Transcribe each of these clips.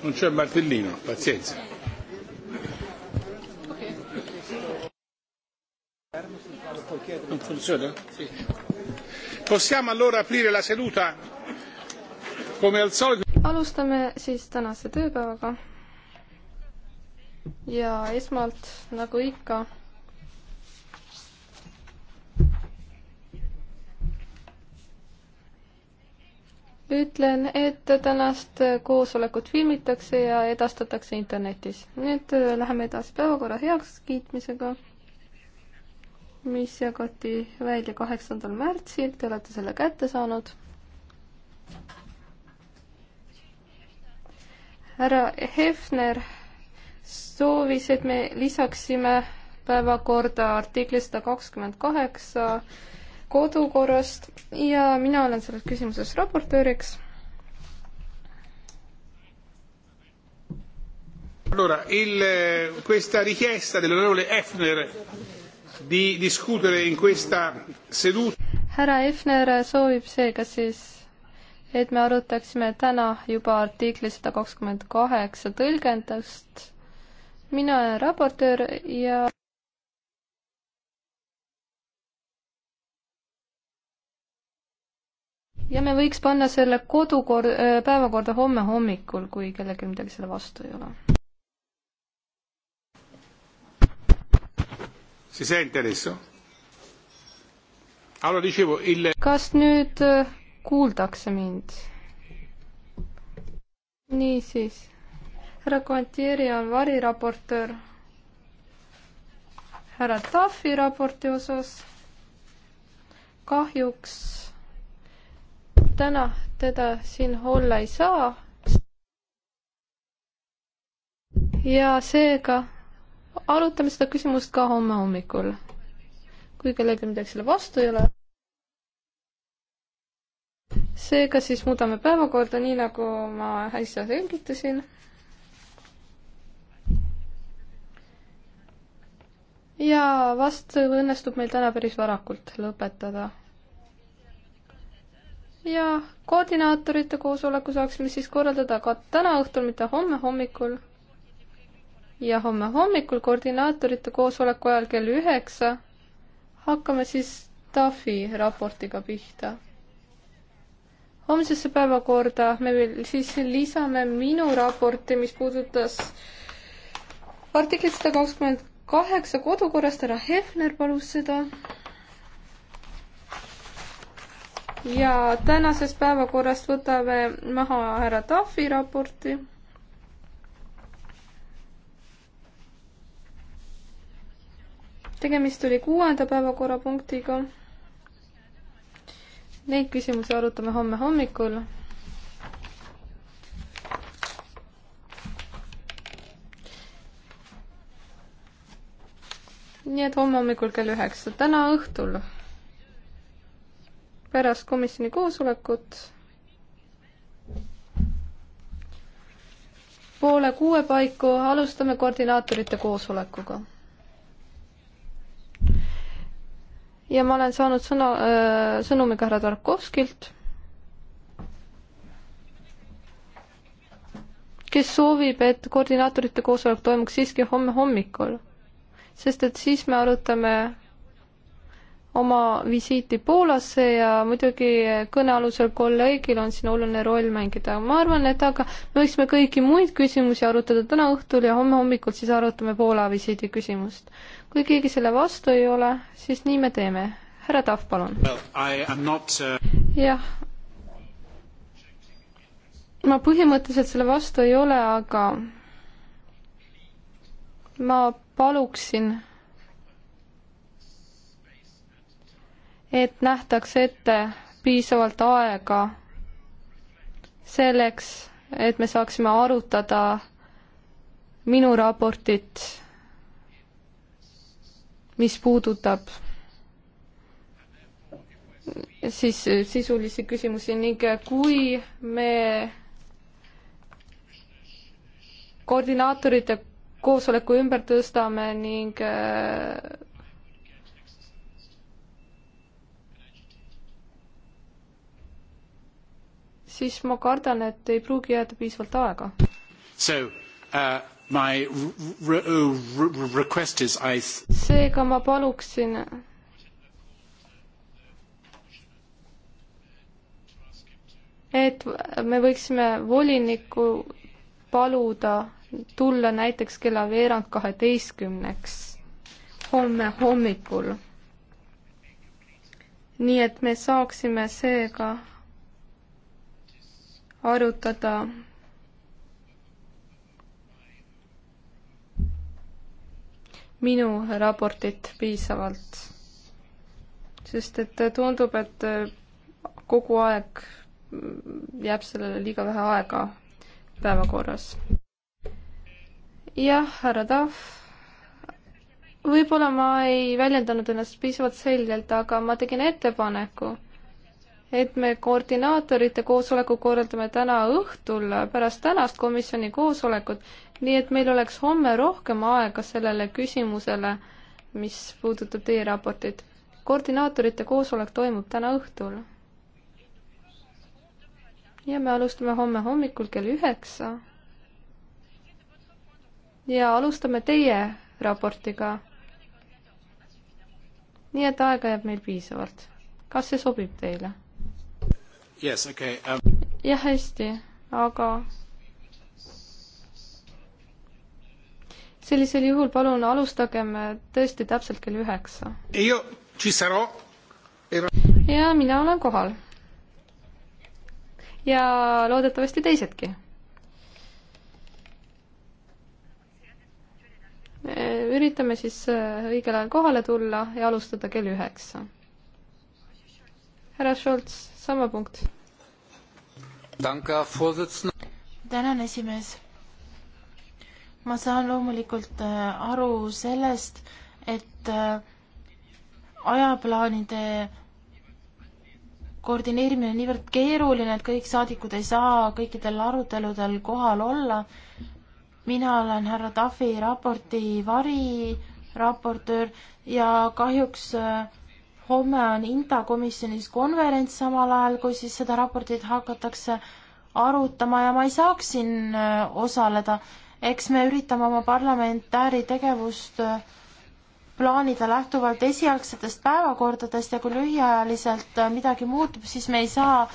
Non c'è Martellino, pazienza. Non funziona? Sì. Possiamo allora aprire la seduta come al solito? alustame siis tänase tööpäevaga. ja esmalt, nagu ikka ütlen, et tänast koosolekut filmitakse ja edastatakse internetis. nüüd äh, läheme edasi päevakorra heakskiitmisega, mis jagati välja kaheksandal märtsil, te olete selle kätte saanud. härra Hefner soovis, et me lisaksime päevakorda artikli sada kakskümmend kaheksa kodukorrast ja mina olen selles küsimuses raportööriks. Allora, il, questa richiesta dell'onorevole Hefner di discutere in questa seduta. härra Hefner soovib seega siis, et me arutaksime täna juba artikli sada kakskümmend kaheksa tõlgendust. mina olen raportöör ja ja me võiks panna selle kodukord, äh, päevakorda homme hommikul, kui kellelgi midagi selle vastu ei ole. kas nüüd äh, kuuldakse mind? niisiis, härra Guantieri on variraportöör härra Tafi raporti osas. kahjuks täna teda siin olla ei saa. ja seega arutame seda küsimust ka homme hommikul. kui kellelgi midagi selle vastu ei ole. seega siis muudame päevakorda, nii nagu ma äsja selgitasin. ja vast õnnestub meil täna päris varakult lõpetada ja koordinaatorite koosoleku saaksime siis korraldada ka täna õhtul, mitte homme hommikul. ja homme hommikul koordinaatorite koosoleku ajal kell üheksa hakkame siis TAFi raportiga pihta. homsesse päevakorda me veel siis lisame minu raporti, mis puudutas artiklit sada kakskümmend kaheksa kodukorrast, härra Hefner palus seda ja tänasest päevakorrast võtame maha härra Tahvi raporti. tegemist oli kuuenda päevakorrapunktiga. Neid küsimusi arutame homme hommikul. nii et homme hommikul kell üheksa, täna õhtul pärast komisjoni koosolekut poole kuue paiku alustame koordinaatorite koosolekuga. ja ma olen saanud sõna, äh, sõnumiga härra Tarkovskilt, kes soovib, et koordinaatorite koosolek toimuks siiski homme hommikul, sest et siis me arutame oma visiiti Poolasse ja muidugi kõnealusel kolleegil on siin oluline roll mängida. ma arvan, et aga me võiksime kõiki muid küsimusi arutada täna õhtul ja homme hommikul siis arutame Poola visiidi küsimust. kui keegi selle vastu ei ole, siis nii me teeme. härra Tahv, palun well,. Uh... jah. ma põhimõtteliselt selle vastu ei ole, aga ma paluksin et nähtaks ette piisavalt aega selleks, et me saaksime arutada minu raportit, mis puudutab siis sisulisi küsimusi ning kui me koordinaatorite koosoleku ümber tõstame ning siis ma kardan, et ei pruugi jääda piisavalt aega. So uh, my request is I seega ma paluksin et me võiksime volinikku paluda tulla näiteks kella veerand kaheteistkümneks homme hommikul. nii et me saaksime seega arutada minu raportit piisavalt, sest et tundub, et kogu aeg jääb sellele liiga vähe aega päevakorras. jah, härra Tahv võib-olla ma ei väljendanud ennast piisavalt selgelt, aga ma tegin ettepaneku, et me koordinaatorite koosoleku korraldame täna õhtul pärast tänast komisjoni koosolekut, nii et meil oleks homme rohkem aega sellele küsimusele, mis puudutab teie raportit. koordinaatorite koosolek toimub täna õhtul. ja me alustame homme hommikul kell üheksa. ja alustame teie raportiga. nii et aega jääb meil piisavalt. kas see sobib teile? yes, okay, um... jah, hästi, aga sellisel juhul palun alustagem tõesti täpselt kell üheksa. Eh, er- ja mina olen kohal. ja loodetavasti teisedki. Eh, üritame siis õigel ajal kohale tulla ja alustada kell üheksa härra Scholz, sama punkt. tänan, esimees. ma saan loomulikult äh, aru sellest, et äh, ajaplaanide koordineerimine on niivõrd keeruline, et kõik saadikud ei saa kõikidel aruteludel kohal olla. mina olen härra Tafi raporti variraportöör ja kahjuks äh, homme on INTA komisjonis konverents samal ajal, kui siis seda raportit hakatakse arutama ja ma ei saaks siin äh, osaleda. eks me üritame oma parlamentääri tegevust äh, plaanida lähtuvalt esialgsetest päevakordadest ja kui lühiajaliselt äh, midagi muutub, siis me ei saa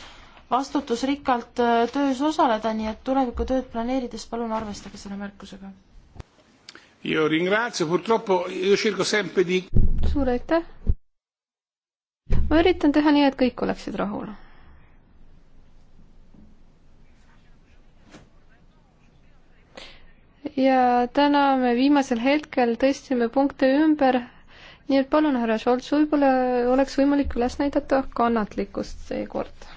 vastutusrikkalt töös osaleda, nii et tulevikutööd planeerides palun arvestage selle märkusega. suur aitäh! ma üritan teha nii, et kõik oleksid rahul. ja täna me viimasel hetkel tõstsime punkte ümber, nii et palun, härra Scholz, võib-olla oleks võimalik üles näidata kannatlikkust seekord.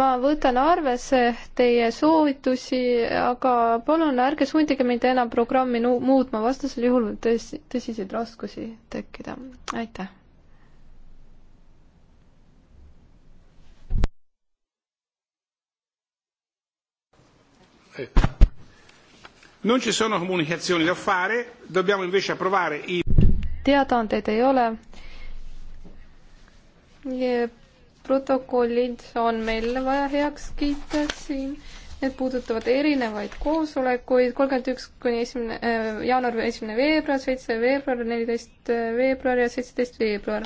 ma võtan arvesse teie soovitusi, aga palun ärge sundige mind enam programmi muutma, vastasel juhul võib tõsi, tõsiseid raskusi tekkida. aitäh Non ci sono comunicazioni da fare, dobbiamo invece approvare i... teadaandeid ei ole. protokollid on meil vaja heaks kiita siin, need puudutavad erinevaid koosolekuid, kolmkümmend üks kuni esimene äh,, jaanuar, esimene veebruar, seitse veebruar, neliteist äh, veebruar ja seitseteist veebruar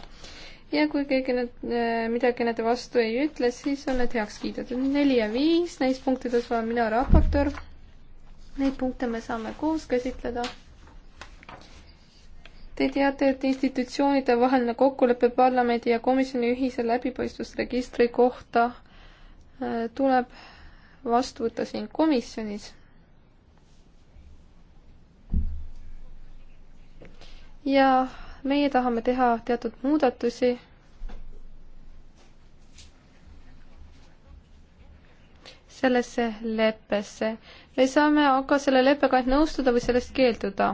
ja kui keegi nüüd äh, midagi nende vastu ei ütle, siis on need heaks kiidetud. neli ja viis, neis punktides olen mina raportöör. Neid punkte me saame koos käsitleda. Te teate, et institutsioonide vaheline kokkulepe parlamendi ja komisjoni ühise läbipaistvusregistri kohta äh, tuleb vastu võtta siin komisjonis. ja meie tahame teha teatud muudatusi sellesse leppesse. me saame aga selle leppega ainult nõustuda või sellest keelduda.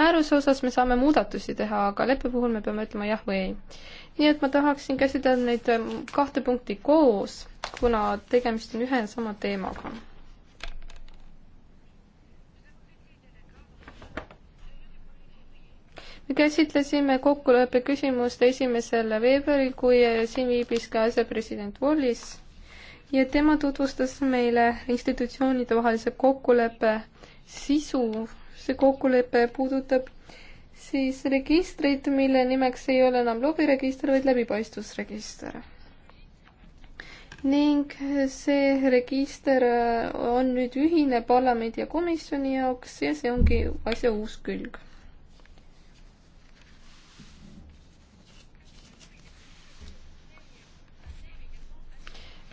määruse osas me saame muudatusi teha, aga leppe puhul me peame ütlema jah või ei. nii et ma tahaksin käsitleda neid kahte punkti koos, kuna tegemist on ühe ja sama teemaga käsitlesime kokkuleppe küsimust esimesel veebruaril, kui äh, siin viibis ka asepresident Wallis ja tema tutvustas meile institutsioonide vahelise kokkuleppe sisu. see kokkulepe puudutab siis registrit, mille nimeks ei ole enam lobiregister, vaid läbipaistvusregister. ning see register äh, on nüüd ühine parlamendi ja komisjoni jaoks ja see ongi asja uus külg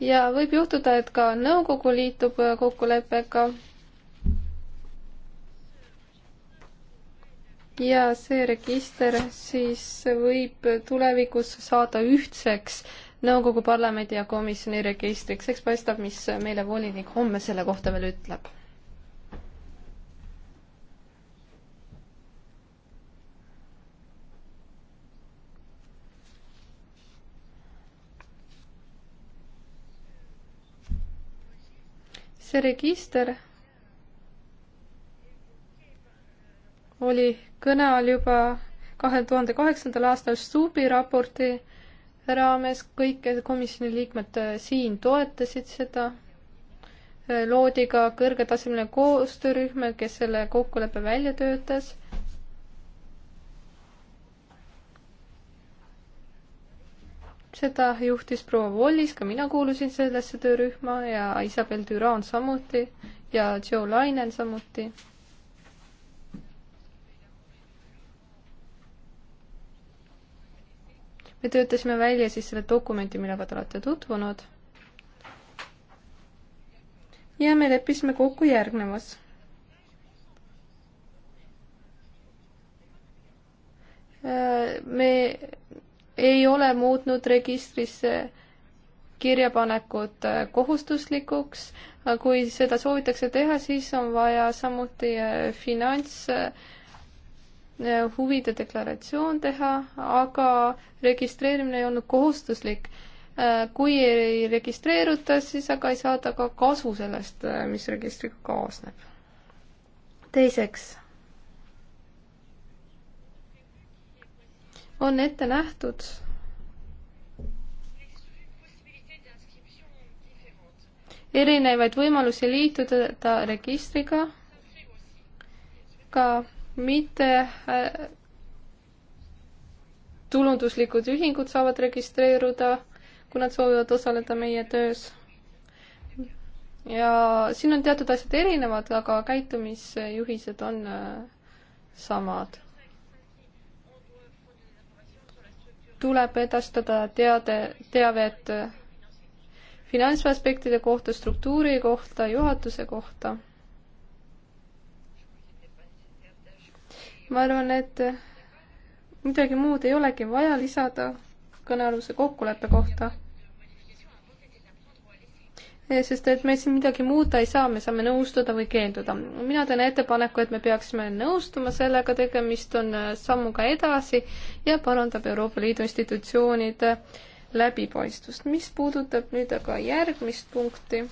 ja võib juhtuda, et ka nõukogu liitub äh, kokkuleppega. ja see register siis võib tulevikus saada ühtseks nõukogu parlamendi ja komisjoni registriks, eks paistab, mis meile volinik homme selle kohta veel ütleb. see register oli kõne all juba kahe tuhande kaheksandal aastal Stubi raporti raames, kõik komisjoni liikmed äh, siin toetasid seda. Äh, loodi ka kõrgetasemeline koostöörühm, kes selle kokkuleppe välja töötas seda juhtis proua Wallis, ka mina kuulusin sellesse töörühma ja Isabel Düran samuti ja Joe Lainen samuti. me töötasime välja siis selle dokumendi, millega te olete tutvunud. ja me leppisime kokku järgnevas. Äh, me ei ole muutnud registrisse kirjapanekut äh, kohustuslikuks. kui seda soovitakse teha, siis on vaja samuti äh, finants äh, huvide deklaratsioon teha, aga registreerimine ei olnud kohustuslik. kui ei registreeruta, siis aga ei saada ka kasu sellest, mis registriga kaasneb. teiseks on ette nähtud erinevaid võimalusi liituda registriga, ka mitte äh, tulunduslikud ühingud saavad registreeruda, kui nad soovivad osaleda meie töös. ja siin on teatud asjad erinevad, aga käitumisjuhised on äh, samad tuleb edastada teade, teavet finantsaspektide kohta, struktuuri kohta, juhatuse kohta. ma arvan, et midagi muud ei olegi vaja lisada kõnealuse kokkuleppe kohta sest et me siin midagi muuta ei saa, me saame nõustuda või keelduda. mina teen ettepaneku, et me peaksime nõustuma sellega, tegemist on äh, sammuga edasi ja parandab Euroopa Liidu institutsioonide äh, läbipaistvust. mis puudutab nüüd aga järgmist punkti,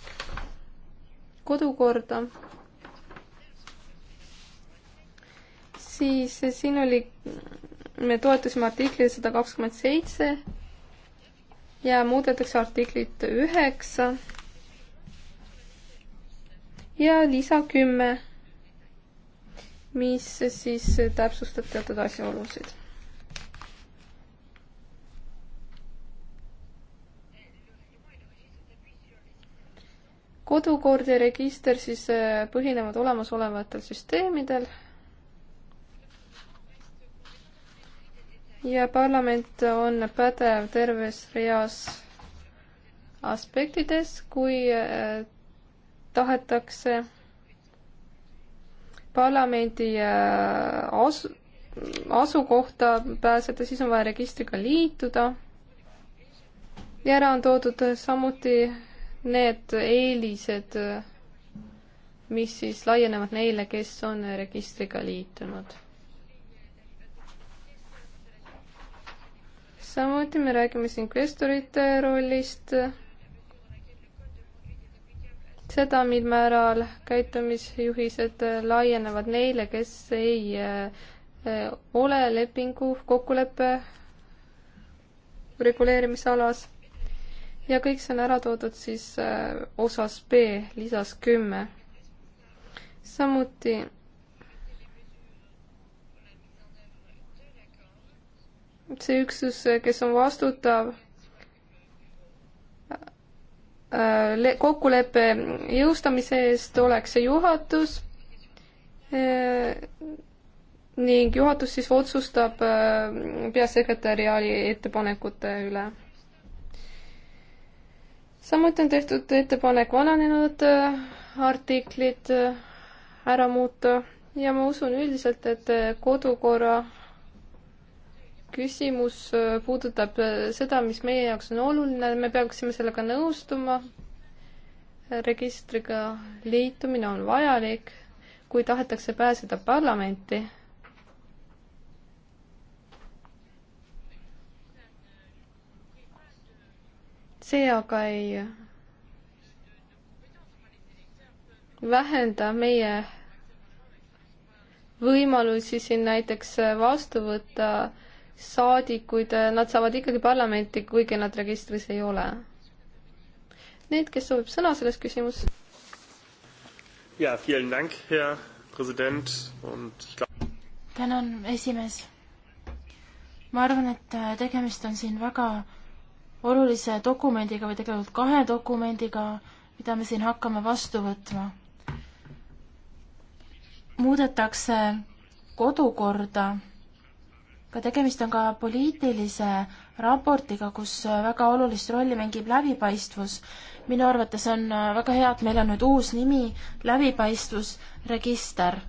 kodukorda, siis äh, siin oli, me toetasime artikli sada kakskümmend seitse ja muudetakse artiklit üheksa ja lisa kümme, mis siis täpsustab teatud asjaolusid. kodukord ja register siis äh, põhinevad olemasolevatel süsteemidel ja parlament on pädev terves reas aspektides, kui äh, tahetakse parlamendi äh, asu, asukohta pääseda, siis on vaja registriga liituda. ja ära on toodud samuti need eelised, mis siis laienevad neile, kes on registriga liitunud. samuti me räägime siin kvestorite rollist seda, mil määral käitumisjuhised laienevad neile, kes ei eh, ole lepingu kokkuleppe reguleerimisalas ja kõik see on ära toodud siis eh, osas B lisas kümme. samuti see üksus, kes on vastutav Äh, kokkuleppe jõustamise eest oleks see juhatus äh, ning juhatus siis otsustab äh, peasekretäriaali ettepanekute üle. samuti on tehtud ettepanek vananenud artiklid ära muuta ja ma usun üldiselt, et kodukorra küsimus äh, puudutab äh, seda, mis meie jaoks on oluline, me peaksime sellega nõustuma. registriga liitumine on vajalik, kui tahetakse pääseda parlamenti. see aga ei vähenda meie võimalusi siin näiteks vastu võtta äh, saadikuid, nad saavad ikkagi parlamenti, kuigi nad registris ei ole. Need, kes soovib sõna selles küsimuses. ja, tänan, esimees. ma arvan, et äh, tegemist on siin väga olulise dokumendiga või tegelikult kahe dokumendiga, mida me siin hakkame vastu võtma. muudetakse kodukorda aga tegemist on ka poliitilise raportiga, kus väga olulist rolli mängib läbipaistvus. minu arvates on väga hea, et meil on nüüd uus nimi, läbipaistvusregister.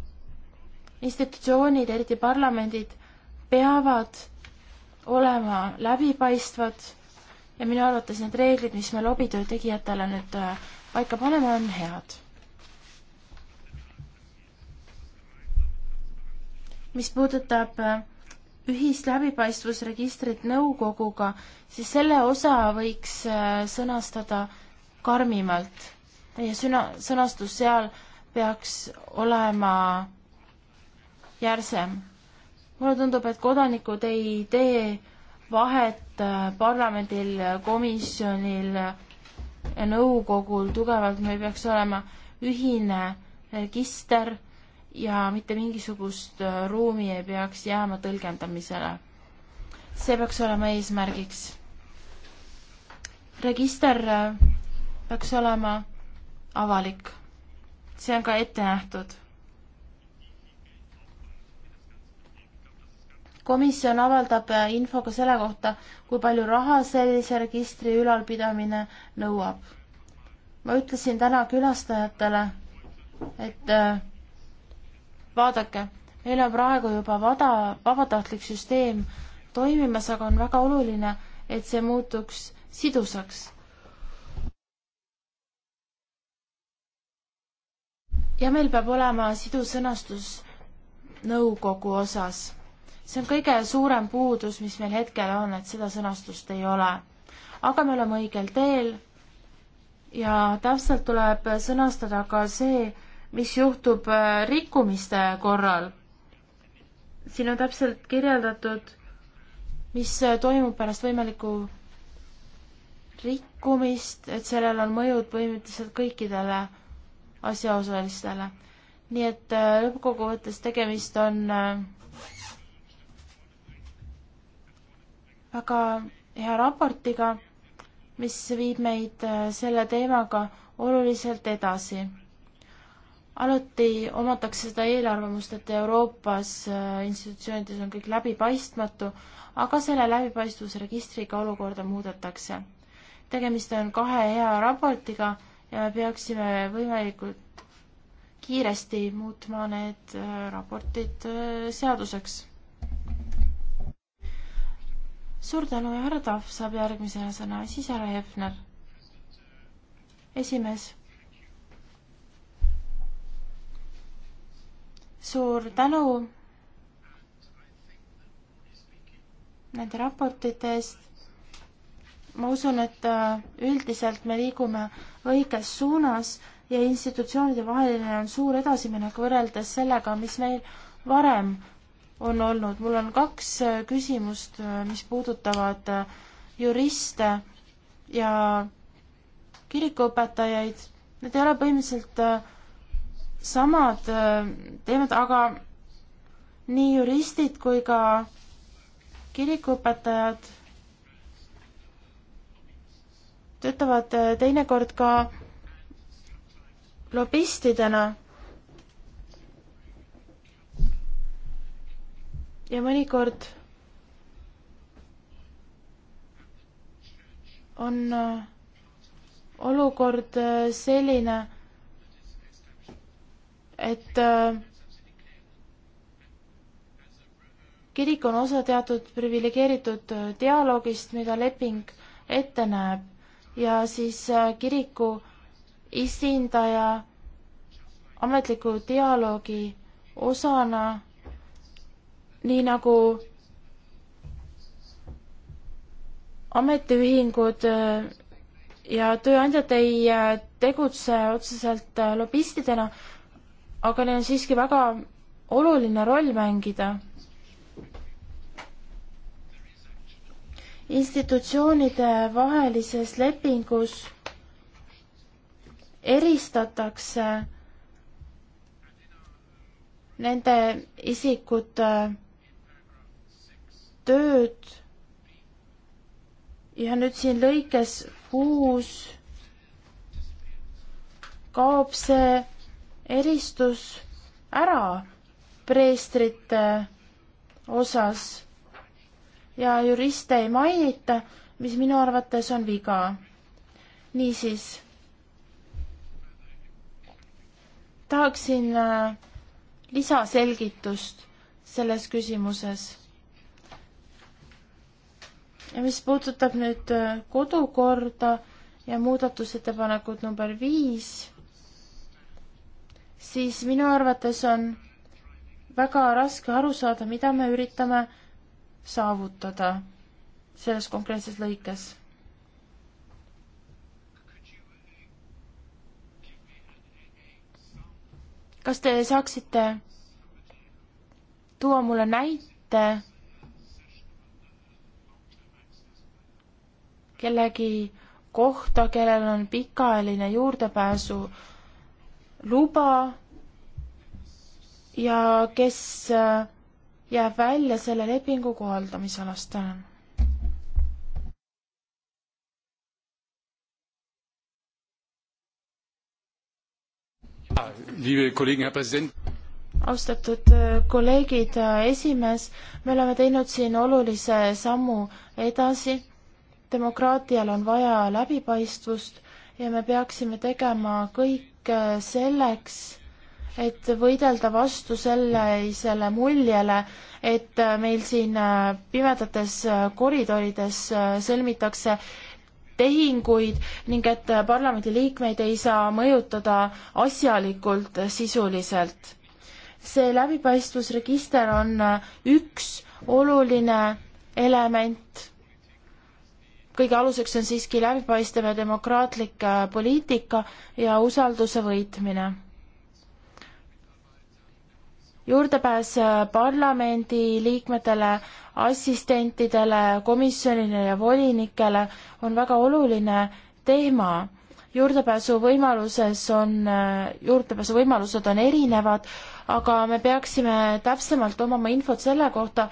institutsioonid, eriti parlamendid, peavad olema läbipaistvad ja minu arvates need reeglid, mis me lobitöö tegijatele nüüd äh, paika paneme, on head. mis puudutab äh, ühist läbipaistvusregistrit nõukoguga, siis selle osa võiks äh, sõnastada karmimalt. ja sõna, sõnastus seal peaks olema järsem. mulle tundub, et kodanikud ei tee vahet äh, parlamendil, komisjonil ja nõukogul tugevalt, meil peaks olema ühine register ja mitte mingisugust äh, ruumi ei peaks jääma tõlgendamisele. see peaks olema eesmärgiks. register äh, peaks olema avalik. see on ka ette nähtud. komisjon avaldab äh, info ka selle kohta, kui palju raha sellise registri ülalpidamine nõuab. ma ütlesin täna külastajatele, et äh, vaadake, meil on praegu juba vada, vabatahtlik süsteem toimimas, aga on väga oluline, et see muutuks sidusaks. ja meil peab olema sidus sõnastus nõukogu osas. see on kõige suurem puudus, mis meil hetkel on, et seda sõnastust ei ole. aga me oleme õigel teel ja täpselt tuleb sõnastada ka see, mis juhtub äh, rikkumiste korral. siin on täpselt kirjeldatud, mis äh, toimub pärast võimalikku rikkumist, et sellel on mõjud põhimõtteliselt kõikidele asjaosalistele. nii et äh, lõppkokkuvõttes tegemist on väga hea raportiga, mis viib meid selle teemaga oluliselt edasi alati omatakse seda eelarvamust, et Euroopas äh, institutsioonides on kõik läbipaistmatu, aga selle läbipaistvusregistriga olukorda muudetakse. tegemist on kahe hea raportiga ja me peaksime võimalikult kiiresti muutma need äh, raportid äh, seaduseks. suur tänu ja härra Tahv saab järgmisena sõna, siis härra Hefner. esimees suur tänu nende raportite eest. ma usun, et äh, üldiselt me liigume õiges suunas ja institutsioonide vaheline on suur edasiminek võrreldes sellega, mis meil varem on olnud. mul on kaks äh, küsimust, äh, mis puudutavad juriste ja kirikuõpetajaid. Need ei ole põhimõtteliselt samad äh, teemad, aga nii juristid kui ka kirikuõpetajad töötavad äh, teinekord ka lobistidena. ja mõnikord on äh, olukord selline et äh, kirik on osa teatud priviligeeritud äh, dialoogist, mida leping ette näeb ja siis äh, kiriku esindaja ametliku dialoogi osana, nii nagu ametiühingud ja tööandjad ei tegutse otseselt lobistidena, aga neil on siiski väga oluline roll mängida. institutsioonide vahelises lepingus eristatakse nende isikute tööd ja nüüd siin lõikes kuus kaob see eristus ära preestrite osas ja juriste ei mainita, mis minu arvates on viga. niisiis, tahaksin äh, lisaselgitust selles küsimuses. ja mis puudutab nüüd äh, kodukorda ja muudatusettepanekut number viis siis minu arvates on väga raske aru saada, mida me üritame saavutada selles konkreetses lõikes kas te saaksite tuua mulle näite kellegi kohta, kellel on pikaajaline juurdepääsu luba ja kes äh, jääb välja selle lepingu kohaldamisalast, tänan. Ah, austatud äh, kolleegid, äh, esimees, me oleme teinud siin olulise sammu edasi. demokraatial on vaja läbipaistvust ja me peaksime tegema kõik äh, selleks, et võidelda vastu sellisele muljele, et äh, meil siin äh, pimedates koridorides sõlmitakse tehinguid ning et parlamendi liikmeid ei saa mõjutada asjalikult sisuliselt. see läbipaistvusregister on üks oluline element kõige aluseks on siiski läbipaistev ja demokraatlik äh, poliitika ja usalduse võitmine. juurdepääs äh, parlamendi liikmetele, assistentidele, komisjonile ja volinikele on väga oluline teema. juurdepääsuvõimaluses on, äh, juurdepääsuvõimalused on erinevad, aga me peaksime täpsemalt omama infot selle kohta,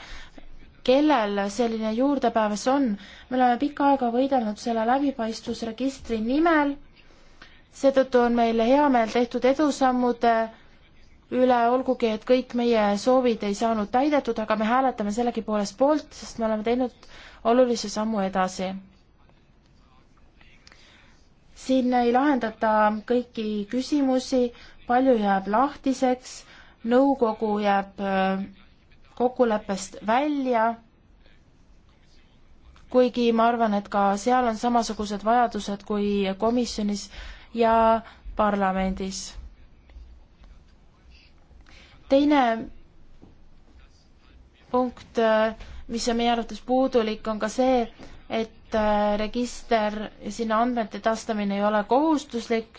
kellel selline juurdepääs on. me oleme pikka aega võidelnud selle läbipaistvusregistri nimel, seetõttu on meil hea meel tehtud edusammude üle, olgugi et kõik meie soovid ei saanud täidetud, aga me hääletame sellegipoolest poolt, sest me oleme teinud olulise sammu edasi. siin ei lahendata kõiki küsimusi, palju jääb lahtiseks, nõukogu jääb äh, kokkuleppest välja, kuigi ma arvan, et ka seal on samasugused vajadused kui komisjonis ja parlamendis. teine punkt, mis on meie arvates puudulik, on ka see, et äh, register ja sinna andmete edastamine ei ole kohustuslik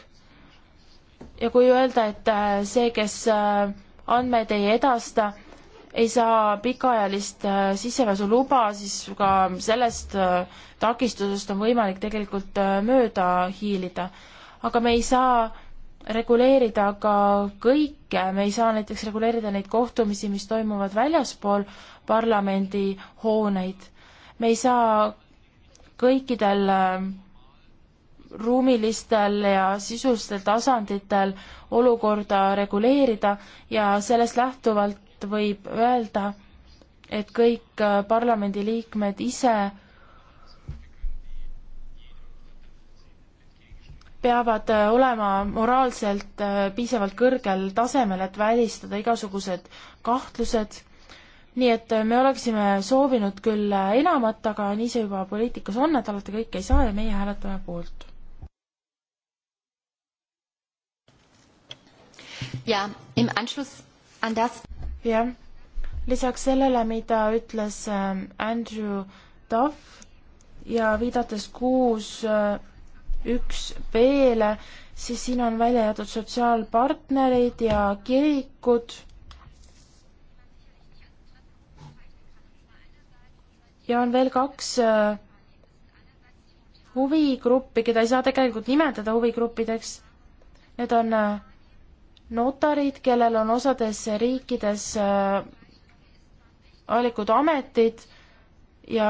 ja kui öelda, et äh, see, kes äh, andmeid ei edasta, ei saa pikaajalist äh, sissepääsuluba, siis ka sellest äh, takistusest on võimalik tegelikult äh, mööda hiilida. aga me ei saa reguleerida ka kõike, me ei saa näiteks reguleerida neid kohtumisi, mis toimuvad väljaspool parlamendihooneid. me ei saa kõikidel ruumilistel ja sisulistel tasanditel olukorda reguleerida ja sellest lähtuvalt et võib öelda, et kõik äh, parlamendiliikmed ise peavad äh, olema moraalselt äh, piisavalt kõrgel tasemel, et välistada igasugused kahtlused. nii et me oleksime soovinud küll enamat, aga nii see juba poliitikas on, et alati kõike ei saa ja meie hääletame poolt. ja, im Anschluss an das jah, lisaks sellele, mida ütles äh, Andrew Duff ja viidates kuus äh, üks B-le, siis siin on välja jäetud sotsiaalpartnerid ja kirikud. ja on veel kaks äh, huvigruppi, keda ei saa tegelikult nimetada huvigruppideks. Need on notarid, kellel on osades riikides äh, avalikud ametid ja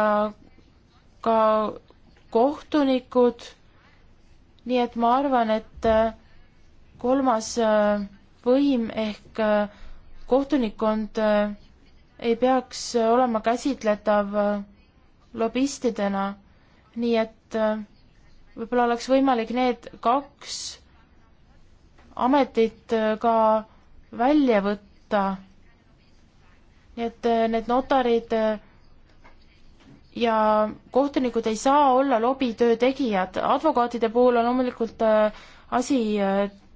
ka kohtunikud, nii et ma arvan, et äh, kolmas äh, võim ehk kohtunikkond ei peaks olema käsitletav lobistidena, nii et võib-olla oleks võimalik need kaks ametit äh, ka välja võtta. nii et äh, need notarid äh, ja kohtunikud ei saa olla lobitöö tegijad, advokaatide puhul on loomulikult asi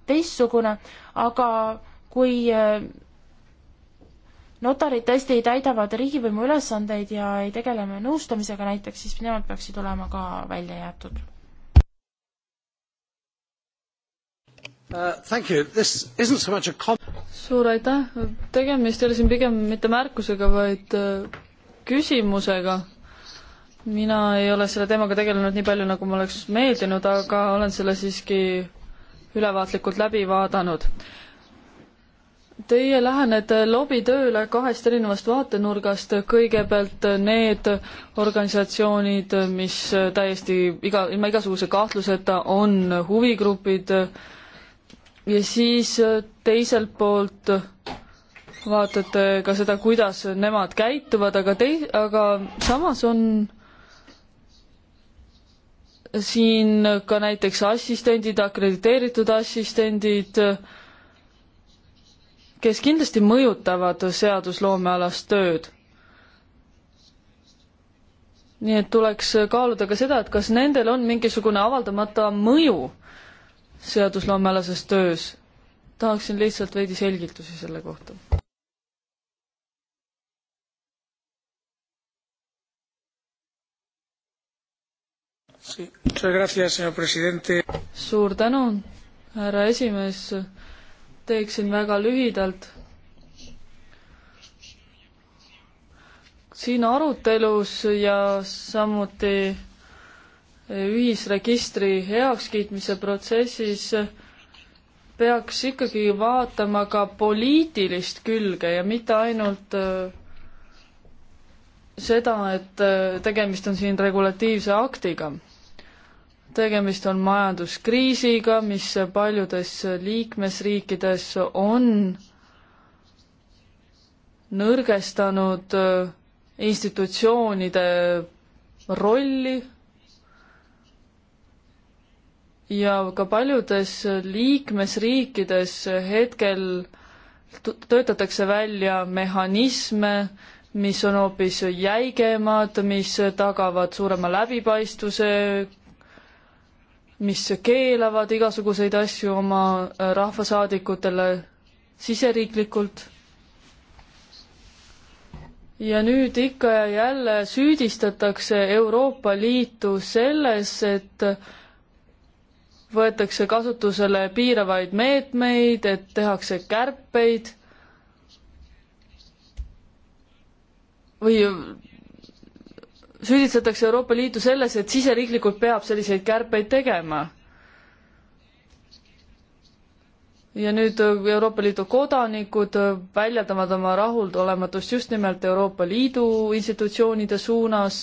teistsugune, aga kui notarid tõesti täidavad riigivõimu ülesandeid ja ei tegele nõustamisega näiteks, siis nemad peaksid olema ka välja jäetud Uh, suur aitäh, tegemist ei ole siin pigem mitte märkusega, vaid uh, küsimusega. mina ei ole selle teemaga tegelenud nii palju, nagu ma oleks meeldinud, aga olen selle siiski ülevaatlikult läbi vaadanud. Teie lähenete lobitööle kahest erinevast vaatenurgast, kõigepealt need organisatsioonid, mis täiesti iga, ilma igasuguse kahtluseta on huvigrupid, ja siis äh, teiselt poolt äh, vaatate ka seda, kuidas nemad käituvad, aga tei-, aga samas on siin ka näiteks assistendid, akrediteeritud assistendid, äh, kes kindlasti mõjutavad seadusloomealast tööd. nii et tuleks kaaluda ka seda, et kas nendel on mingisugune avaldamata mõju seadusloomealases töös. tahaksin lihtsalt veidi selgitusi selle kohta. suur tänu, härra esimees. teeksin väga lühidalt. siin arutelus ja samuti ühisregistri heakskiitmise protsessis peaks ikkagi vaatama ka poliitilist külge ja mitte ainult äh, seda, et äh, tegemist on siin regulatiivse aktiga. tegemist on majanduskriisiga, mis paljudes liikmesriikides on nõrgestanud äh, institutsioonide rolli ja ka paljudes liikmesriikides hetkel töötatakse välja mehhanisme, mis on hoopis jäigemad, mis tagavad suurema läbipaistvuse, mis keelavad igasuguseid asju oma äh, rahvasaadikutele siseriiklikult ja nüüd ikka ja jälle süüdistatakse Euroopa Liitu selles, et võetakse kasutusele piiravaid meetmeid, et tehakse kärpeid või süüdistatakse Euroopa Liitu selles, et siseriiklikult peab selliseid kärpeid tegema. ja nüüd Euroopa Liidu kodanikud väljendavad oma rahuldolematust just nimelt Euroopa Liidu institutsioonide suunas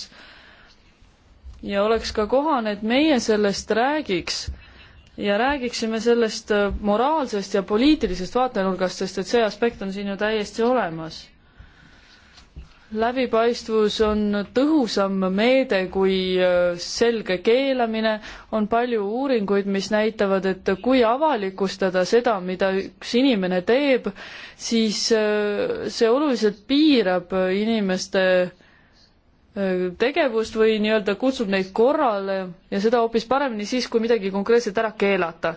ja oleks ka kohane, et meie sellest räägiks ja räägiksime sellest äh, moraalsest ja poliitilisest vaatenurgast, sest et see aspekt on siin ju täiesti olemas. läbipaistvus on tõhusam meede kui äh, selge keelamine, on palju uuringuid, mis näitavad, et kui avalikustada seda, mida üks inimene teeb, siis äh, see oluliselt piirab inimeste Äh, tegevust või nii-öelda kutsub neid korrale ja seda hoopis paremini siis, kui midagi konkreetselt ära keelata.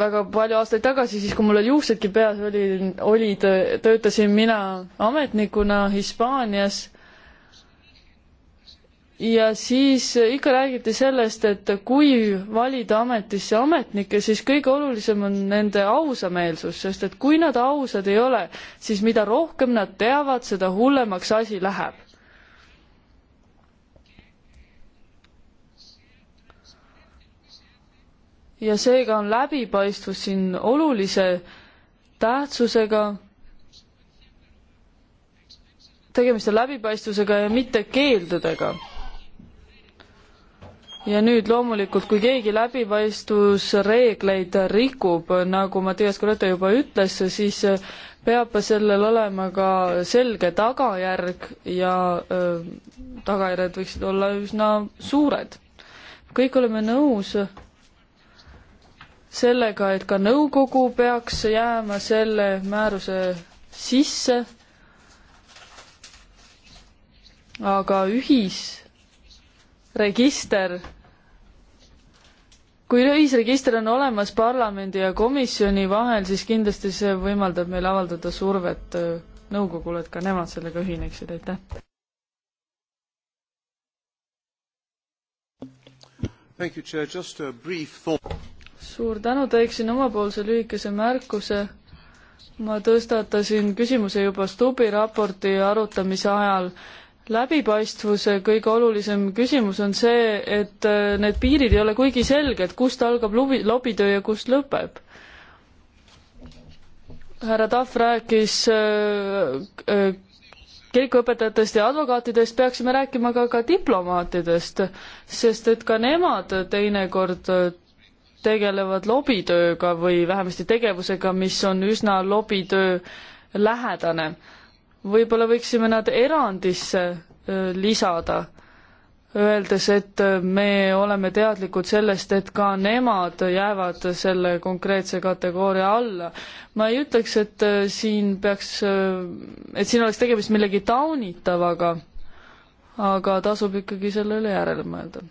väga palju aastaid tagasi, siis kui mul oli juuksedki peas, oli, oli, töötasin mina ametnikuna Hispaanias ja siis ikka räägiti sellest, et kui valida ametisse ametnikke, siis kõige olulisem on nende ausameelsus, sest et kui nad ausad ei ole, siis mida rohkem nad teavad, seda hullemaks asi läheb. ja seega on läbipaistvus siin olulise tähtsusega tegemist on läbipaistvusega ja mitte keeldudega ja nüüd loomulikult, kui keegi läbipaistvusreegleid rikub, nagu Mattias Krote juba ütles, siis äh, peab sellel olema ka selge tagajärg ja äh, tagajärjed võiksid olla üsna suured. kõik oleme nõus sellega, et ka nõukogu peaks jääma selle määruse sisse, aga ühisregister kui ühisregister on olemas parlamendi ja komisjoni vahel, siis kindlasti see võimaldab meil avaldada survet äh, nõukogule, et ka nemad sellega ühineksid, aitäh. suur tänu, teeksin omapoolse lühikese märkuse. ma tõstatasin küsimuse juba Stubbi raporti arutamise ajal läbipaistvuse kõige olulisem küsimus on see, et äh, need piirid ei ole kuigi selged, kust algab lobi, lobitöö ja kust lõpeb. härra Tahv rääkis äh, äh, kirikuõpetajatest ja advokaatidest, peaksime rääkima ka, ka diplomaatidest, sest et ka nemad teinekord tegelevad lobitööga või vähemasti tegevusega, mis on üsna lobitöö lähedane võib-olla võiksime nad erandisse äh, lisada, öeldes, et äh, me oleme teadlikud sellest, et ka nemad jäävad selle konkreetse kategooria alla. ma ei ütleks, et äh, siin peaks, et siin oleks tegemist millegi taunitavaga, aga tasub ikkagi selle üle järele mõelda.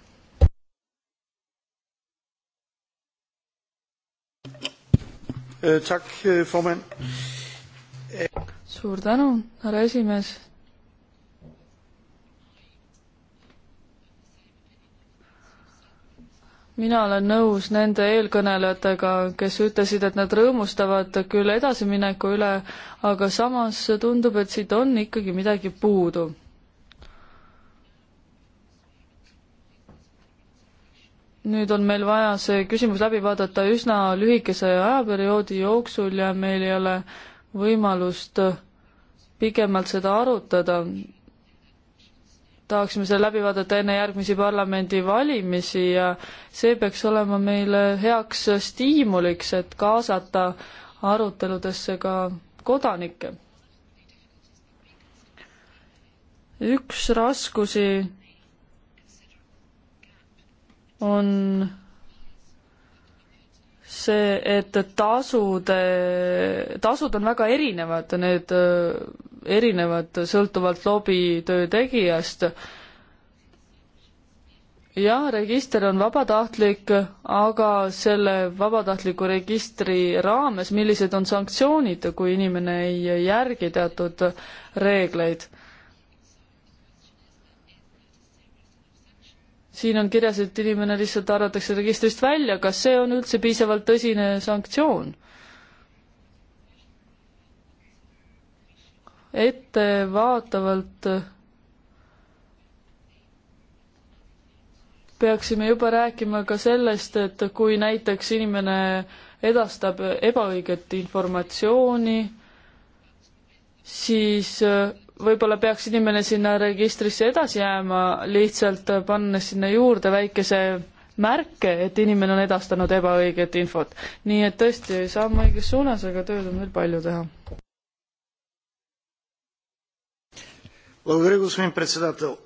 tak, formand suur tänu, härra esimees. mina olen nõus nende eelkõnelejatega, kes ütlesid, et nad rõõmustavad küll edasimineku üle, aga samas tundub, et siit on ikkagi midagi puudu. nüüd on meil vaja see küsimus läbi vaadata üsna lühikese ajaperioodi jooksul ja meil ei ole võimalust äh, pikemalt seda arutada. tahaksime selle läbi vaadata enne järgmisi parlamendivalimisi ja see peaks olema meile heaks stiimuliks, et kaasata aruteludesse ka kodanikke. üks raskusi on see, et tasude, tasud on väga erinevad, need erinevad sõltuvalt lobitöö tegijast. jah, register on vabatahtlik, aga selle vabatahtliku registri raames, millised on sanktsioonid, kui inimene ei järgi teatud reegleid? siin on kirjas, et inimene lihtsalt arvatakse registrist välja, kas see on üldse piisavalt tõsine sanktsioon? ettevaatavalt peaksime juba rääkima ka sellest, et kui näiteks inimene edastab ebaõiget informatsiooni, siis võib-olla peaks inimene sinna registrisse edasi jääma, lihtsalt pannes sinna juurde väikese märke, et inimene on edastanud ebaõiget infot. nii et tõesti, samm õiges suunas, aga tööd on veel palju teha. Благодаря, господин председател.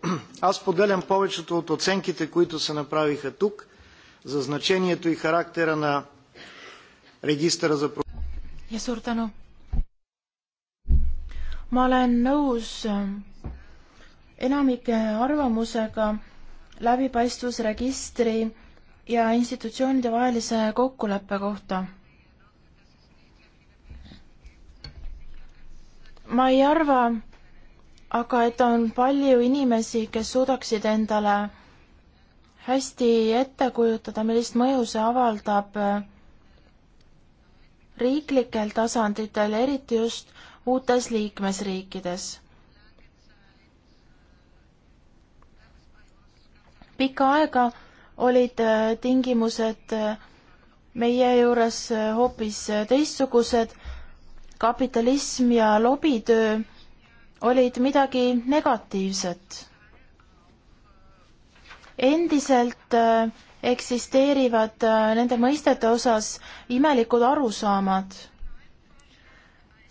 Аз поделям повечето от оценките, които се направиха тук за значението и характера на регистъра за ja suur tänu. ma olen nõus ähm, enamike arvamusega läbipaistvusregistri ja institutsioonide vahelise kokkuleppe kohta ma ei arva, aga et on palju inimesi, kes suudaksid endale hästi ette kujutada, millist mõju see avaldab riiklikel tasanditel, eriti just uutes liikmesriikides. pikka aega olid äh, tingimused äh, meie juures äh, hoopis teistsugused, kapitalism ja lobitöö olid midagi negatiivset. endiselt äh, eksisteerivad äh, nende mõistete osas imelikud arusaamad.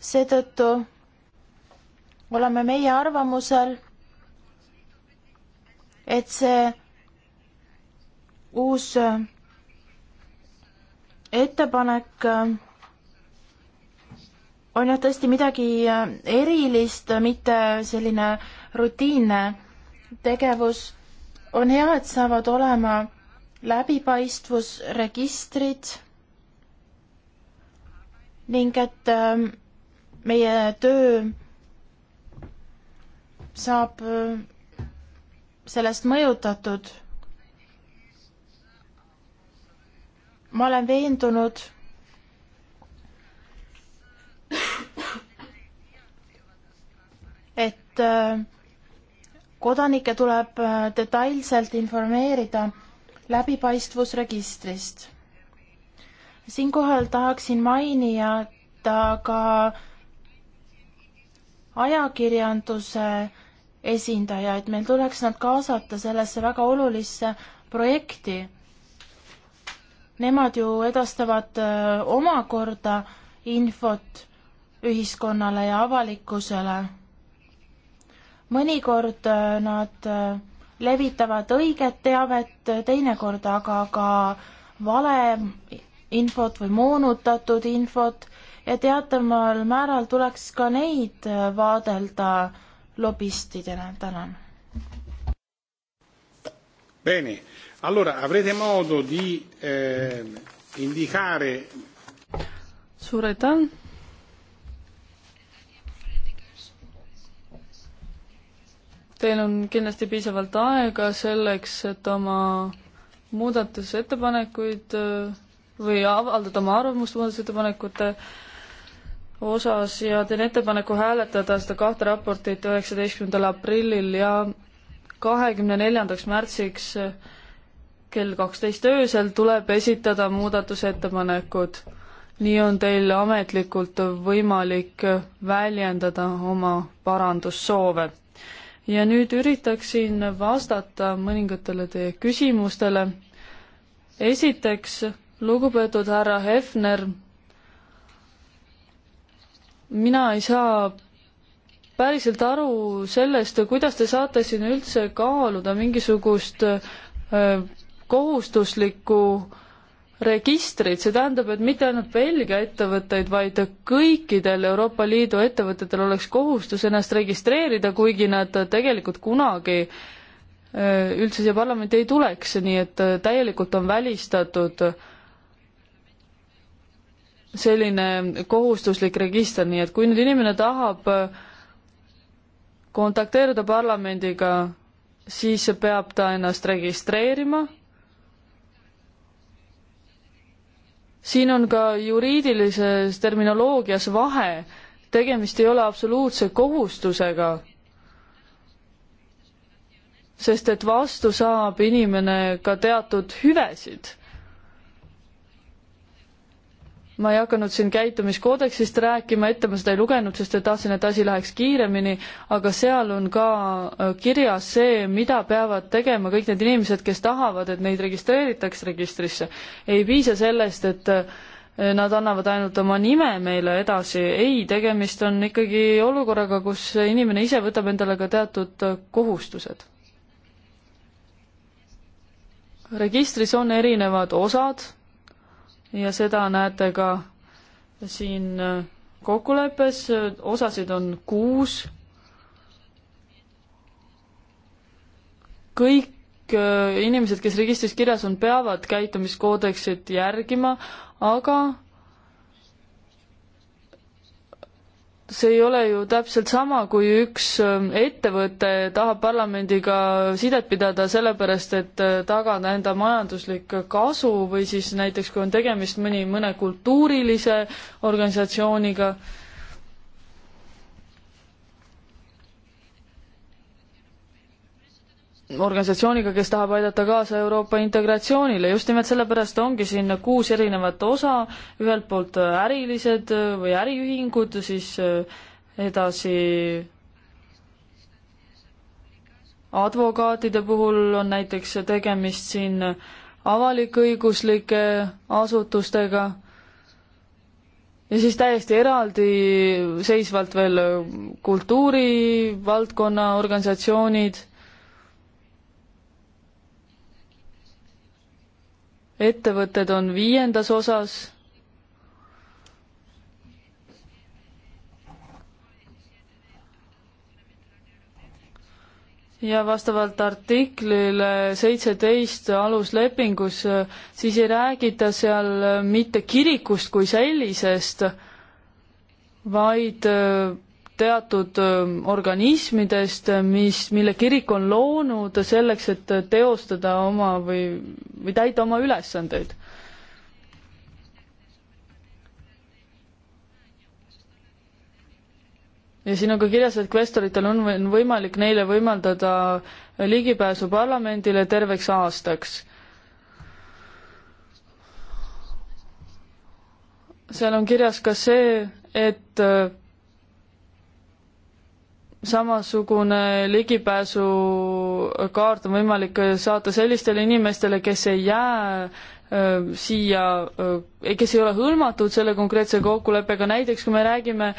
seetõttu oleme meie arvamusel, et see uus äh, ettepanek on jah tõesti midagi äh, erilist, mitte selline rutiinne tegevus. on hea, et saavad olema läbipaistvusregistrid ning et ähm, meie töö saab äh, sellest mõjutatud. ma olen veendunud et äh, kodanikke tuleb äh, detailselt informeerida läbipaistvusregistrist. siinkohal tahaksin mainida ka ajakirjanduse esindajaid, meil tuleks nad kaasata sellesse väga olulisse projekti. Nemad ju edastavad äh, omakorda infot ühiskonnale ja avalikkusele. mõnikord äh, nad äh, levitavad õiget teavet, äh, teinekord aga ka vale infot või moonutatud infot ja teataval määral tuleks ka neid vaadelda lobistidena, tänan. Bene, allora avrete modo di eh, indicare suur aitäh! Teil on kindlasti piisavalt aega selleks, et oma muudatusettepanekuid äh, või avaldada oma arvamust muudatusettepanekute osas ja teen ettepaneku hääletada seda kahte raportit üheksateistkümnendal aprillil ja kahekümne neljandaks märtsiks kell kaksteist öösel tuleb esitada muudatusettepanekud. nii on teil ametlikult võimalik väljendada oma parandussoove ja nüüd üritaksin vastata mõningatele teie küsimustele. esiteks, lugupeetud härra Hefner, mina ei saa päriselt aru sellest, kuidas te saate siin üldse kaaluda mingisugust äh, kohustuslikku äh, registrid, see tähendab, et mitte ainult Belgia ettevõtteid, vaid kõikidel Euroopa Liidu ettevõtetel oleks kohustus ennast registreerida, kuigi nad tegelikult kunagi äh, üldse siia parlamenti ei tuleks, nii et äh, täielikult on välistatud selline kohustuslik register, nii et kui nüüd inimene tahab äh, kontakteeruda parlamendiga, siis peab ta ennast registreerima siin on ka juriidilises terminoloogias vahe, tegemist ei ole absoluutse kohustusega, sest et vastu saab inimene ka teatud hüvesid ma ei hakanud siin käitumiskoodeksist rääkima, ette ma seda ei lugenud, sest et tahtsin, et asi läheks kiiremini, aga seal on ka äh, kirjas see, mida peavad tegema kõik need inimesed, kes tahavad, et neid registreeritaks registrisse. ei piisa sellest, et äh, nad annavad ainult oma nime meile edasi, ei, tegemist on ikkagi olukorraga, kus inimene ise võtab endale ka teatud äh, kohustused. registris on erinevad osad ja seda näete ka siin äh, kokkuleppes, osasid on kuus. kõik äh, inimesed, kes registris kirjas on, peavad käitumiskoodeksit järgima, aga see ei ole ju täpselt sama, kui üks ähm, ettevõte tahab parlamendiga sidet pidada sellepärast, et äh, tagada enda majanduslik kasu või siis näiteks, kui on tegemist mõni, mõne kultuurilise organisatsiooniga organisatsiooniga, kes tahab aidata kaasa Euroopa integratsioonile, just nimelt sellepärast ongi siin kuus erinevat osa, ühelt poolt ärilised või äriühingud, siis eh, edasi advokaatide puhul on näiteks tegemist siin avalik-õiguslike asutustega ja siis täiesti eraldi seisvalt veel kultuurivaldkonna organisatsioonid ettevõtted on viiendas osas. ja vastavalt artiklile seitseteist aluslepingus, äh, siis ei räägita seal äh, mitte kirikust kui sellisest, vaid äh, teatud ähm, organismidest, äh, mis, mille kirik on loonud selleks, et äh, teostada oma või, või täita oma ülesandeid. ja siin on ka kirjas, et kvestoritel on võimalik neile võimaldada ligipääsu parlamendile terveks aastaks seal on kirjas ka see, et äh, samasugune ligipääsukaart on võimalik saata sellistele inimestele, kes ei jää siia, kes ei ole hõlmatud selle konkreetse kokkuleppega, näiteks kui me räägime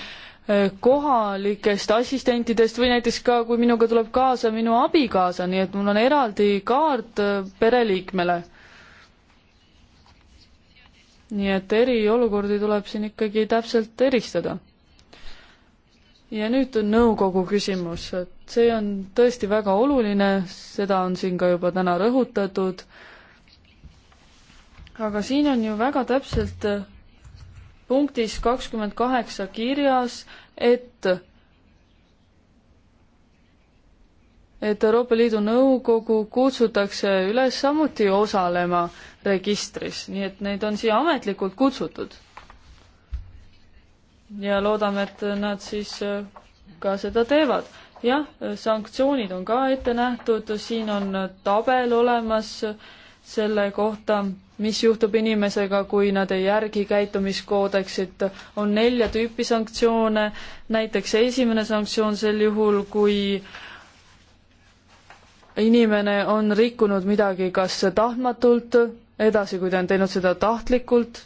kohalikest assistentidest või näiteks ka, kui minuga tuleb kaasa minu abikaasa, nii et mul on eraldi kaart pereliikmele. nii et eriolukordi tuleb siin ikkagi täpselt eristada ja nüüd on nõukogu küsimus, et see on tõesti väga oluline, seda on siin ka juba täna rõhutatud, aga siin on ju väga täpselt punktis kakskümmend kaheksa kirjas, et et Euroopa Liidu Nõukogu kutsutakse üles samuti osalema registris, nii et neid on siia ametlikult kutsutud ja loodame, et nad siis äh, ka seda teevad. jah, sanktsioonid on ka ette nähtud, siin on tabel olemas selle kohta, mis juhtub inimesega, kui nad ei järgi käitumiskoodeksit. on nelja tüüpi sanktsioone, näiteks esimene sanktsioon sel juhul, kui inimene on rikkunud midagi kas tahtmatult, edasi, kui ta on teinud seda tahtlikult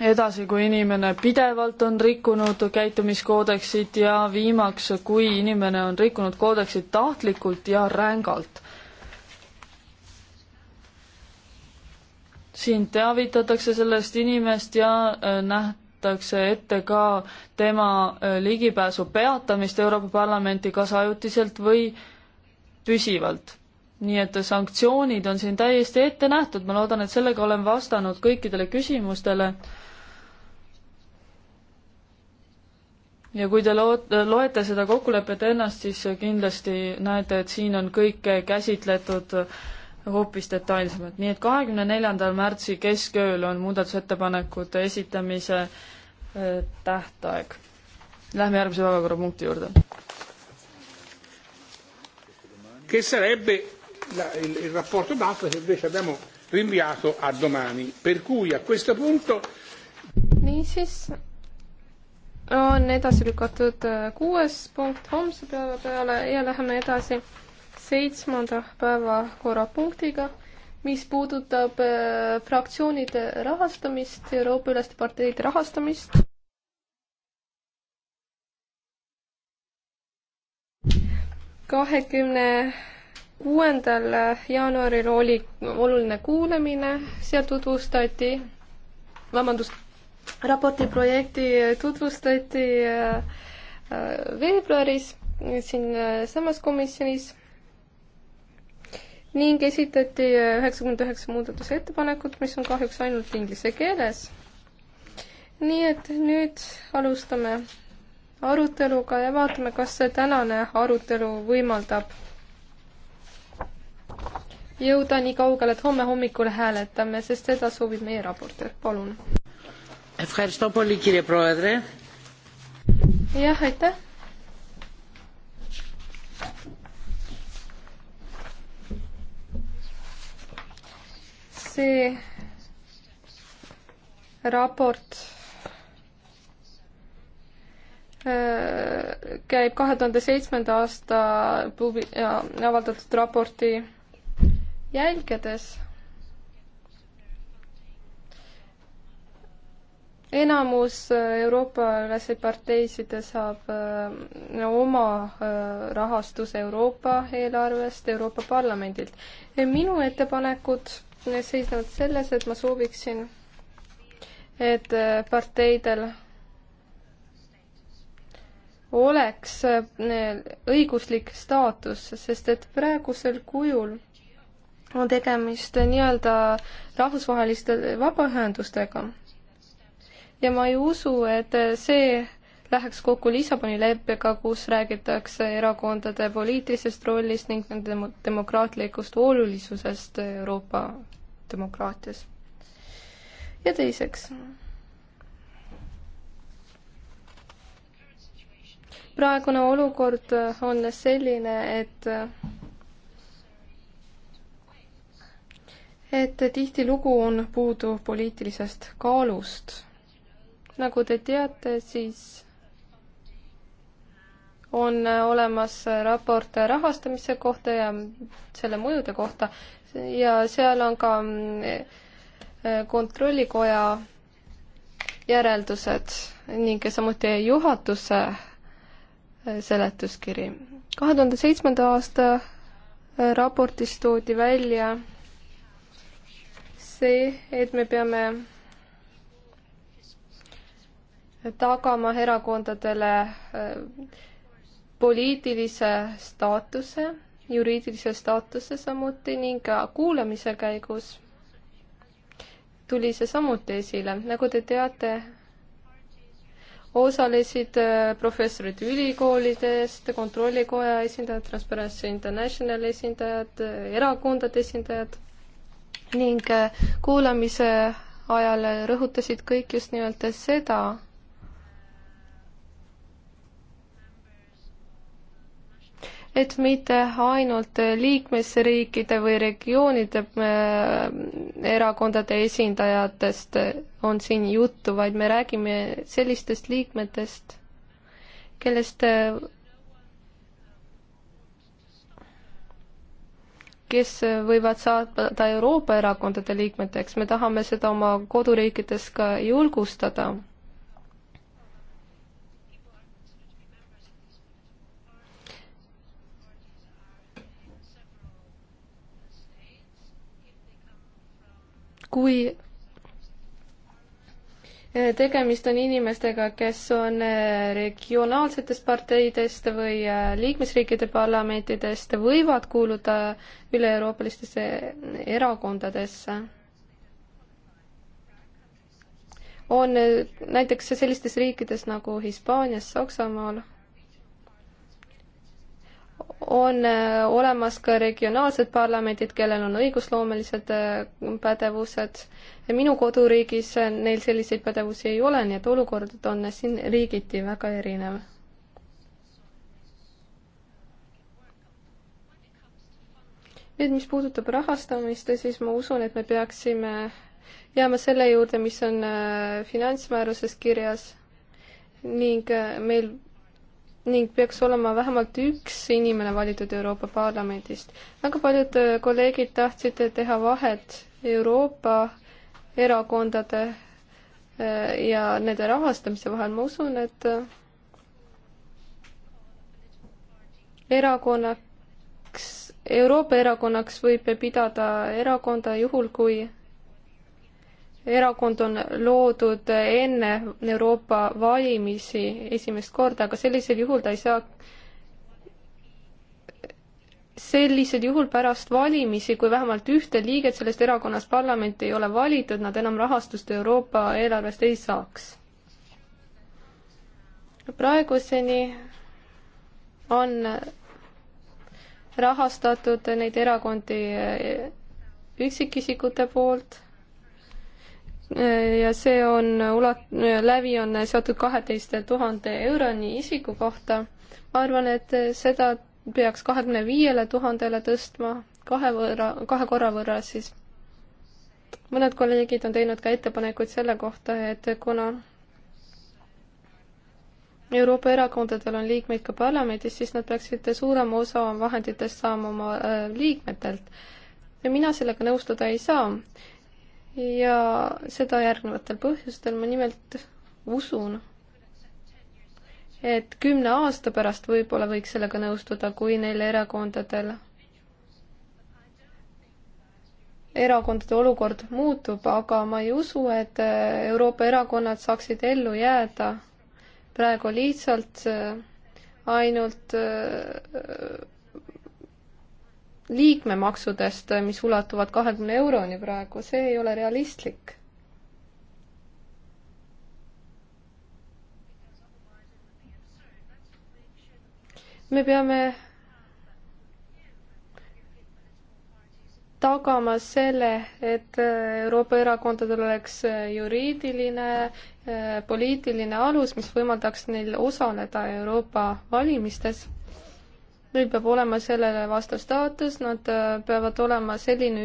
edasi, kui inimene pidevalt on rikkunud käitumiskoodeksit ja viimaks, kui inimene on rikkunud koodeksit tahtlikult ja rängalt. siin teavitatakse sellest inimest ja äh, nähtakse ette ka tema äh, ligipääsu peatamist Euroopa Parlamenti kas ajutiselt või püsivalt nii et sanktsioonid on siin täiesti ette nähtud, ma loodan, et sellega olen vastanud kõikidele küsimustele ja kui te loot-, loete seda kokkulepet ennast, siis kindlasti näete, et siin on kõike käsitletud hoopis detailsemalt, nii et kahekümne neljandal märtsi keskööl on muudatusettepanekute esitamise äh, tähtaeg. Lähme järgmise päevakorrapunkti juurde. kes sarebbe la, il, il rapporto DAF che invece abbiamo rinviato a domani, per cui a questo punto niisiis on edasi lükatud äh, kuues punkt homse päeva peale ja läheme edasi seitsmenda päevakorrapunktiga, mis puudutab äh, fraktsioonide rahastamist, Euroopa Üleste parteide rahastamist. kahekümne kuuendal jaanuaril oli oluline kuulamine, seal tutvustati, vabandust, raporti projekti tutvustati äh, veebruaris siinsamas äh, komisjonis ning esitati äh, üheksakümmend üheksa muudatusettepanekut, mis on kahjuks ainult inglise keeles. nii et nüüd alustame aruteluga ja vaatame, kas see tänane arutelu võimaldab jõuda nii kaugele, et homme hommikul hääletame, sest seda soovib meie raportöör, palun Ευχαριστώ πολύ κύριε Πρόεδρε. Jah, aitäh. see raport äh, käib kahe tuhande seitsmenda aasta pubi- ja avaldatud raporti jälgedes enamus äh, Euroopa üleseid parteisid saab no, äh, oma äh, rahastuse Euroopa eelarvest, Euroopa Parlamendilt. minu ettepanekud seisnevad selles, et ma sooviksin, et parteidel oleks õiguslik staatus, sest et praegusel kujul on tegemist nii-öelda rahvusvaheliste vabaühendustega ja ma ei usu, et see läheks kokku Lissaboni leppega, kus räägitakse erakondade poliitilisest rollist ning nende demokraatlikust olulisusest Euroopa demokraatias. ja teiseks. praegune olukord on selline, et et tihtilugu on puudu poliitilisest kaalust nagu te teate, siis on olemas raport rahastamise kohta ja selle mõjude kohta ja seal on ka mm, kontrollikoja järeldused ning samuti juhatuse seletuskiri. kahe tuhande seitsmenda aasta raportis toodi välja see, et me peame tagama erakondadele äh, poliitilise staatuse, juriidilise staatuse samuti ning kuulamise käigus tuli see samuti esile. nagu te teate, osalesid äh, professorid ülikoolidest, Kontrollikoja esindajad, Transparency International esindajad, äh, erakondade esindajad ning kuulamise ajal rõhutasid kõik just nimelt seda, et mitte ainult liikmesriikide või regioonide äh, erakondade esindajatest on siin juttu, vaid me räägime sellistest liikmetest, kellest äh, kes võivad saada Euroopa erakondade liikmeteks, me tahame seda oma koduriikides ka julgustada kui eh, tegemist on inimestega, kes on eh, regionaalsetest parteidest või eh, liikmesriikide parlamentidest, võivad kuuluda üle-euroopalistesse erakondadesse. on näiteks sellistes riikides nagu Hispaanias, Saksamaal on äh, olemas ka regionaalsed parlamendid, kellel on õigusloomelised äh, pädevused. minu koduriigis äh, neil selliseid pädevusi ei ole, nii et olukord on siin riigiti väga erinev. nüüd, mis puudutab rahastamist, siis ma usun, et me peaksime jääma selle juurde, mis on finantsmääruses kirjas ning meil ning peaks olema vähemalt üks inimene valitud Euroopa Parlamendist. väga paljud äh, kolleegid tahtsid teha vahet Euroopa erakondade äh, ja nende rahastamise vahel, ma usun, et äh, erakonnaks, Euroopa erakonnaks võib pidada erakonda juhul, kui erakond on loodud enne Euroopa valimisi esimest korda, aga sellisel juhul ta ei saa sellisel juhul pärast valimisi, kui vähemalt ühte liiget sellest erakonnast parlamenti ei ole valitud, nad enam rahastust Euroopa eelarvest ei saaks. praeguseni on rahastatud neid erakondi üksikisikute poolt ja see on ulat-, lävi on seotud kaheteist tuhande euroni isiku kohta. ma arvan, et seda peaks kahekümne viiele tuhandele tõstma kahe võrra, kahe korra võrra siis. mõned kolleegid on teinud ka ettepanekuid selle kohta, et kuna Euroopa erakondadel on liikmeid ka parlamendis, siis nad peaksid suurema osa vahenditest saama oma äh, liikmetelt. ja mina sellega nõustuda ei saa ja seda järgnevatel põhjustel ma nimelt usun, et kümne aasta pärast võib-olla võiks sellega nõustuda, kui neil erakondadel, erakondade olukord muutub, aga ma ei usu, et Euroopa erakonnad saaksid ellu jääda praegu lihtsalt äh, ainult äh, liikmemaksudest, mis ulatuvad kahekümne euroni praegu, see ei ole realistlik. me peame tagama selle, et Euroopa erakondadel oleks juriidiline, poliitiline alus, mis võimaldaks neil osaleda Euroopa valimistes Neil peab olema sellele vastav staatus, nad äh, peavad olema selline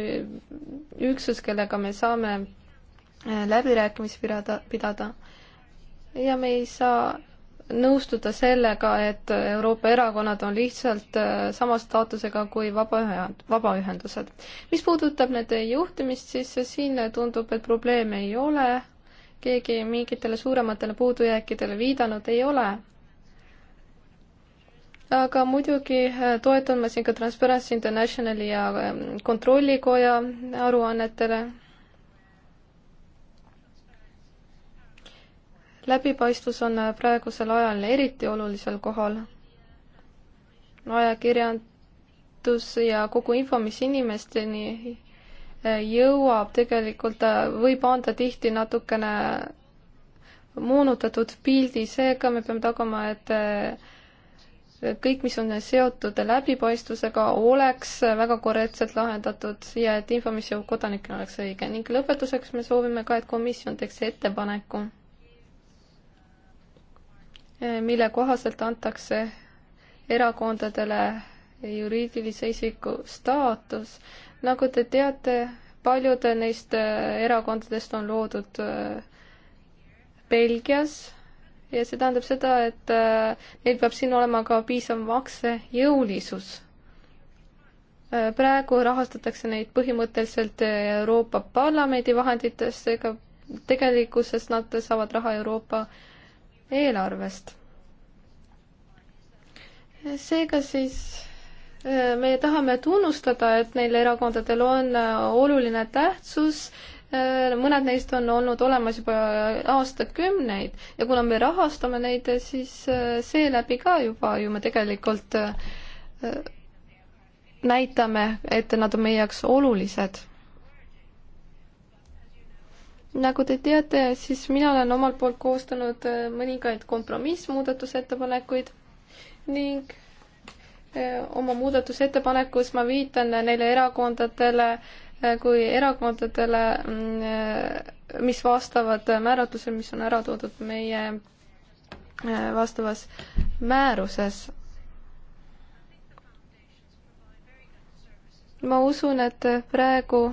üksus, kellega me saame äh, läbirääkimisi pidada, pidada. ja me ei saa nõustuda sellega, et Euroopa erakonnad on lihtsalt äh, sama staatusega kui vabaühend, vabaühendused. mis puudutab nende juhtimist, siis siin tundub, et probleeme ei ole, keegi mingitele suurematele puudujääkidele viidanud ei ole aga muidugi äh, toetan ma siin ka Transparency Internationali ja ähm, Kontrollikoja aruannetele. läbipaistvus on äh, praegusel ajal eriti olulisel kohal. ajakirjandus ja kogu info, mis inimesteni äh, jõuab, tegelikult võib anda tihti natukene moonutatud pildi, seega me peame tagama, et kõik, mis on seotud läbipaistvusega, oleks väga korrektselt lahendatud ja et info, mis jõuab kodanikele, oleks õige ning lõpetuseks me soovime ka, et komisjon teeks ettepaneku, mille kohaselt antakse erakondadele juriidilise isiku staatus. nagu te teate, paljud neist erakondadest on loodud Belgias ja see tähendab seda, et neil äh, peab siin olema ka piisav maksejõulisus. Äh, praegu rahastatakse neid põhimõtteliselt äh, Euroopa Parlamendi vahenditest, ega tegelikkuses nad saavad raha Euroopa eelarvest. seega siis me tahame tunnustada, et neil erakondadel on oluline tähtsus Äh, mõned neist on olnud olemas juba aastakümneid ja kuna me rahastame neid, siis äh, seeläbi ka juba ju me tegelikult äh, näitame, et nad on meie jaoks olulised. nagu te teate, siis mina olen omalt poolt koostanud mõningaid kompromissmuudatusettepanekuid ning oma muudatusettepanekus ma viitan neile erakondadele, Äh, kui erakondadele, mm, äh, mis vastavad määratlusele, mis on ära toodud meie äh, vastavas määruses. ma usun, et praegu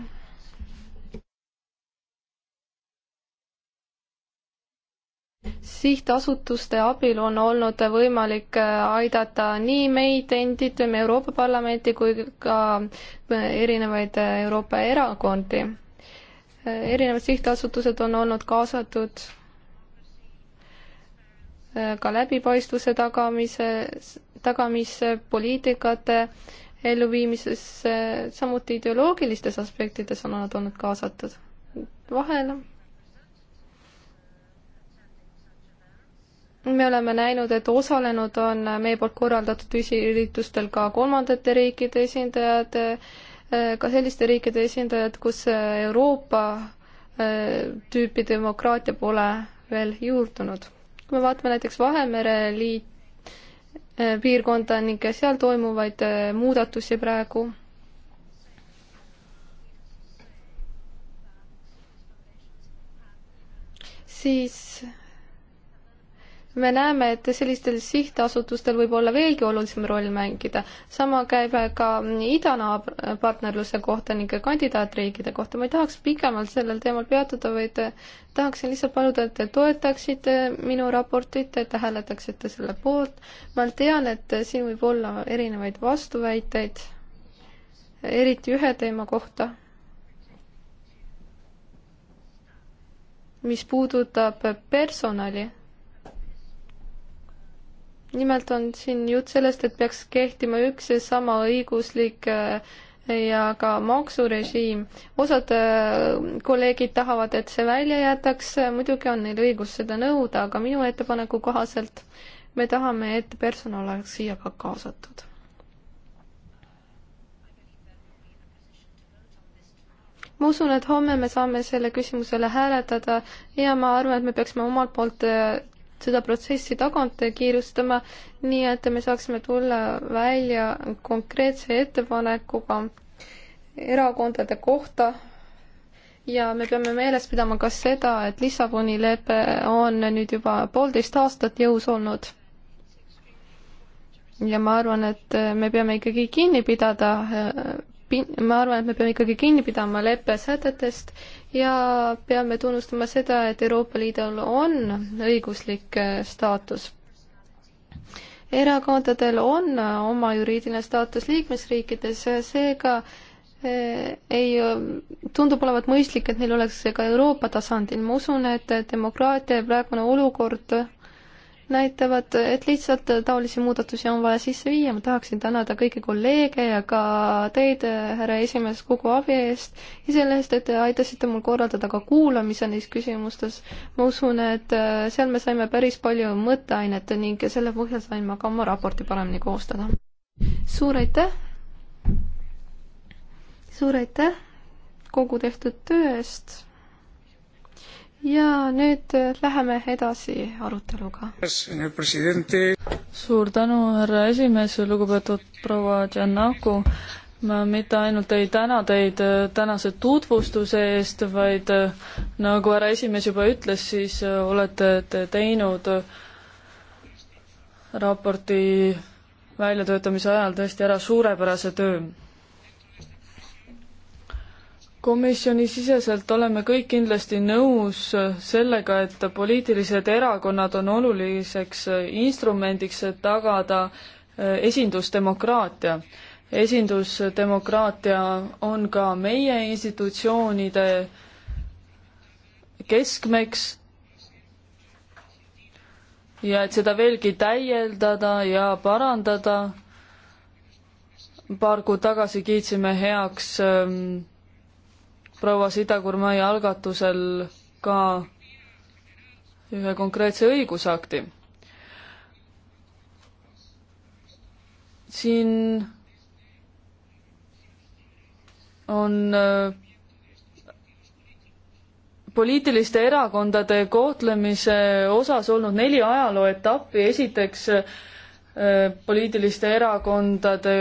sihtasutuste abil on olnud võimalik äh, aidata nii meid endid, Euroopa Parlamenti kui ka äh, erinevaid äh, Euroopa erakondi. erinevad sihtasutused on olnud kaasatud ka läbipaistvuse tagamise, tagamisse, poliitikate elluviimisesse, samuti ideoloogilistes aspektides on nad olnud kaasatud. vahel me oleme näinud, et osalenud on meie poolt korraldatud üritustel ka kolmandate riikide esindajad, eh, ka selliste riikide esindajad, kus eh, Euroopa eh, tüüpi demokraatia pole veel juurdunud. kui me vaatame näiteks Vahemere liit, piirkonda ning seal toimuvaid muudatusi praegu, siis me näeme, et sellistel sihtasutustel võib olla veelgi olulisem roll mängida. sama käib ka idanaapartnerluse kohta ning kandidaatriikide kohta. ma ei tahaks pikemalt sellel teemal peatuda, vaid tahaksin lihtsalt paluda, et te toetaksite minu raportit, et te hääletaksite selle poolt. ma tean, et siin võib olla erinevaid vastuväiteid, eriti ühe teema kohta mis puudutab personali nimelt on siin jutt sellest, et peaks kehtima üks ja sama õiguslik äh, ja ka maksurežiim. osad äh, kolleegid tahavad, et see välja jäetakse, muidugi on neil õigus seda nõuda, aga minu ettepaneku kohaselt me tahame, et personal oleks siia ka kaasatud. ma usun, et homme me saame selle küsimusele hääletada ja ma arvan, et me peaksime omalt poolt äh, seda protsessi tagant kiirustama, nii et me saaksime tulla välja konkreetse ettepanekuga erakondade kohta ja me peame meeles pidama ka seda, et Lissaboni lepe on nüüd juba poolteist aastat jõus olnud. ja ma arvan, et me peame ikkagi kinni pidada ma arvan, et me peame ikkagi kinni pidama leppe sätetest ja peame tunnustama seda, et Euroopa Liidul on õiguslik äh, staatus. erakondadel on äh, oma juriidiline staatus liikmesriikides, äh, seega ei, tundub olevat mõistlik, et neil oleks see ka Euroopa tasandil, ma usun, et demokraatia ja praegune olukord näitavad, et lihtsalt taolisi muudatusi on vaja sisse viia, ma tahaksin tänada kõiki kolleege ja ka teid, härra esimees, kogu abi eest ja selle eest, et te aitasite mul korraldada ka kuulamise neis küsimustes. ma usun, et eh, seal me saime päris palju mõtteainet ning selle põhjal sain ma ka oma raporti paremini koostada. suur aitäh! suur aitäh kogu tehtud töö eest ja nüüd äh, läheme edasi aruteluga. suur tänu, härra esimees, lugupeetud proua Giannaku. ma mitte ainult ei täna teid äh, tänase tutvustuse eest, vaid äh, nagu härra esimees juba ütles, siis olete te teinud raporti väljatöötamise ajal tõesti ära suurepärase töö komisjonisiseselt oleme kõik kindlasti nõus sellega, et poliitilised erakonnad on oluliseks instrumendiks, et tagada eh, esindusdemokraatia. esindusdemokraatia on ka meie institutsioonide keskmeks ja et seda veelgi täieldada ja parandada, paar kuud tagasi kiitsime heaks ähm, proua Sida-Gurmai algatusel ka ühe konkreetse õigusakti. siin on äh, poliitiliste erakondade kohtlemise osas olnud neli ajalooetappi, esiteks äh, poliitiliste erakondade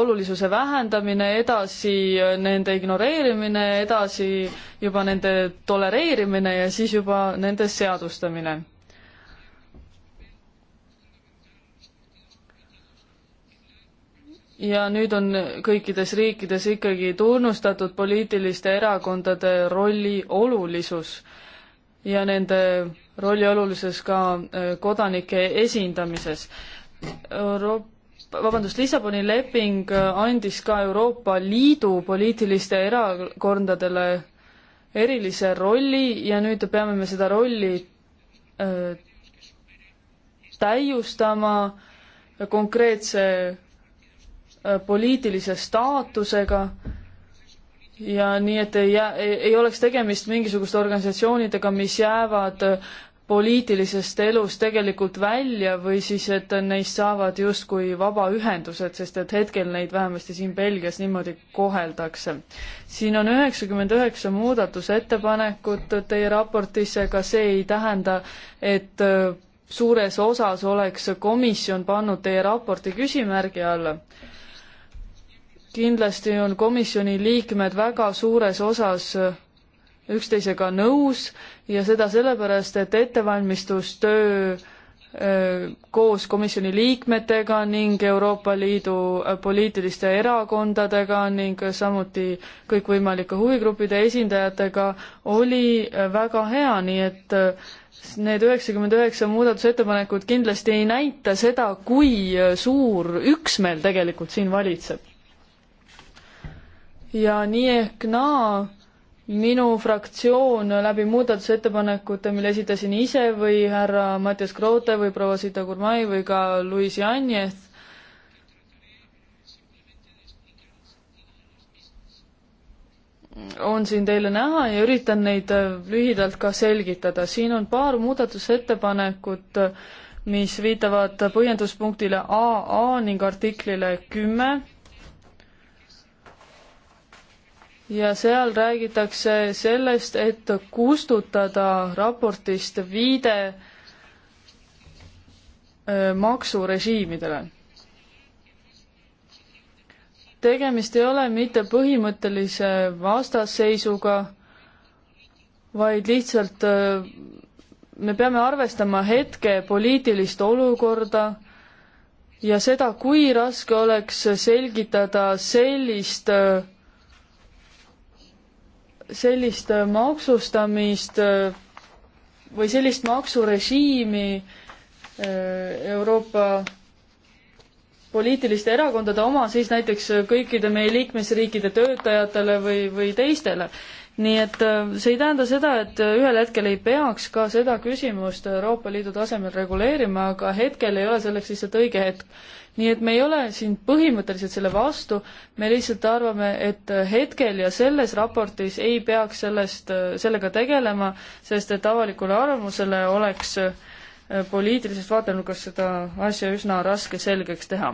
olulisuse vähendamine, edasi nende ignoreerimine, edasi juba nende tolereerimine ja siis juba nende seadustamine. ja nüüd on kõikides riikides ikkagi tunnustatud poliitiliste erakondade rolli olulisus ja nende rolli olulisus ka kodanike esindamises. Euroopa vabandust, Lissaboni leping äh, andis ka Euroopa Liidu poliitiliste erakondadele erilise rolli ja nüüd peame me seda rolli öö, äh, täiustama konkreetse öö, äh, poliitilise staatusega ja nii, et ei jää, ei oleks tegemist mingisuguste organisatsioonidega, mis jäävad poliitilisest elust tegelikult välja või siis, et neist saavad justkui vabaühendused, sest et hetkel neid vähemasti siin Belgias niimoodi koheldakse. siin on üheksakümmend üheksa muudatusettepanekut teie raportisse, aga see ei tähenda, et äh, suures osas oleks komisjon pannud teie raporti küsimärgi alla kindlasti on komisjoni liikmed väga suures osas äh, üksteisega nõus ja seda sellepärast, et ettevalmistustöö äh, koos komisjoni liikmetega ning Euroopa Liidu äh, poliitiliste erakondadega ning samuti kõikvõimalike huvigruppide esindajatega oli äh, väga hea, nii et need üheksakümmend üheksa muudatusettepanekut kindlasti ei näita seda, kui suur üksmeel tegelikult siin valitseb. ja nii ehk naa no, minu fraktsioon läbi muudatusettepanekute, mille esitasin ise või härra Mattias Kroote või proua Sita Gurmai või ka Luis Janjes, on siin teile näha ja üritan neid äh, lühidalt ka selgitada. siin on paar muudatusettepanekut, mis viitavad põhjenduspunktile AA ning artiklile kümme ja seal räägitakse sellest, et kustutada raportist viide maksurežiimidele. tegemist ei ole mitte põhimõttelise vastasseisuga, vaid lihtsalt me peame arvestama hetke poliitilist olukorda ja seda, kui raske oleks selgitada sellist äh, sellist äh, maksustamist äh, või sellist maksurežiimi äh, Euroopa poliitiliste erakondade oma siis näiteks kõikide meie liikmesriikide töötajatele või, või teistele. nii et see ei tähenda seda, et ühel hetkel ei peaks ka seda küsimust Euroopa Liidu tasemel reguleerima, aga hetkel ei ole selleks lihtsalt õige hetk nii et me ei ole siin põhimõtteliselt selle vastu, me lihtsalt arvame, et hetkel ja selles raportis ei peaks sellest, sellega tegelema, sest et avalikule arvamusele oleks äh, poliitilisest vaatenurgast seda asja üsna raske selgeks teha.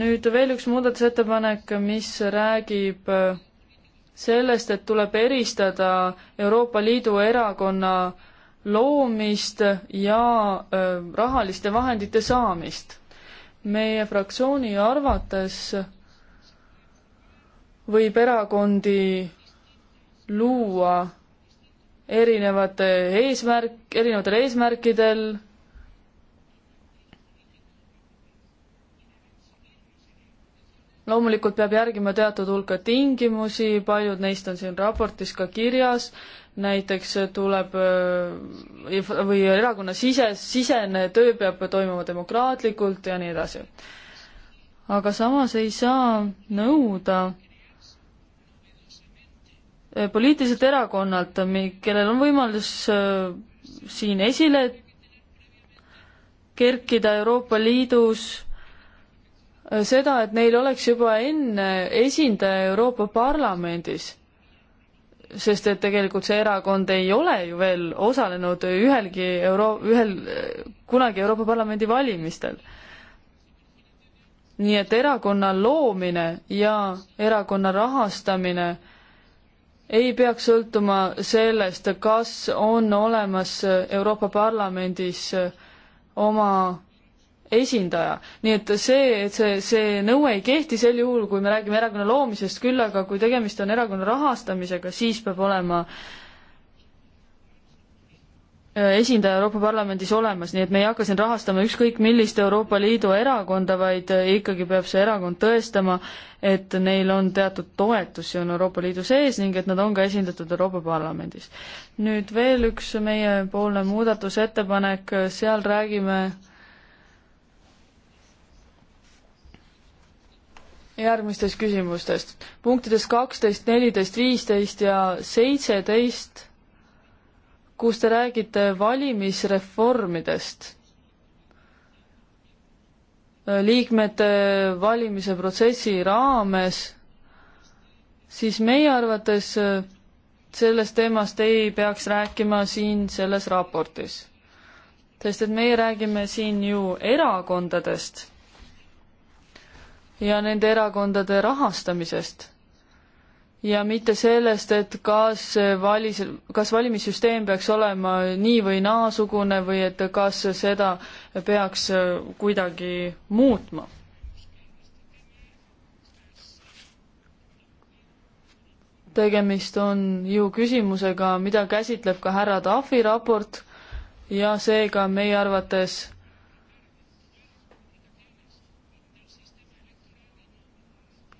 nüüd veel üks muudatusettepanek, mis räägib äh, sellest, et tuleb eristada Euroopa Liidu erakonna loomist ja äh, rahaliste vahendite saamist meie fraktsiooni arvates võib erakondi luua erinevate eesmärk, erinevatel eesmärkidel loomulikult peab järgima teatud hulka tingimusi, paljud neist on siin raportis ka kirjas, näiteks tuleb äh, või erakonna sises, sisene töö peab toimuma demokraatlikult ja nii edasi. aga samas ei saa nõuda äh, poliitiliselt erakonnalt, kellel on võimalus äh, siin esile kerkida Euroopa Liidus, seda, et neil oleks juba enne esindaja Euroopa Parlamendis sest et tegelikult see erakond ei ole ju veel osalenud ühelgi euro-, ühel, kunagi Euroopa Parlamendi valimistel. nii et erakonna loomine ja erakonna rahastamine ei peaks sõltuma sellest, kas on olemas Euroopa Parlamendis oma esindaja. nii et see, et see, see nõue ei kehti sel juhul, kui me räägime erakonna loomisest, küll aga kui tegemist on erakonna rahastamisega, siis peab olema äh, esindaja Euroopa Parlamendis olemas, nii et me ei hakka siin rahastama ükskõik millist Euroopa Liidu erakonda, vaid äh, ikkagi peab see erakond tõestama, et neil on teatud toetus siin Euroopa Liidu sees ning et nad on ka esindatud Euroopa Parlamendis. nüüd veel üks meiepoolne muudatusettepanek, seal räägime äh, järgmistest küsimustest. punktides kaksteist, neliteist, viisteist ja seitseteist, kus te räägite valimisreformidest, liikmete valimise protsessi raames, siis meie arvates sellest teemast ei peaks rääkima siin selles raportis. sest et meie räägime siin ju erakondadest ja nende erakondade rahastamisest ja mitte sellest, et kas valis, kas valimissüsteem peaks olema nii või naasugune või et kas seda peaks kuidagi muutma. tegemist on ju küsimusega, mida käsitleb ka härra Tafi raport ja seega meie arvates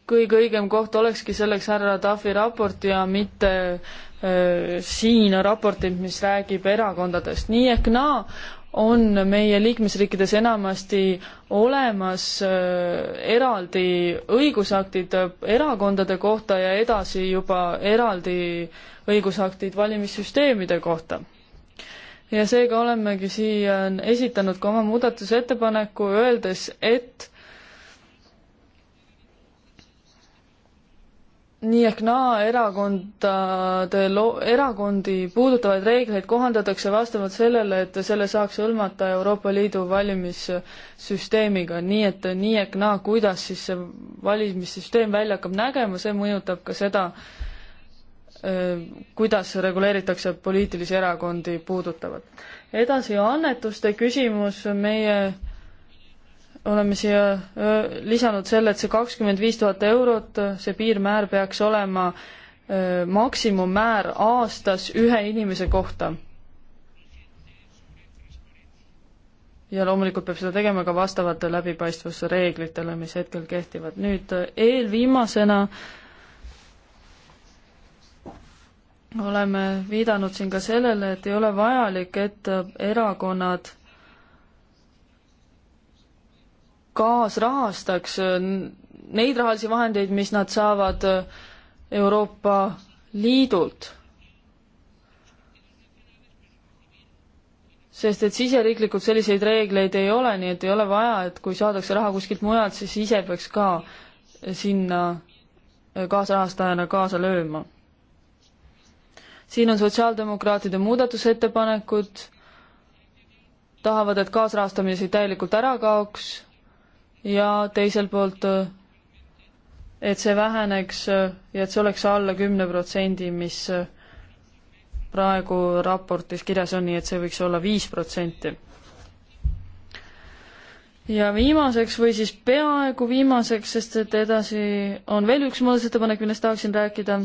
kõige õigem koht olekski selleks härra Tafi raport ja mitte äh, siin raportit, mis räägib erakondadest. nii ehk naa on meie liikmesriikides enamasti olemas äh, eraldi õigusaktid erakondade kohta ja edasi juba eraldi õigusaktid valimissüsteemide kohta. ja seega olemegi siia esitanud ka oma muudatusettepaneku, öeldes, et nii ehk naa erakondade lo-, erakondi puudutavaid reegleid kohandatakse vastavalt sellele, et selle saaks hõlmata Euroopa Liidu valimissüsteemiga, nii et nii ehk naa, kuidas siis see valimissüsteem välja hakkab nägema, see mõjutab ka seda, kuidas reguleeritakse poliitilisi erakondi puudutavat. edasi annetuste küsimus, meie oleme siia lisanud selle, et see kakskümmend viis tuhat eurot, see piirmäär peaks olema maksimummäär aastas ühe inimese kohta. ja loomulikult peab seda tegema ka vastavate läbipaistvusreeglitele, mis hetkel kehtivad. nüüd eelviimasena oleme viidanud siin ka sellele, et ei ole vajalik, et erakonnad kaasrahastaks äh, neid rahalisi vahendeid, mis nad saavad äh, Euroopa Liidult. sest et siseriiklikult selliseid reegleid ei ole, nii et ei ole vaja, et kui saadakse raha kuskilt mujalt, siis ise peaks ka sinna äh, kaasrahastajana kaasa lööma. siin on sotsiaaldemokraatide muudatusettepanekud, tahavad, et kaasrahastamine siit täielikult ära kaoks ja teiselt poolt, äh, et see väheneks äh, ja et see oleks alla kümne protsendi, mis äh, praegu raportis kirjas on, nii et see võiks olla viis protsenti. ja viimaseks või siis peaaegu viimaseks, sest et edasi on veel üks muudatusettepanek, millest tahaksin rääkida.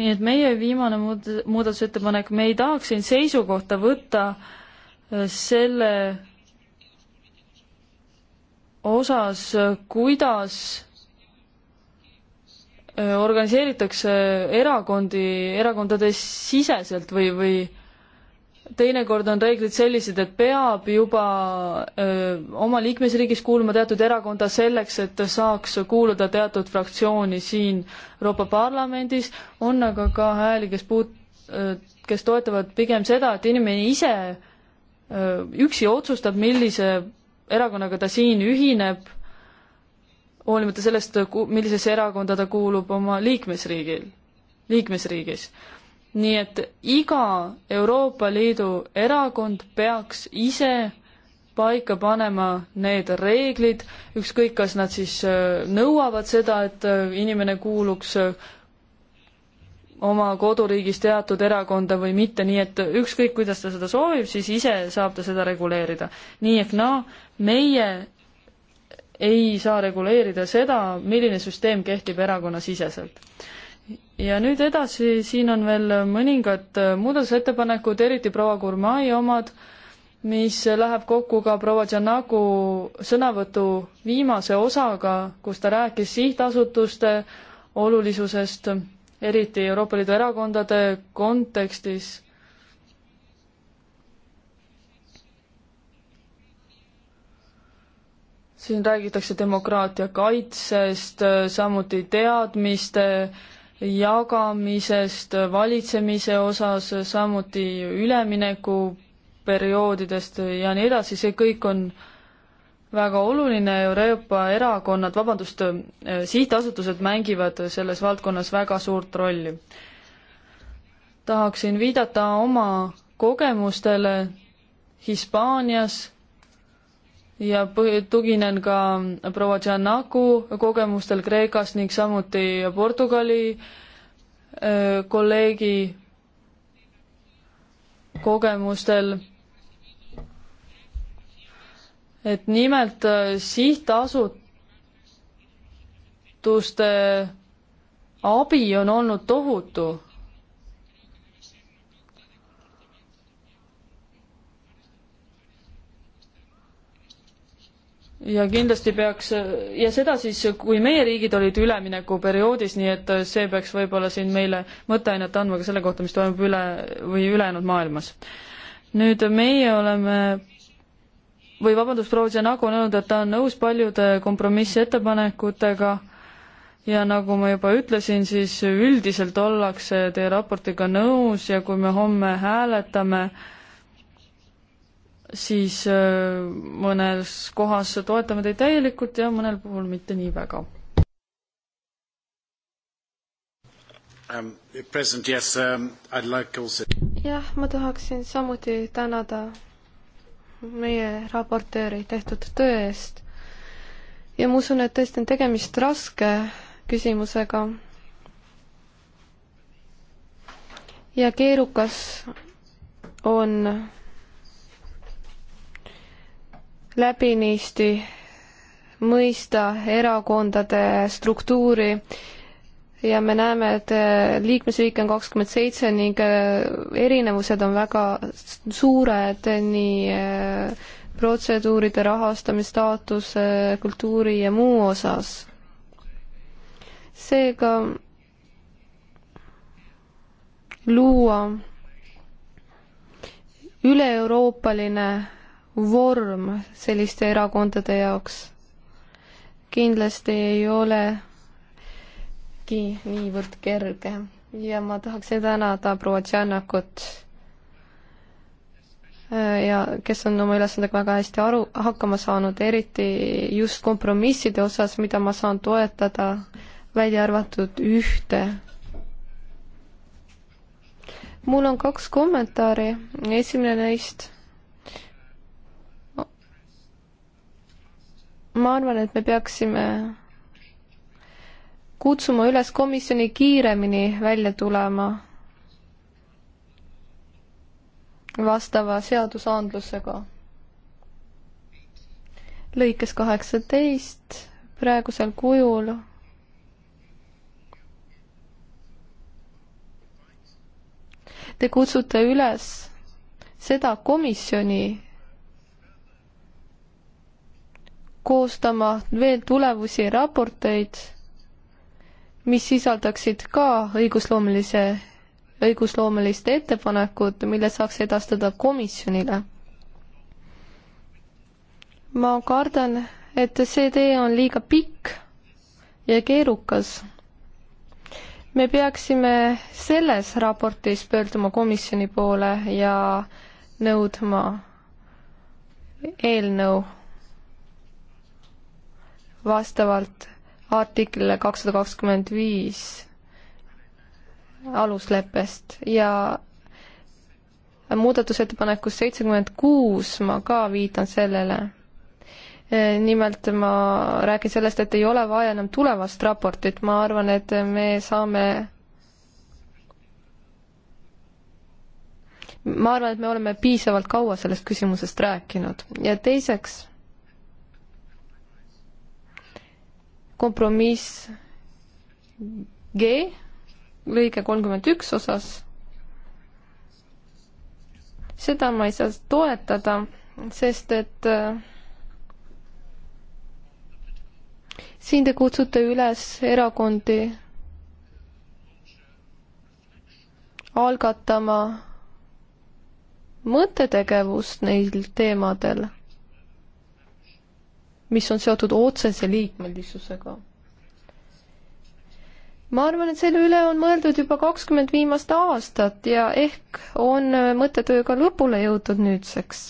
nii et meie viimane muud-, muudatusettepanek, me ei tahaks siin seisukohta võtta selle osas, kuidas äh, organiseeritakse erakondi erakondade siseselt või, või teinekord on reeglid sellised, et peab juba öö, äh, oma liikmesriigis kuuluma teatud erakonda selleks, et saaks kuuluda teatud fraktsiooni siin Euroopa Parlamendis, on aga ka hääli, kes puut-, äh, kes toetavad pigem seda, et inimene ise öö, üksi otsustab, millise erakonnaga ta siin ühineb, hoolimata sellest, millisesse erakonda ta kuulub oma liikmesriigil, liikmesriigis. nii et iga Euroopa Liidu erakond peaks ise paika panema need reeglid, ükskõik, kas nad siis äh, nõuavad seda, et äh, inimene kuuluks äh, oma koduriigis teatud erakonda või mitte, nii et ükskõik, kuidas ta seda soovib, siis ise saab ta seda reguleerida. nii ehk naa no,, meie ei saa reguleerida seda, milline süsteem kehtib erakonnasiseselt. ja nüüd edasi, siin on veel mõningad äh, muudatusettepanekud, eriti proua Gurmai omad, mis läheb kokku ka proua Tšernaku sõnavõtu viimase osaga, kus ta rääkis sihtasutuste olulisusest, eriti Euroopa Liidu erakondade kontekstis siin räägitakse demokraatia kaitsest, samuti teadmiste jagamisest valitsemise osas, samuti üleminekuperioodidest ja nii edasi, see kõik on väga oluline, Euroopa erakonnad, vabandust, sihtasutused mängivad selles valdkonnas väga suurt rolli. tahaksin viidata oma kogemustele Hispaanias ja tuginen ka proua Giannaku kogemustel Kreekast ning samuti Portugali äh, kolleegi kogemustel. et nimelt äh, sihtasutuste abi on olnud tohutu ja kindlasti peaks, ja seda siis, kui meie riigid olid üleminekuperioodis, nii et see peaks võib-olla siin meile mõtteainet andma ka selle kohta, mis toimub üle või ülejäänud maailmas. nüüd meie oleme või vabandust, proua Tsenago on öelnud, et ta on nõus paljude kompromissettepanekutega ja nagu ma juba ütlesin, siis üldiselt ollakse teie raportiga nõus ja kui me homme hääletame äh, siis äh, mõnes kohas toetame teid täielikult ja mõnel puhul mitte nii väga. Um, um, jah, ma tahaksin samuti tänada meie raportööri tehtud töö eest ja ma usun, et tõesti on tegemist raske küsimusega ja keerukas on läbinisti mõista erakondade struktuuri ja me näeme, et äh, liikmesriike on kakskümmend seitse ning äh, erinevused on väga suured äh, nii protseduuride rahastamisstaatuse, kultuuri ja muu osas. seega luua üle-euroopaline vorm selliste erakondade jaoks. kindlasti ei olegi niivõrd kerge ja ma tahaksin tänada proua Tšernakut äh, ja kes on oma ülesandega väga hästi aru, hakkama saanud, eriti just kompromisside osas, mida ma saan toetada, välja arvatud ühte. mul on kaks kommentaari, esimene neist ma arvan, et me peaksime kutsuma üles komisjoni kiiremini välja tulema vastava seadusandlusega. lõikes kaheksateist praegusel kujul Te kutsute üles seda komisjoni koostama veel tulevusi raporteid, mis sisaldaksid ka õigusloomelise, õigusloomelist ettepanekut, mille saaks edastada komisjonile. ma kardan, et see tee on liiga pikk ja keerukas. me peaksime selles raportis pöörduma komisjoni poole ja nõudma eelnõu vastavalt artiklile kakssada kakskümmend viis alusleppest ja muudatusettepanekus seitsekümmend kuus ma ka viitan sellele. nimelt ma räägin sellest, et ei ole vaja enam tulevast raportit, ma arvan, et me saame ma arvan, et me oleme piisavalt kaua sellest küsimusest rääkinud ja teiseks kompromiss G lõige kolmkümmend üks osas. seda ma ei saa toetada, sest et äh, siin te kutsute üles erakondi algatama mõttetegevust neil teemadel mis on seotud otsese liikmelisusega. ma arvan, et selle üle on mõeldud juba kakskümmend viimast aastat ja ehk on mõttetööga lõpule jõutud nüüdseks.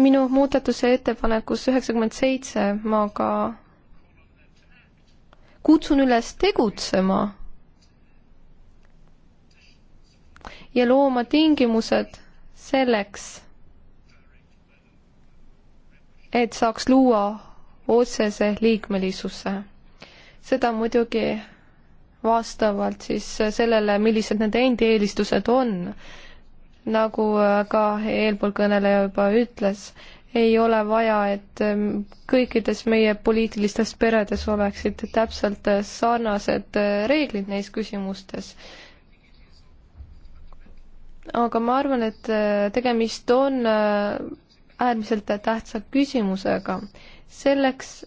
minu muudatuse ettepanekus üheksakümmend seitse ma ka kutsun üles tegutsema ja looma tingimused selleks, et saaks luua otsese liikmelisuse. seda muidugi vastavalt siis sellele, millised nende endi eelistused on. nagu ka eelpool kõneleja juba ütles, ei ole vaja, et ähm, kõikides meie poliitilistes peredes oleksid täpselt äh, sarnased äh, reeglid neis küsimustes aga ma arvan, et äh, tegemist on äh, äärmiselt tähtsa küsimusega. selleks,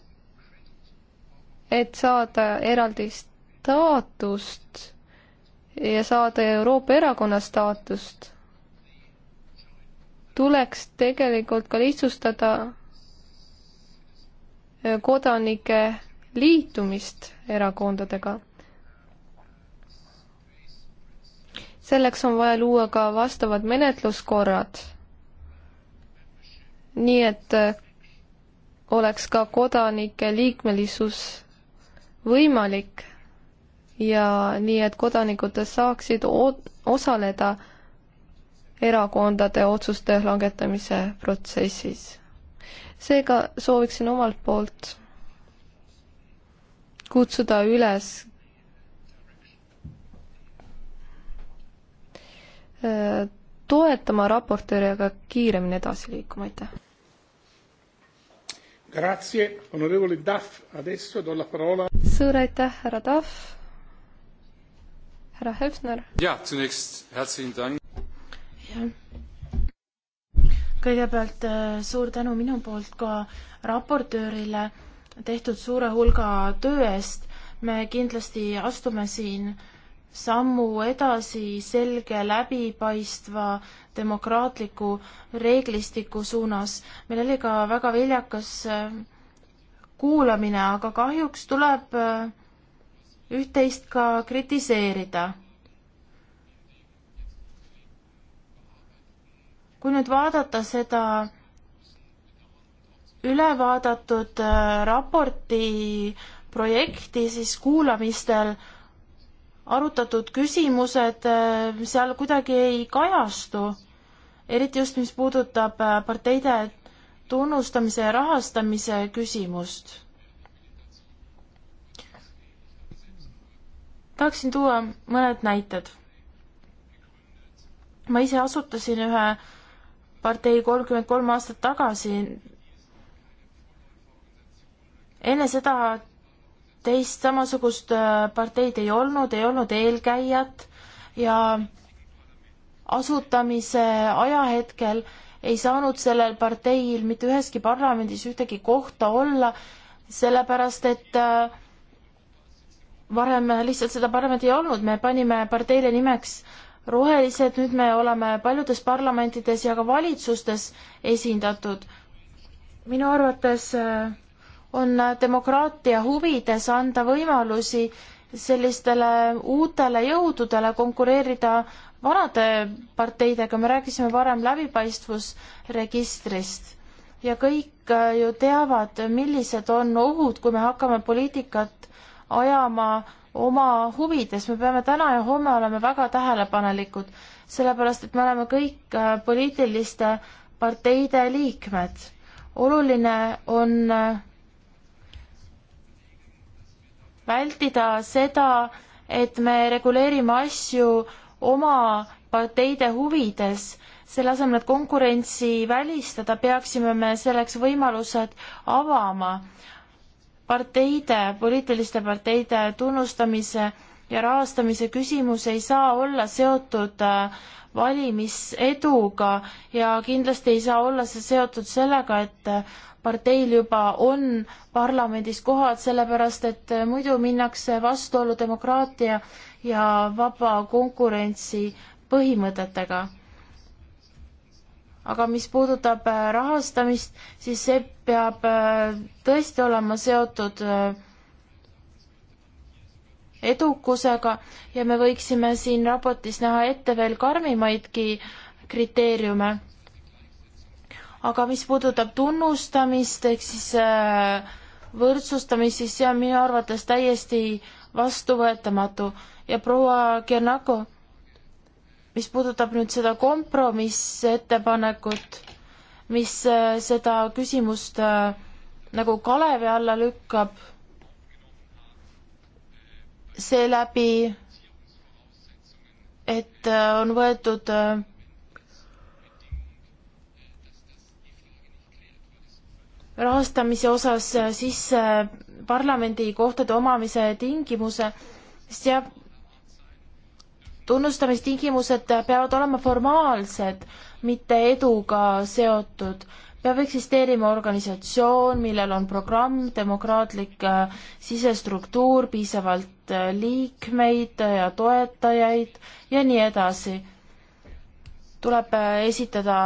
et saada eraldi staatust ja saada Euroopa erakonna staatust, tuleks tegelikult ka lihtsustada äh, kodanike liitumist erakondadega selleks on vaja luua ka vastavad menetluskorrad. nii et äh, oleks ka kodanike liikmelisus võimalik ja nii, et kodanikud saaksid osaleda erakondade otsuste langetamise protsessis. seega sooviksin omalt poolt kutsuda üles toetama raportööri, aga kiiremini edasi liikuma, aitäh. Grazie, onorevole Duff, adesso do la parola. suur aitäh, härra Duff. härra Hefner. jah, zunächst herzlichen Dank. jah. kõigepealt äh, suur tänu minu poolt ka raportöörile tehtud suure hulga töö eest. me kindlasti astume siin äh, sammu edasi selge läbipaistva demokraatliku reeglistiku suunas. meil oli ka väga viljakas äh, kuulamine, aga kahjuks tuleb äh, üht-teist ka kritiseerida. kui nüüd vaadata seda ülevaadatud äh, raporti projekti, siis kuulamistel arutatud küsimused äh, seal kuidagi ei kajastu, eriti just, mis puudutab äh, parteide tunnustamise ja rahastamise küsimust. tahaksin tuua mõned näited. ma ise asutasin ühe partei kolmkümmend kolm aastat tagasi. enne seda teist samasugust äh, parteid ei olnud, ei olnud eelkäijat ja asutamise ajahetkel ei saanud sellel parteil mitte üheski parlamendis ühtegi kohta olla, sellepärast et äh, varem lihtsalt seda parlamendi ei olnud, me panime parteile nimeks rohelised, nüüd me oleme paljudes parlamentides ja ka valitsustes esindatud. minu arvates äh, on demokraatia huvides anda võimalusi sellistele uutele jõududele konkureerida vanade parteidega, me rääkisime varem läbipaistvusregistrist ja kõik äh, ju teavad, millised on ohud, kui me hakkame poliitikat ajama oma huvides, me peame täna ja homme olema väga tähelepanelikud, sellepärast et me oleme kõik äh, poliitiliste parteide liikmed. oluline on äh, vältida seda, et me reguleerime asju oma parteide huvides. selle asemel, et konkurentsi välistada, peaksime me selleks võimalused avama. parteide, poliitiliste parteide tunnustamise ja rahastamise küsimus ei saa olla seotud äh, valimiseduga ja kindlasti ei saa olla see seotud sellega, et äh, parteil juba on parlamendis kohad, sellepärast et äh, muidu minnakse vastuollu demokraatia ja vaba konkurentsi põhimõtetega. aga mis puudutab äh, rahastamist, siis see peab äh, tõesti olema seotud edukusega ja me võiksime siin raportis näha ette veel karmimaidki kriteeriume aga mis puudutab tunnustamist ehk siis äh, võrdsustamist, siis see on minu arvates täiesti vastuvõetamatu ja proua Kernako, mis puudutab nüüd seda kompromissettepanekut, mis äh, seda küsimust äh, nagu kalevi alla lükkab, seeläbi, et on võetud äh, rahastamise osas äh, sisse äh, parlamendi kohtade omamise tingimuse, siis jah, tunnustamistingimused äh, peavad olema formaalsed, mitte eduga seotud. peab eksisteerima organisatsioon, millel on programm, demokraatlik sisestruktuur, piisavalt liikmeid ja toetajaid ja nii edasi. tuleb esitada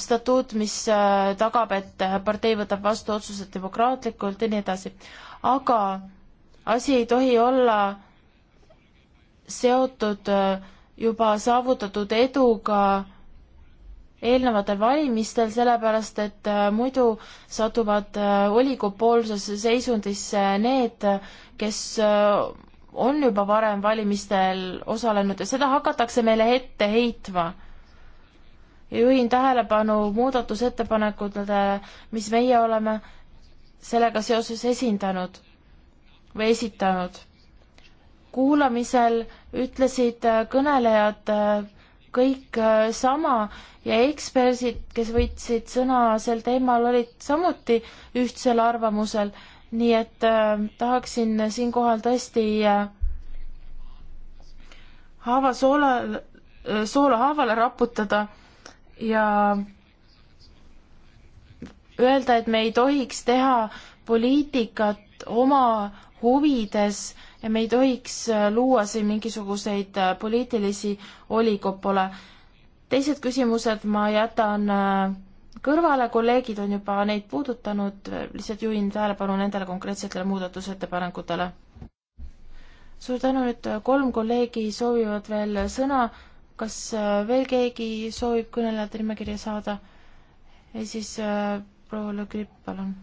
statuut, mis äh, tagab, et äh, partei võtab vastu otsused demokraatlikult ja nii edasi. aga asi ei tohi olla seotud äh, juba saavutatud eduga eelnevatel valimistel, sellepärast et muidu satuvad oligopoolsesse seisundisse need, kes on juba varem valimistel osalenud ja seda hakatakse meile ette heitma ja juhin tähelepanu muudatusettepanekutele, mis meie oleme sellega seoses esindanud või esitanud. kuulamisel ütlesid kõnelejad kõik sama ja eksperdid, kes võtsid sõna sel teemal, olid samuti ühtsel arvamusel, nii et äh, tahaksin siinkohal tõesti äh, haava soola, äh, soola haavale raputada ja öelda, et me ei tohiks teha poliitikat oma huvides ja me ei tohiks luua siin mingisuguseid poliitilisi oligopole. teised küsimused ma jätan äh, kõrvale, kolleegid on juba neid puudutanud, lihtsalt juhin tähelepanu nendele konkreetsetele muudatusettepanekutele. suur tänu, nüüd kolm kolleegi soovivad veel sõna, kas äh, veel keegi soovib kõnelejate nimekirja saada? ja siis äh, proua Le Grip, palun.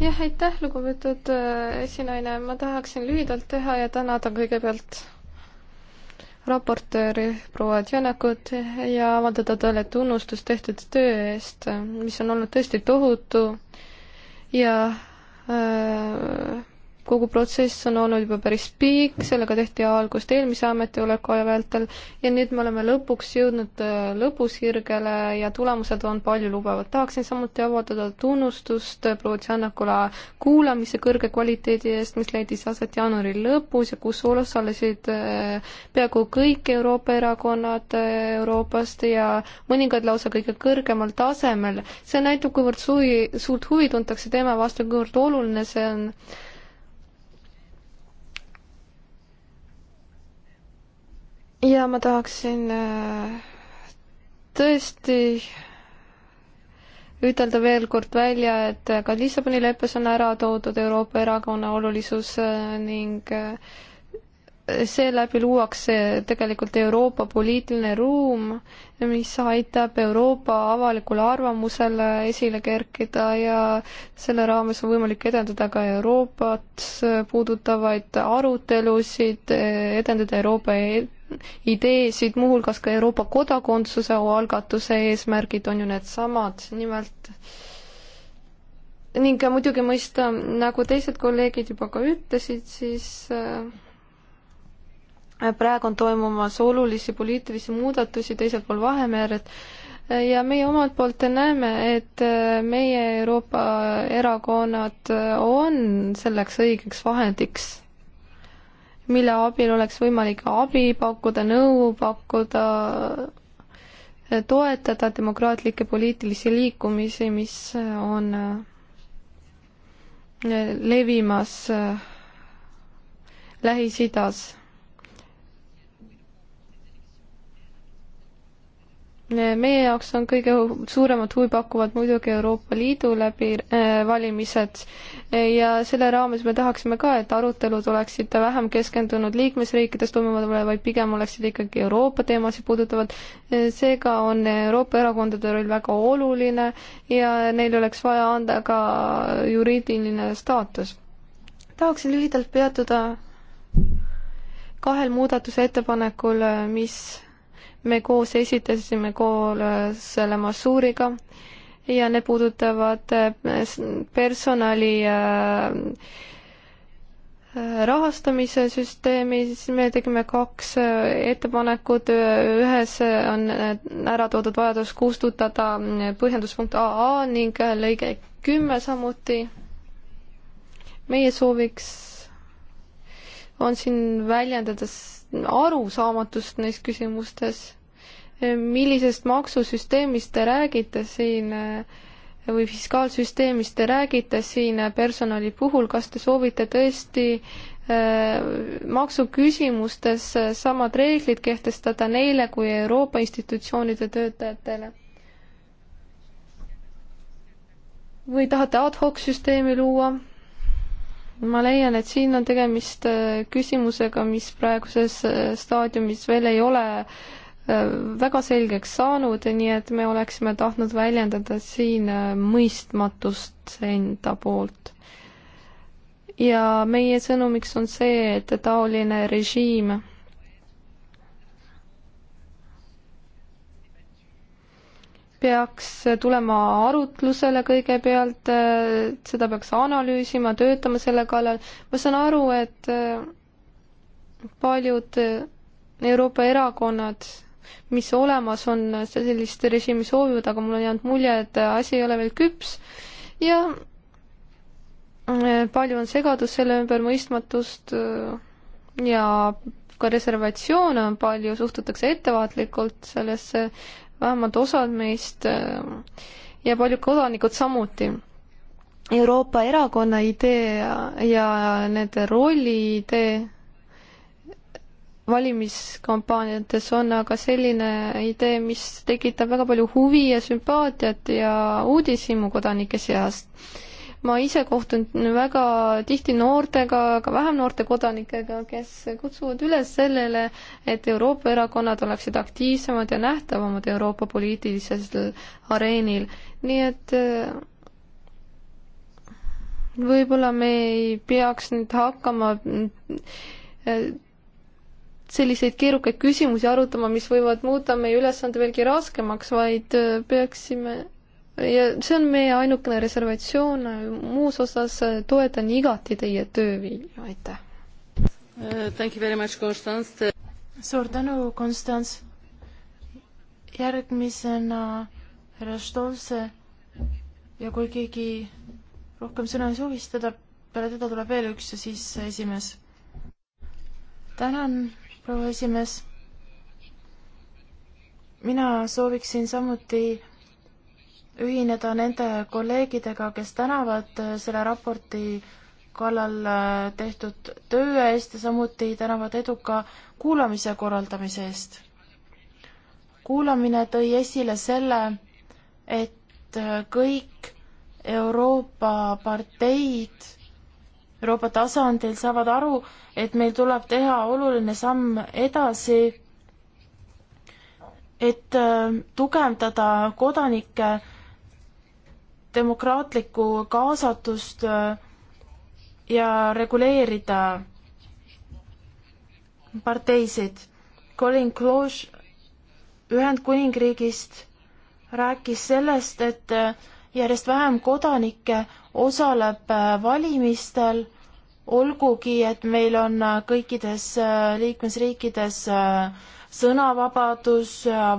jah, aitäh, lugupeetud äh, esinaine, ma tahaksin lühidalt teha ja tänada kõigepealt raportööri proua Tjanakut ja avaldada talle tunnustust tehtud töö eest, mis on olnud tõesti tohutu ja äh, kogu protsess on olnud juba päris pikk, sellega tehti algust eelmise ametioleku aja vältel ja nüüd me oleme lõpuks jõudnud äh, lõpusirgele ja tulemused on paljulubavad. tahaksin samuti avaldada tunnustust äh, proua Tšannakule kuulamise kõrge kvaliteedi eest, mis leidis aset jaanuari lõpus ja kus osalesid äh, peaaegu kõik Euroopa erakonnad Euroopast ja mõningad lausa kõige kõrgemal tasemel. see näitab, kuivõrd suvi, suurt huvi tuntakse teema vastu, kuivõrd oluline see on ja ma tahaksin äh, tõesti ütelda veel kord välja, et ka Lissaboni leppes on ära toodud Euroopa erakonna olulisus äh, ning äh, seeläbi luuakse tegelikult Euroopa poliitiline ruum, mis aitab Euroopa avalikule arvamusele esile kerkida ja selle raames on võimalik edendada ka Euroopat puudutavaid arutelusid, edendada Euroopa ideesid, muuhulgas ka Euroopa kodakondsuse algatuse eesmärgid on ju needsamad, nimelt ning muidugi mõista, nagu teised kolleegid juba ka ütlesid, siis äh, praegu on toimumas olulisi poliitilisi muudatusi teisel pool Vahemeret äh, ja meie omalt poolt näeme, et äh, meie Euroopa erakonnad on selleks õigeks vahendiks mille abil oleks võimalik abi pakkuda, nõu pakkuda, toetada demokraatlikke poliitilisi liikumisi, mis on äh, levimas äh, Lähis-Idas meie jaoks on kõige suuremat huvi pakuvad muidugi Euroopa Liidu läbi äh, valimised ja selle raames me tahaksime ka, et arutelud oleksid vähem keskendunud liikmesriikides toimuvale, vaid pigem oleksid ikkagi Euroopa teemasid puudutavad. Äh, seega on Euroopa erakondade roll väga oluline ja neil oleks vaja anda ka juriidiline staatus. tahaksin lühidalt peatuda kahel muudatusettepanekul, äh, mis me koos esitasime koos äh, selle Massuuriga ja need puudutavad äh, personali äh, rahastamise süsteemi, siis me tegime kaks ettepanekut, ühes on ära toodud vajadus kustutada põhjenduspunkt AA ning lõige kümme samuti. meie sooviks on siin väljendades arusaamatust neis küsimustes. millisest maksusüsteemist te räägite siin või fiskaalsüsteemist te räägite siin personali puhul, kas te soovite tõesti äh, maksuküsimustes samad reeglid kehtestada neile kui Euroopa institutsioonide töötajatele? või tahate ad hoc süsteemi luua? ma leian, et siin on tegemist äh, küsimusega, mis praeguses äh, staadiumis veel ei ole äh, väga selgeks saanud, nii et me oleksime tahtnud väljendada siin mõistmatust enda poolt. ja meie sõnumiks on see, et taoline režiim peaks tulema arutlusele kõigepealt, seda peaks analüüsima, töötama selle kallal. ma saan aru, et paljud Euroopa erakonnad, mis olemas on, sellist režiimi soovivad, aga mul on jäänud mulje, et asi ei ole veel küps ja palju on segadust selle ümber, mõistmatust ja ka reservatsioone on palju, suhtutakse ettevaatlikult sellesse vähemalt osad meist äh, ja paljud kodanikud samuti. Euroopa erakonna idee ja nende rolli idee valimiskampaaniates on aga selline idee, mis tekitab väga palju huvi ja sümpaatiat ja uudishimu kodanike seast ma ise kohtun väga tihti noortega, ka vähem noorte kodanikega, kes kutsuvad üles sellele, et Euroopa erakonnad oleksid aktiivsemad ja nähtavamad Euroopa poliitilisel areenil. nii et äh, võib-olla me ei peaks nüüd hakkama äh, selliseid keerukaid küsimusi arutama, mis võivad muuta meie ülesande veelgi raskemaks, vaid äh, peaksime ja see on meie ainukene reservatsioon, muus osas toetan igati teie töövilju, aitäh uh,! Thank you very much, Constance! suur tänu, Constance! järgmisena härra Stolze ja kui keegi rohkem sõna ei soovi, siis teda, peale teda tuleb veel üks ja siis esimees. tänan, proua esimees! mina sooviksin samuti ühineda nende kolleegidega, kes tänavad äh, selle raporti kallal äh, tehtud töö eest ja samuti tänavad eduka kuulamise korraldamise eest. kuulamine tõi esile selle, et äh, kõik Euroopa parteid Euroopa tasandil saavad aru, et meil tuleb teha oluline samm edasi, et tugevdada kodanike demokraatlikku kaasatust äh, ja reguleerida parteisid. Colin Cloche Ühendkuningriigist rääkis sellest, et äh, järjest vähem kodanikke osaleb äh, valimistel, olgugi et meil on kõikides liikmesriikides sõnavabadus,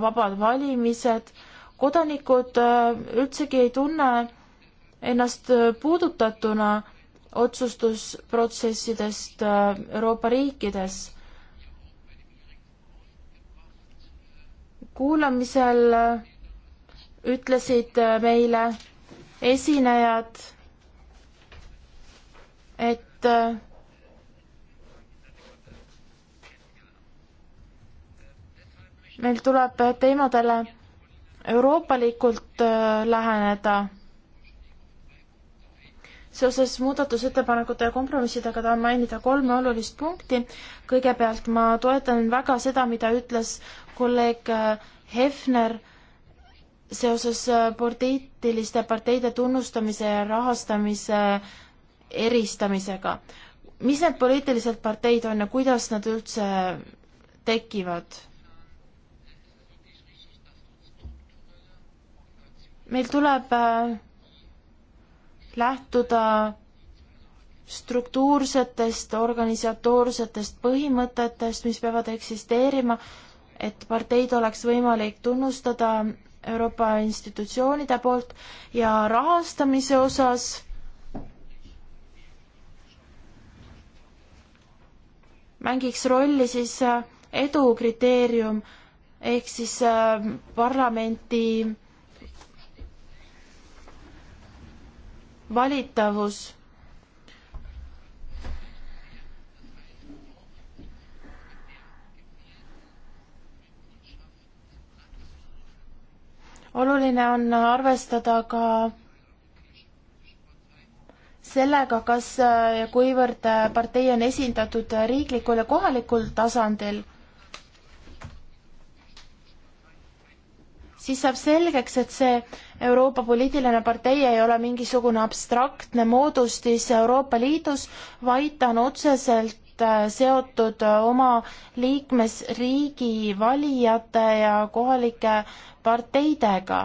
vabad valimised kodanikud äh, üldsegi ei tunne ennast äh, puudutatuna otsustusprotsessidest äh, Euroopa riikides. kuulamisel ütlesid meile esinejad, et meil tuleb teemadele euroopalikult äh, läheneda. seoses muudatusettepanekute ja kompromissidega tahan mainida kolme olulist punkti. kõigepealt ma toetan väga seda, mida ütles kolleeg äh, Hefner seoses äh, poliitiliste parteide tunnustamise ja rahastamise eristamisega. mis need poliitilised parteid on ja kuidas nad üldse tekivad? meil tuleb äh, lähtuda struktuursetest organisatoorsetest põhimõtetest, mis peavad eksisteerima, et parteid oleks võimalik tunnustada Euroopa institutsioonide poolt ja rahastamise osas mängiks rolli siis äh, edukriteerium ehk siis äh, parlamenti äh, valitavus. oluline on arvestada ka sellega, kas ja kuivõrd partei on esindatud riiklikul ja kohalikul tasandil siis saab selgeks, et see Euroopa poliitiline partei ei ole mingisugune abstraktne moodustis Euroopa Liidus, vaid ta on otseselt äh, seotud äh, oma liikmesriigi valijate ja kohalike parteidega.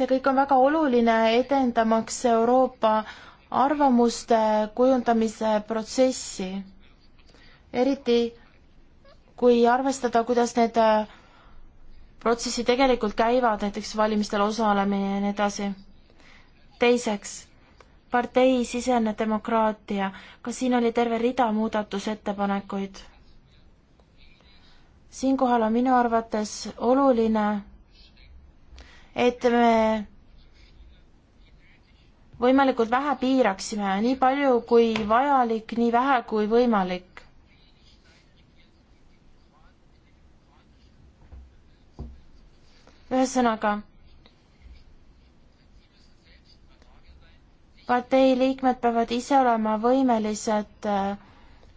see kõik on väga oluline, edendamaks Euroopa arvamuste kujundamise protsessi eriti kui arvestada, kuidas need äh, protsessi tegelikult käivad, näiteks valimistel osalemine ja nii edasi. teiseks, parteisisene demokraatia, ka siin oli terve rida muudatusettepanekuid. siinkohal on minu arvates oluline, et me võimalikult vähe piiraksime, nii palju kui vajalik, nii vähe kui võimalik. ühesõnaga, partei liikmed peavad ise olema võimelised äh,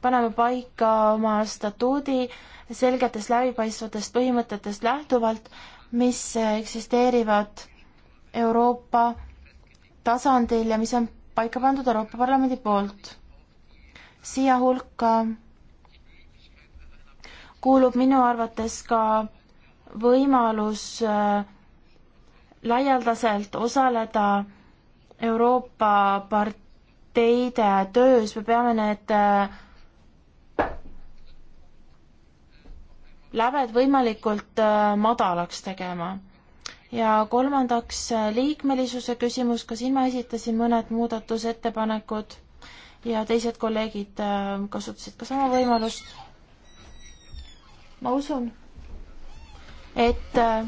panema paika oma statuudi selgetest läbipaistvatest põhimõtetest lähtuvalt, mis äh, eksisteerivad Euroopa tasandil ja mis on paika pandud Euroopa Parlamendi poolt. siia hulka kuulub minu arvates ka võimalus äh, laialdaselt osaleda Euroopa parteide töös, me peame need äh, läved võimalikult äh, madalaks tegema. ja kolmandaks liikmelisuse küsimus, ka siin ma esitasin mõned muudatusettepanekud ja teised kolleegid kasutasid ka sama võimalust. ma usun et äh,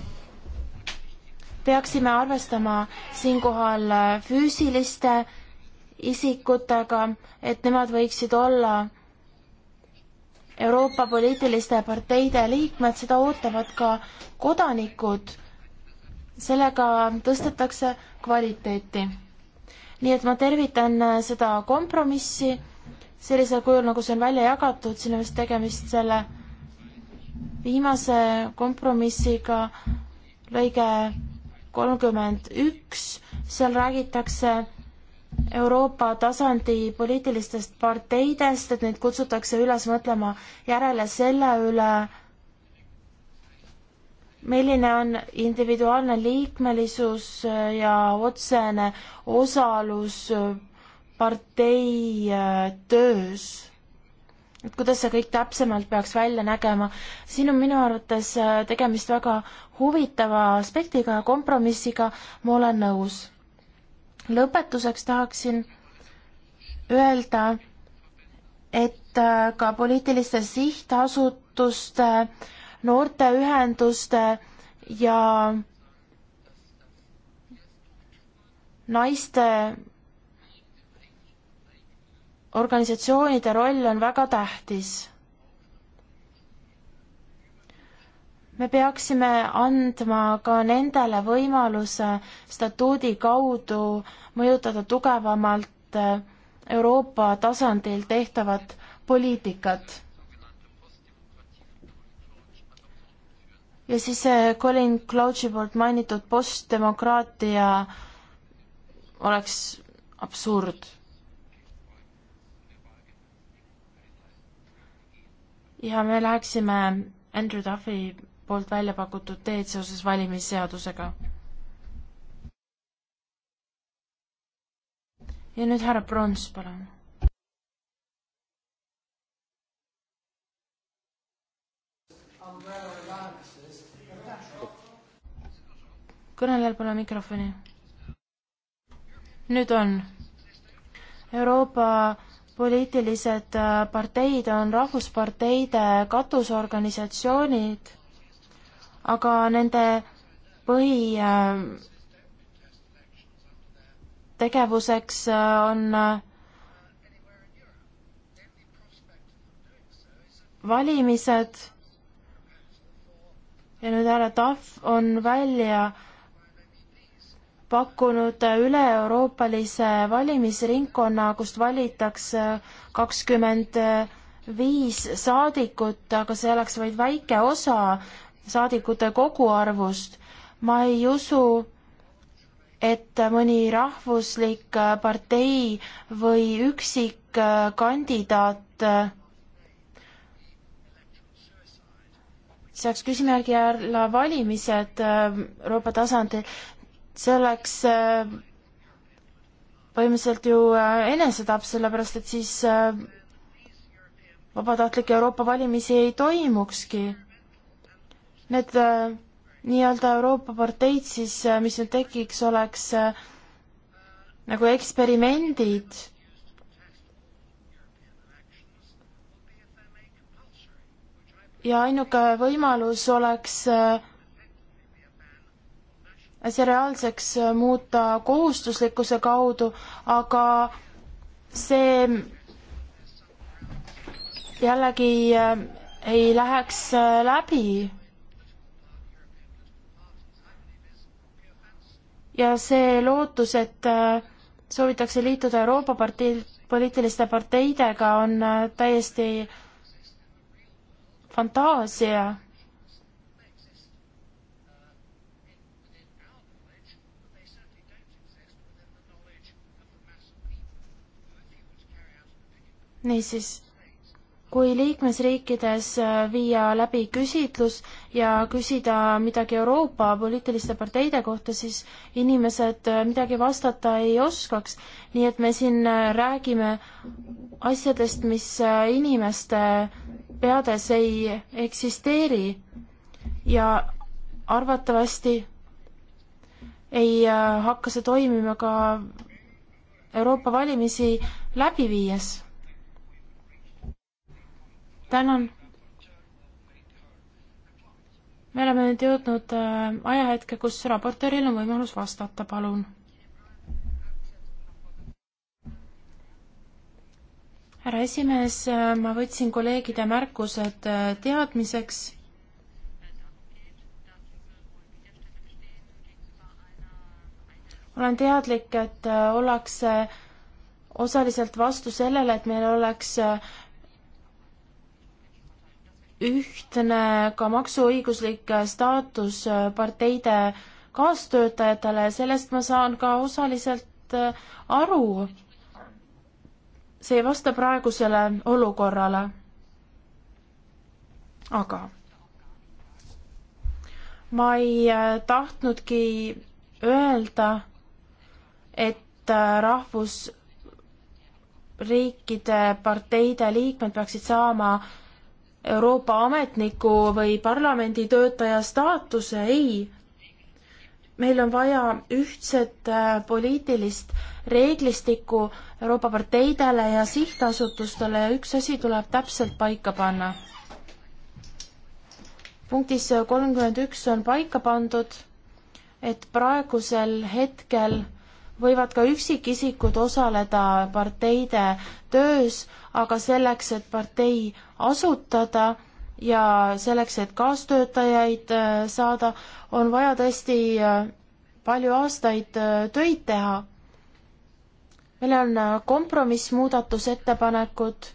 peaksime arvestama siinkohal äh, füüsiliste isikutega, et nemad võiksid olla Euroopa poliitiliste parteide liikmed, seda ootavad ka kodanikud. sellega tõstetakse kvaliteeti. nii et ma tervitan äh, seda kompromissi sellisel kujul, nagu see on välja jagatud, siin on vist tegemist selle viimase kompromissiga lõige kolmkümmend üks, seal räägitakse Euroopa tasandi poliitilistest parteidest, et neid kutsutakse üles mõtlema järele selle üle, milline on individuaalne liikmelisus ja otsene osalus partei äh, töös et kuidas see kõik täpsemalt peaks välja nägema. siin on minu arvates äh, tegemist väga huvitava aspektiga ja kompromissiga, ma olen nõus. lõpetuseks tahaksin öelda, et äh, ka poliitiliste sihtasutuste, noorteühenduste ja naiste organisatsioonide roll on väga tähtis. me peaksime andma ka nendele võimaluse statuudi kaudu mõjutada tugevamalt Euroopa tasandil tehtavat poliitikat. ja siis Colin Clouchi poolt mainitud postdemokraatia oleks absurd ja me läheksime Andrew Duffy poolt välja pakutud teed seoses valimisseadusega. ja nüüd härra Prons, palun. kõnelejal pole mikrofoni. nüüd on. Euroopa poliitilised äh, parteid on rahvusparteide katusorganisatsioonid, aga nende põhi äh, tegevuseks äh, on valimised ja nüüd härra Tahv on välja pakkunud üle-euroopalise valimisringkonna, kust valitakse kakskümmend viis saadikut, aga see oleks vaid väike osa saadikute koguarvust. ma ei usu, et mõni rahvuslik partei või üksik kandidaat seaks küsimärgi alla valimised Euroopa tasandil, see oleks äh, põhimõtteliselt ju äh, enesetapp, sellepärast et siis äh, vabatahtlikke Euroopa valimisi ei toimukski. Need nii-öelda Euroopa parteid siis, mis nüüd tekiks, oleks nagu eksperimendid ja ainuke võimalus oleks äh, see reaalseks äh, muuta kohustuslikkuse kaudu, aga see jällegi äh, ei läheks äh, läbi. ja see lootus, et soovitakse liituda Euroopa partei, poliitiliste parteidega, on täiesti fantaasia niisiis, kui liikmesriikides äh, viia läbi küsitlus ja küsida midagi Euroopa poliitiliste parteide kohta, siis inimesed äh, midagi vastata ei oskaks. nii et me siin äh, räägime asjadest, mis inimeste peades ei eksisteeri ja arvatavasti ei hakka see toimima ka Euroopa valimisi läbi viies tänan. me oleme nüüd jõudnud äh, ajahetke, kus raportööril on võimalus vastata, palun. härra esimees, äh, ma võtsin kolleegide märkused äh, teadmiseks olen teadlik, et ollakse osaliselt vastu sellele, et meil oleks ühtne ka maksuõiguslik staatus parteide kaastöötajatele, sellest ma saan ka osaliselt äh, aru. see ei vasta praegusele olukorrale. aga ma ei äh, tahtnudki öelda, et äh, rahvusriikide parteide liikmed peaksid saama äh, Euroopa ametniku või parlamendi töötaja staatuse, ei. meil on vaja ühtset äh, poliitilist reeglistikku Euroopa parteidele ja sihtasutustele ja üks asi tuleb täpselt paika panna. punktis kolmkümmend üks on paika pandud, et praegusel hetkel võivad ka üksikisikud osaleda parteide töös, aga selleks, et partei asutada ja selleks, et kaastöötajaid äh, saada, on vaja tõesti äh, palju aastaid äh, töid teha. meil on kompromissmuudatusettepanekud,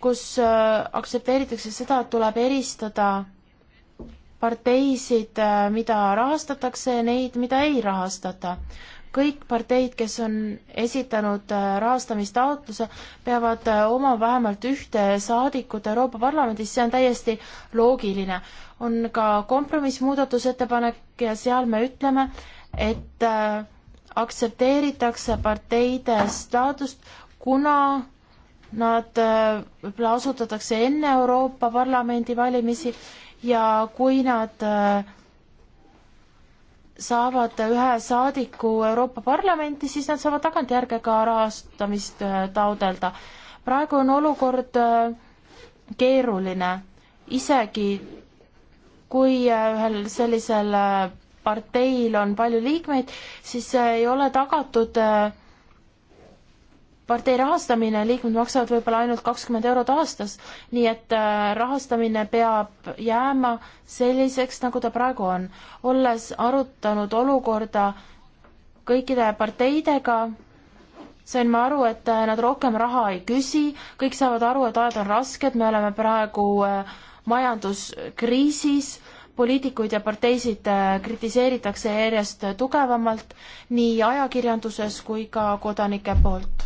kus aktsepteeritakse seda, et tuleb eristada parteisid, mida rahastatakse ja neid, mida ei rahastata kõik parteid, kes on esitanud äh, rahastamistaotluse, peavad äh, oma vähemalt ühte saadikut Euroopa Parlamendis, see on täiesti loogiline. on ka kompromissmuudatusettepanek ja seal me ütleme, et äh, aktsepteeritakse parteide staatust, kuna nad võib-olla asutatakse enne Euroopa Parlamendi valimisi ja kui nad äh, saavad ühe saadiku Euroopa Parlamenti, siis nad saavad tagantjärge ka rahastamist äh, taodelda. praegu on olukord äh, keeruline, isegi kui äh, ühel sellisel parteil on palju liikmeid, siis ei ole tagatud äh, partei rahastamine, liikmed maksavad võib-olla ainult kakskümmend eurot aastas, nii et äh, rahastamine peab jääma selliseks, nagu ta praegu on. olles arutanud olukorda kõikide parteidega, sain ma aru, et äh, nad rohkem raha ei küsi, kõik saavad aru, et ajad on rasked, me oleme praegu äh, majanduskriisis poliitikuid ja parteisid kritiseeritakse järjest tugevamalt nii ajakirjanduses kui ka kodanike poolt.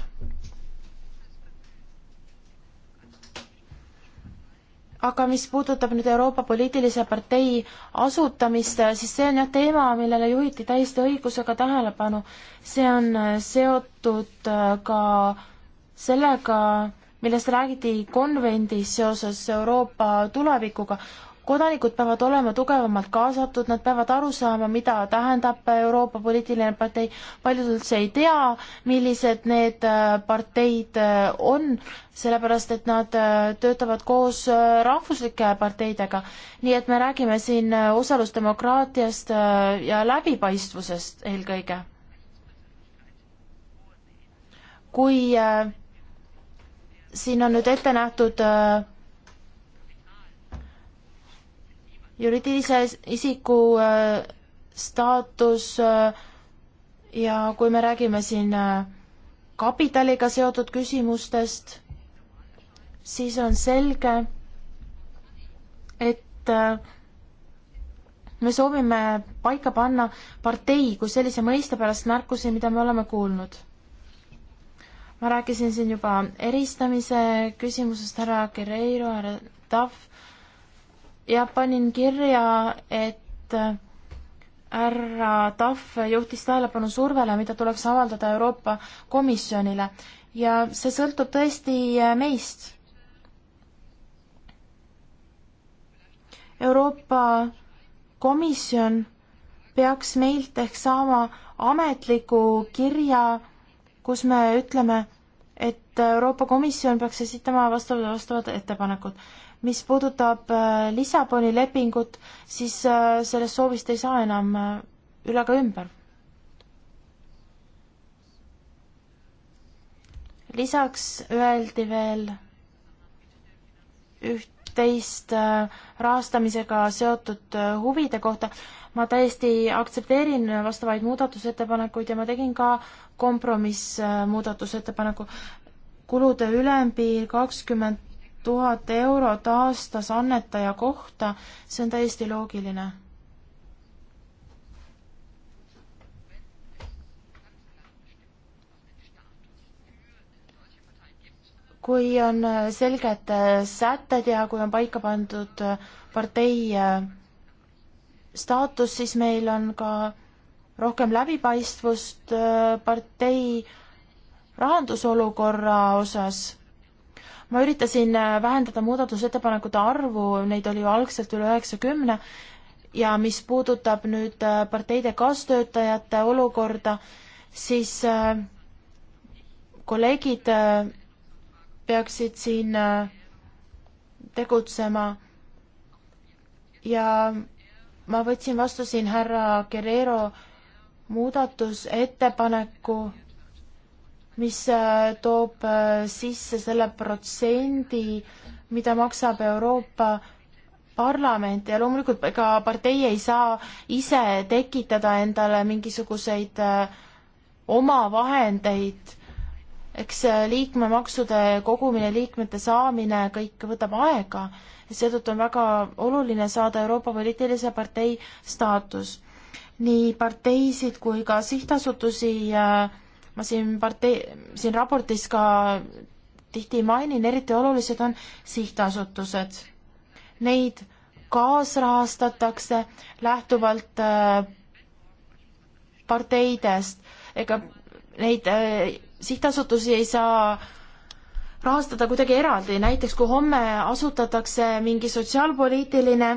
aga mis puudutab nüüd Euroopa poliitilise partei asutamist, siis see on jah teema, millele juhiti täiesti õigusega tähelepanu. see on äh, seotud äh, ka sellega, millest räägiti konvendis seoses Euroopa tulevikuga, kodanikud peavad olema tugevamalt kaasatud, nad peavad aru saama, mida tähendab Euroopa poliitiline partei, paljud üldse ei tea, millised need äh, parteid äh, on, sellepärast et nad äh, töötavad koos rahvuslike parteidega. nii et me räägime siin osalusdemokraatiast ja läbipaistvusest eelkõige. kui siin on nüüd ette nähtud äh, juriidilise isiku äh, staatus äh, ja kui me räägime siin äh, kapitaliga seotud küsimustest, siis on selge, et me soovime paika panna partei kui sellise mõiste pärast märkusi, mida me oleme kuulnud. ma rääkisin siin juba eristamise küsimusest, härra Guerreiro, härra Tahv ja panin kirja, et härra Tahv juhtis tähelepanu survele, mida tuleks avaldada Euroopa Komisjonile ja see sõltub tõesti meist. Euroopa Komisjon peaks meilt ehk saama ametliku kirja, kus me ütleme, et Euroopa Komisjon peaks esitama vastavad, vastavad ettepanekud mis puudutab äh, Lissaboni lepingut, siis äh, sellest soovist ei saa enam äh, üle ega ümber. lisaks öeldi veel üht-teist rahastamisega seotud huvide kohta. ma täiesti aktsepteerin vastavaid muudatusettepanekuid ja ma tegin ka kompromissmuudatusettepaneku. kulude ülempiir kakskümmend tuhat eurot aastas annetaja kohta, see on täiesti loogiline. kui on selged sätted ja kui on paika pandud partei staatus, siis meil on ka rohkem läbipaistvust partei rahandusolukorra osas ma üritasin äh, vähendada muudatusettepanekute arvu, neid oli ju algselt üle üheksakümne, ja mis puudutab nüüd äh, parteide kaastöötajate olukorda, siis äh, kolleegid peaksid siin tegutsema ja ma võtsin vastu siin härra Guerrero muudatusettepaneku mis äh, toob äh, sisse selle protsendi, mida maksab Euroopa parlament ja loomulikult ega partei ei saa ise tekitada endale mingisuguseid äh, omavahendeid. eks liikmemaksude kogumine, liikmete saamine, kõik võtab aega ja seetõttu on väga oluline saada Euroopa poliitilise partei staatus. nii parteisid kui ka sihtasutusi äh, ma siin partei, siin raportis ka tihti mainin, eriti olulised on sihtasutused. Neid kaasrahastatakse lähtuvalt äh, parteidest, ega neid äh, sihtasutusi ei saa rahastada kuidagi eraldi, näiteks kui homme asutatakse mingi sotsiaalpoliitiline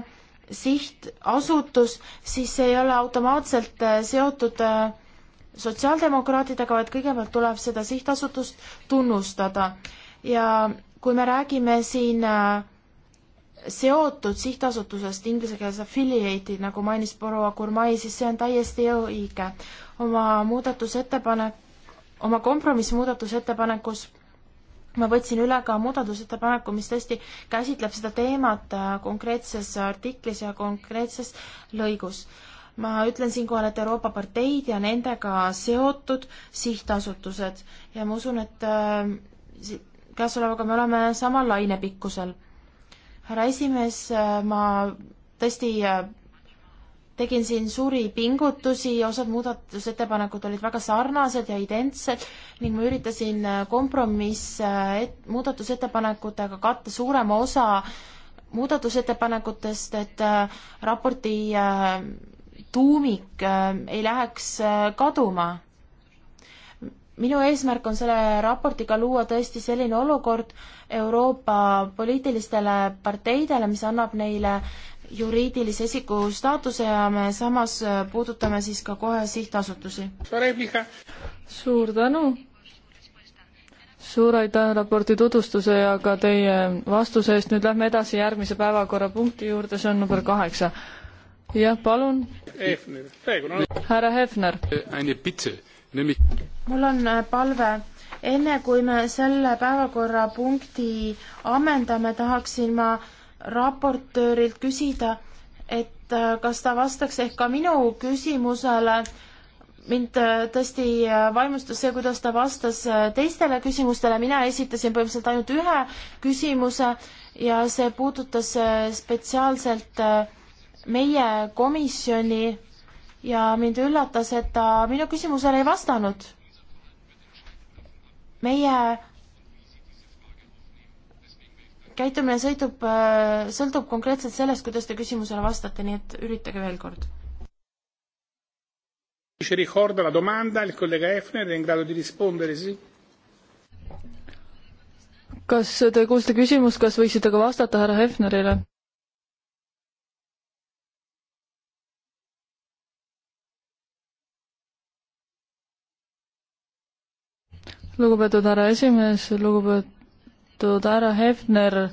sihtasutus, siis see ei ole automaatselt äh, seotud äh, sotsiaaldemokraatidega, vaid kõigepealt tuleb seda sihtasutust tunnustada. ja kui me räägime siin äh, seotud sihtasutusest, inglise keeles affiliated, nagu mainis proua Gurmai, siis see on täiesti õige. oma muudatusettepanek, oma kompromissmuudatusettepanekus ma võtsin üle ka muudatusettepaneku, mis tõesti käsitleb seda teemat äh, konkreetses artiklis ja konkreetses lõigus ma ütlen siinkohal, et Euroopa parteid ja nendega seotud sihtasutused ja ma usun, et äh, käesolevaga me oleme samal lainepikkusel. härra esimees, äh, ma tõesti äh, tegin siin suuri pingutusi, osad muudatusettepanekud olid väga sarnased ja identsed ning ma üritasin kompromiss et, muudatusettepanekutega katta suurema osa muudatusettepanekutest, et raporti tuumik äh, ei läheks äh, kaduma. minu eesmärk on selle raportiga luua tõesti selline olukord Euroopa poliitilistele parteidele, mis annab neile juriidilise isiku staatuse ja me samas äh, puudutame siis ka kohe sihtasutusi. suur tänu! suur aitäh raporti tutvustuse ja ka teie vastuse eest, nüüd lähme edasi järgmise päevakorrapunkti juurde, see on number kaheksa jah, palun. härra Hefner. mul on äh, palve enne kui me selle päevakorrapunkti ammendame, tahaksin ma raportöörilt küsida, et äh, kas ta vastaks ehk ka minu küsimusele. mind äh, tõesti vaimustas see, kuidas ta vastas teistele küsimustele, mina esitasin põhimõtteliselt ainult ühe küsimuse ja see puudutas spetsiaalselt äh, meie komisjoni ja mind üllatas, et ta minu küsimusele ei vastanud. meie käitumine sõitub, sõltub konkreetselt sellest, kuidas te küsimusele vastate, nii et üritage veel kord. kas te kuulsite küsimust, kas võiksite ka vastata härra Hefnerile? lugupeetud härra esimees, lugupeetud härra Hefner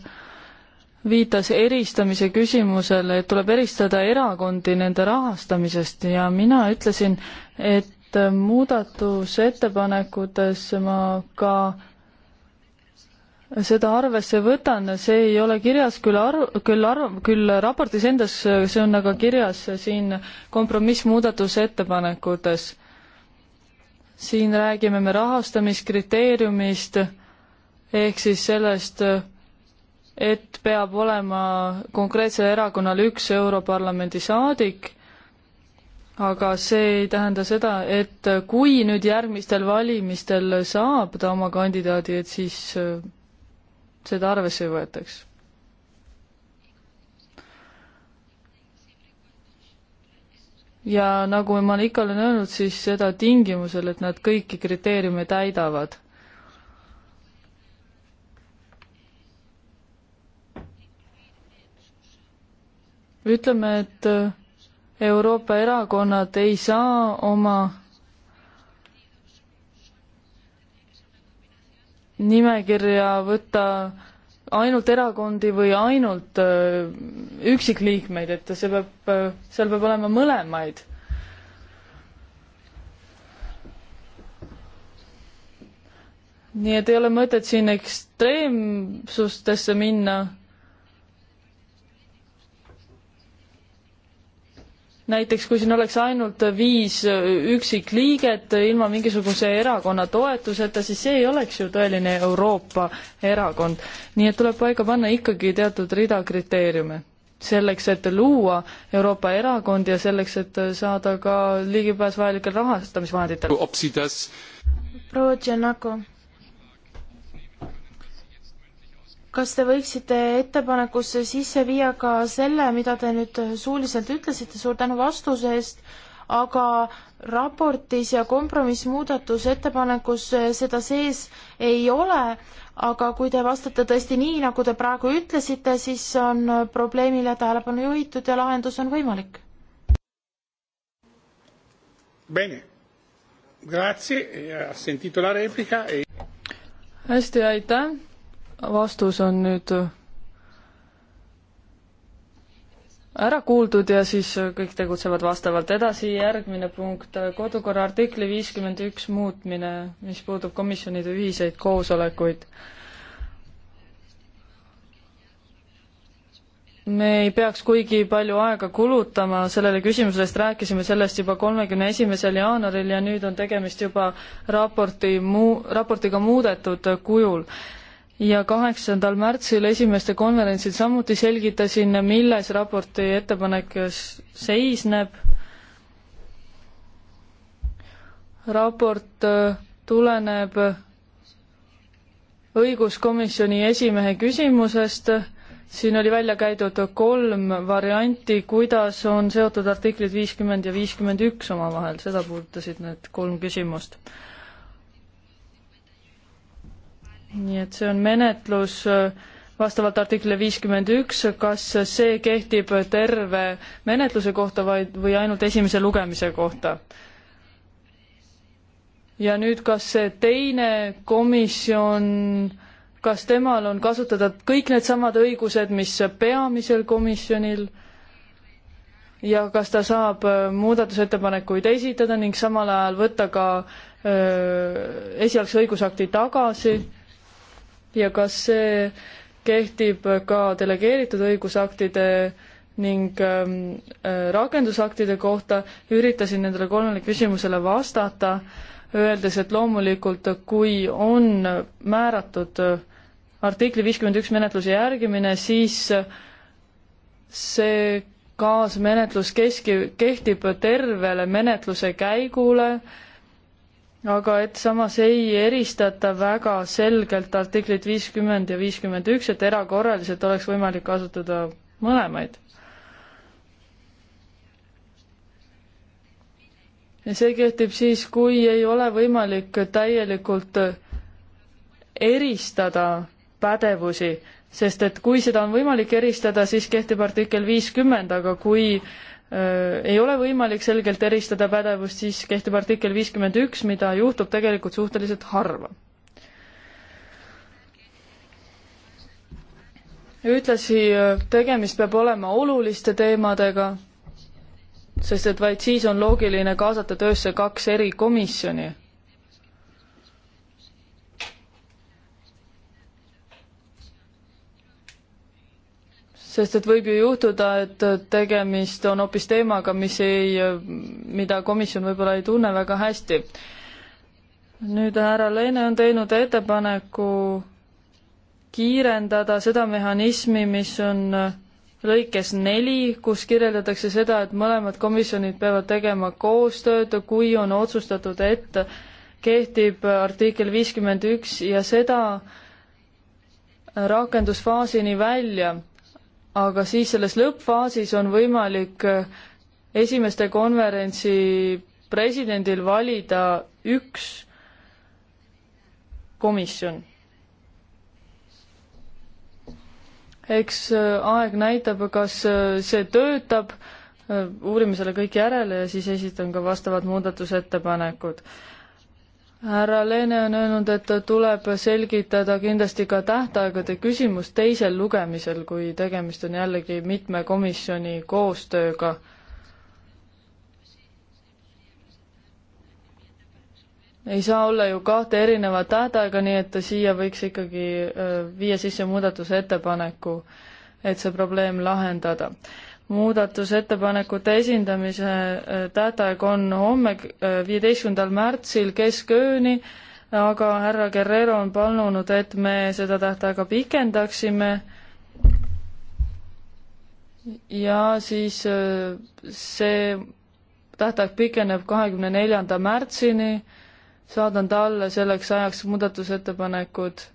viitas eristamise küsimusele, et tuleb eristada erakondi nende rahastamisest ja mina ütlesin, et muudatusettepanekutes ma ka seda arvesse võtan, see ei ole kirjas küll arv, küll arv, küll raportis endas, see on aga kirjas siin kompromissmuudatusettepanekutes siin räägime me rahastamiskriteeriumist ehk siis sellest, et peab olema konkreetsel erakonnal üks Europarlamendi saadik, aga see ei tähenda seda, et kui nüüd järgmistel valimistel saab ta oma kandidaadi, et siis äh, seda arvesse ei võetaks ja nagu ma ikka olen öelnud, siis seda tingimusel, et nad kõiki kriteeriume täidavad. ütleme, et äh, Euroopa erakonnad ei saa oma nimekirja võtta ainult erakondi või ainult äh, üksikliikmeid, et see peab, äh, seal peab olema mõlemaid. nii et ei ole mõtet siin ekstreemsustesse minna näiteks kui siin oleks ainult viis üksikliiget ilma mingisuguse erakonna toetuseta, siis see ei oleks ju tõeline Euroopa erakond. nii et tuleb paika panna ikkagi teatud rida kriteeriume selleks, et luua Euroopa erakond ja selleks, et saada ka ligipääs vajalikel rahastamisvahenditel. proua Tšenako kas te võiksite ettepanekusse sisse viia ka selle, mida te nüüd suuliselt ütlesite, suur tänu vastuse eest, aga raportis ja kompromissmuudatusettepanekus eh, seda sees ei ole, aga kui te vastate tõesti nii, nagu te praegu ütlesite, siis on probleemile tähelepanu juhitud ja lahendus on võimalik. Bene, grazie, sentito la replica e.... hästi, aitäh vastus on nüüd ära kuuldud ja siis kõik tegutsevad vastavalt. edasi järgmine punkt, kodukorra artikli viiskümmend üks muutmine, mis puudub komisjonide ühiseid koosolekuid. me ei peaks kuigi palju aega kulutama sellele küsimusele, sest rääkisime sellest juba kolmekümne esimesel jaanuaril ja nüüd on tegemist juba raporti muu, raportiga muudetud kujul ja kaheksandal märtsil esimeste konverentsil samuti selgitasin, milles raporti ettepanek seisneb. raport äh, tuleneb õiguskomisjoni esimehe küsimusest, siin oli välja käidud kolm varianti, kuidas on seotud artiklid viiskümmend ja viiskümmend üks omavahel, seda puudutasid need kolm küsimust nii et see on menetlus äh, vastavalt artiklile viiskümmend üks, kas see kehtib terve menetluse kohta vaid, või ainult esimese lugemise kohta? ja nüüd, kas see teine komisjon, kas temal on kasutada kõik needsamad õigused, mis peamisel komisjonil ja kas ta saab äh, muudatusettepanekuid esitada ning samal ajal võtta ka öö, äh, esialgse õigusakti tagasi mm.? ja kas see kehtib ka delegeeritud õigusaktide ning ähm, äh, rakendusaktide kohta, üritasin nendele kolmele küsimusele vastata, öeldes, et loomulikult kui on määratud äh, artikli viiskümmend üks menetluse järgimine, siis äh, see kaasmenetlus keski, kehtib tervele menetluse käigule äh, aga et samas ei eristata väga selgelt artiklit viiskümmend ja viiskümmend üks, et erakorraliselt oleks võimalik kasutada mõlemaid. ja see kehtib siis, kui ei ole võimalik täielikult eristada pädevusi, sest et kui seda on võimalik eristada, siis kehtib artikkel viiskümmend, aga kui Äh, ei ole võimalik selgelt eristada pädevust, siis kehtib artikkel viiskümmend üks, mida juhtub tegelikult suhteliselt harva. ühtlasi äh, tegemist peab olema oluliste teemadega, sest et vaid siis on loogiline kaasata töösse kaks erikomisjoni sest et võib ju juhtuda, et tegemist on hoopis teemaga, mis ei, mida komisjon võib-olla ei tunne väga hästi. nüüd härra Leine on teinud ettepaneku kiirendada seda mehhanismi, mis on lõikes neli, kus kirjeldatakse seda, et mõlemad komisjonid peavad tegema koostööd, kui on otsustatud, et kehtib artikkel viiskümmend üks ja seda rakendusfaasini välja aga siis selles lõppfaasis on võimalik eh, esimeste konverentsi presidendil valida üks komisjon. eks eh, aeg näitab, kas eh, see töötab, uurime selle kõik järele ja siis esitan ka vastavad muudatusettepanekud härra Leene on öelnud, et tuleb selgitada kindlasti ka tähtaegade küsimus teisel lugemisel, kui tegemist on jällegi mitme komisjoni koostööga. ei saa olla ju kahte erinevat tähtaega, nii et siia võiks ikkagi äh, viia sisse muudatusettepaneku, et see probleem lahendada muudatusettepanekute esindamise äh, tähtaeg on homme, äh, viieteistkümnendal märtsil keskööni, aga härra Guerrero on palunud, et me seda tähtaega pikendaksime ja siis äh, see tähtaeg pikeneb kahekümne neljanda märtsini, saadan talle selleks ajaks muudatusettepanekud,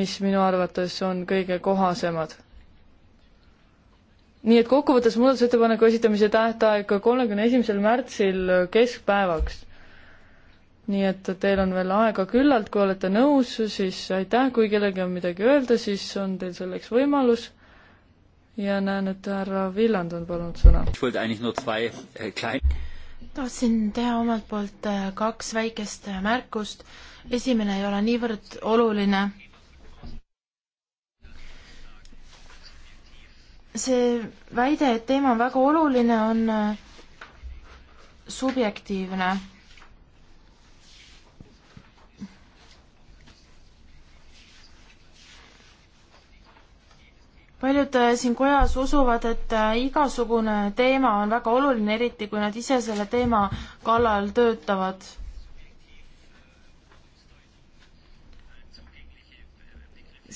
mis minu arvates on kõige kohasemad nii et kokkuvõttes muudatusettepaneku esitamise tähtaeg kolmekümne esimesel märtsil keskpäevaks. nii et teil on veel aega küllalt, kui olete nõus, siis aitäh, kui kellelgi on midagi öelda, siis on teil selleks võimalus. ja näen, et härra Villand on palunud sõna. Äh, tahtsin teha omalt poolt äh, kaks väikest märkust. esimene ei ole niivõrd oluline see väide, et teema on väga oluline, on äh, subjektiivne. paljud äh, siin kojas usuvad, et äh, igasugune teema on väga oluline, eriti kui nad ise selle teema kallal töötavad.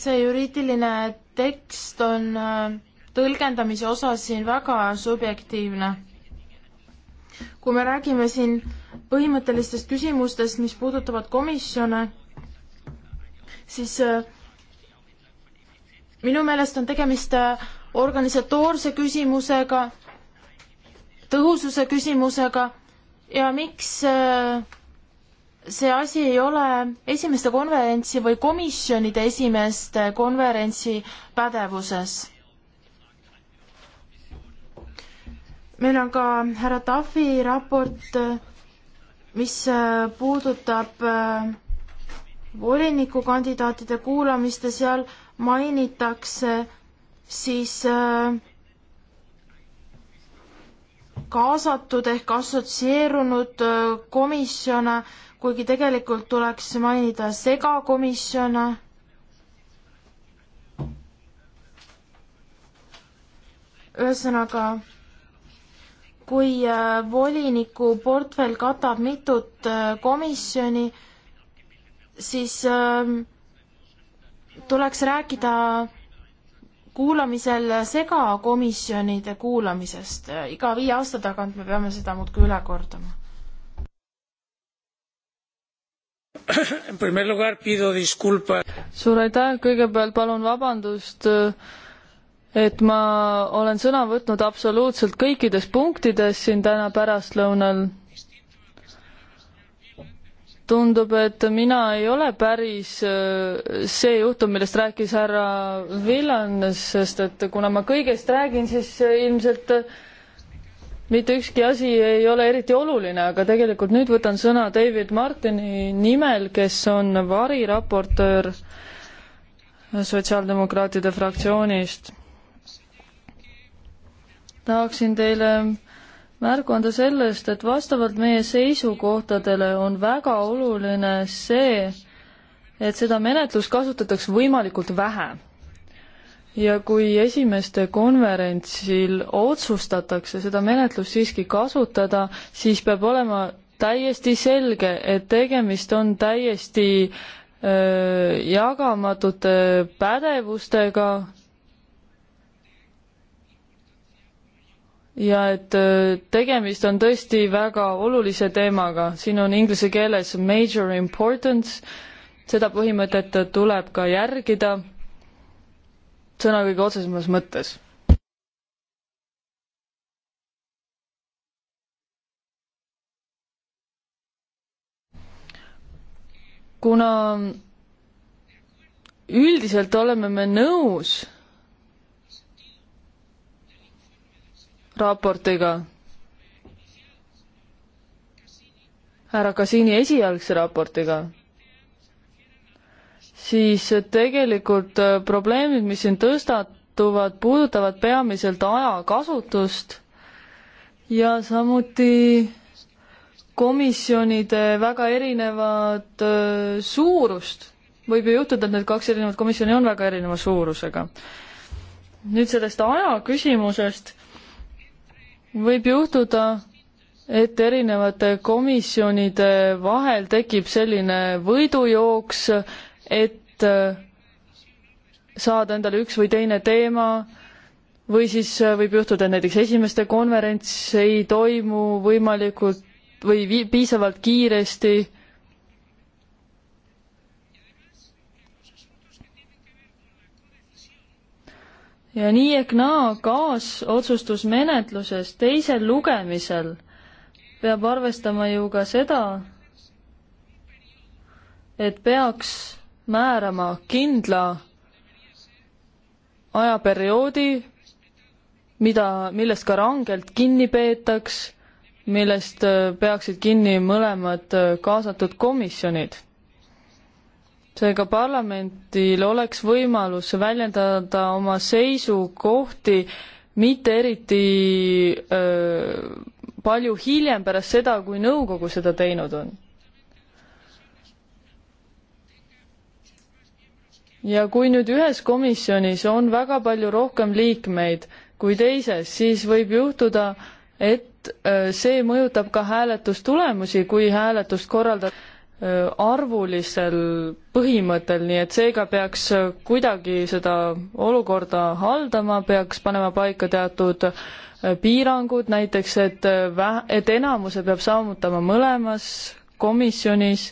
see juriidiline tekst on äh, tõlgendamise osas siin väga subjektiivne. kui me räägime siin põhimõttelistest küsimustest, mis puudutavad komisjone, siis äh, minu meelest on tegemist äh, organisatoorse küsimusega, tõhususe küsimusega ja miks äh, see asi ei ole esimeste konverentsi või komisjonide esimeeste konverentsi pädevuses meil on ka härra Tafi raport, mis äh, puudutab äh, volinikukandidaatide kuulamist ja seal mainitakse siis äh, kaasatud ehk assotsieerunud komisjone, kuigi tegelikult tuleks mainida segakomisjone ühesõnaga kui äh, voliniku portfell katab mitut äh, komisjoni, siis ähm, tuleks rääkida kuulamisel segakomisjonide kuulamisest, iga viie aasta tagant me peame seda muudkui üle kordama. suur aitäh, kõigepealt palun vabandust äh, et ma olen sõna võtnud absoluutselt kõikides punktides siin täna pärastlõunal. tundub, et mina ei ole päris äh, see juhtum, millest rääkis härra Villan, sest et kuna ma kõigest räägin, siis ilmselt mitte ükski asi ei ole eriti oluline, aga tegelikult nüüd võtan sõna David Martini nimel, kes on variraportöör sotsiaaldemokraatide fraktsioonist tahaksin teile märku anda sellest, et vastavalt meie seisukohtadele on väga oluline see, et seda menetlust kasutatakse võimalikult vähe. ja kui esimeste konverentsil otsustatakse seda menetlust siiski kasutada, siis peab olema täiesti selge, et tegemist on täiesti öö, jagamatute pädevustega, ja et äh, tegemist on tõesti väga olulise teemaga, siin on inglise keeles major importance, seda põhimõtet tuleb ka järgida sõna kõige otsesemas mõttes. kuna üldiselt oleme me nõus raportiga, härra Kasiini esialgse raportiga, siis tegelikult äh, probleemid, mis siin tõstatuvad, puudutavad peamiselt ajakasutust ja samuti komisjonide väga erinevat äh, suurust. võib ju juhtuda, et need kaks erinevat komisjoni on väga erineva suurusega. nüüd sellest aja küsimusest võib juhtuda, et erinevate komisjonide vahel tekib selline võidujooks, et äh, saada endale üks või teine teema või siis äh, võib juhtuda, et näiteks esimeste konverents ei toimu võimalikult või piisavalt kiiresti ja nii ehk naa kaasotsustusmenetluses teisel lugemisel peab arvestama ju ka seda, et peaks määrama kindla ajaperioodi, mida, millest ka rangelt kinni peetaks, millest äh, peaksid kinni mõlemad äh, kaasatud komisjonid seega parlamentil oleks võimalus väljendada oma seisukohti mitte eriti öö, palju hiljem pärast seda, kui nõukogu seda teinud on. ja kui nüüd ühes komisjonis on väga palju rohkem liikmeid kui teises, siis võib juhtuda, et see mõjutab ka hääletustulemusi, kui hääletust korraldatakse arvulisel põhimõttel, nii et seega peaks kuidagi seda olukorda haldama, peaks panema paika teatud piirangud, näiteks et vä-, et enamuse peab saavutama mõlemas komisjonis,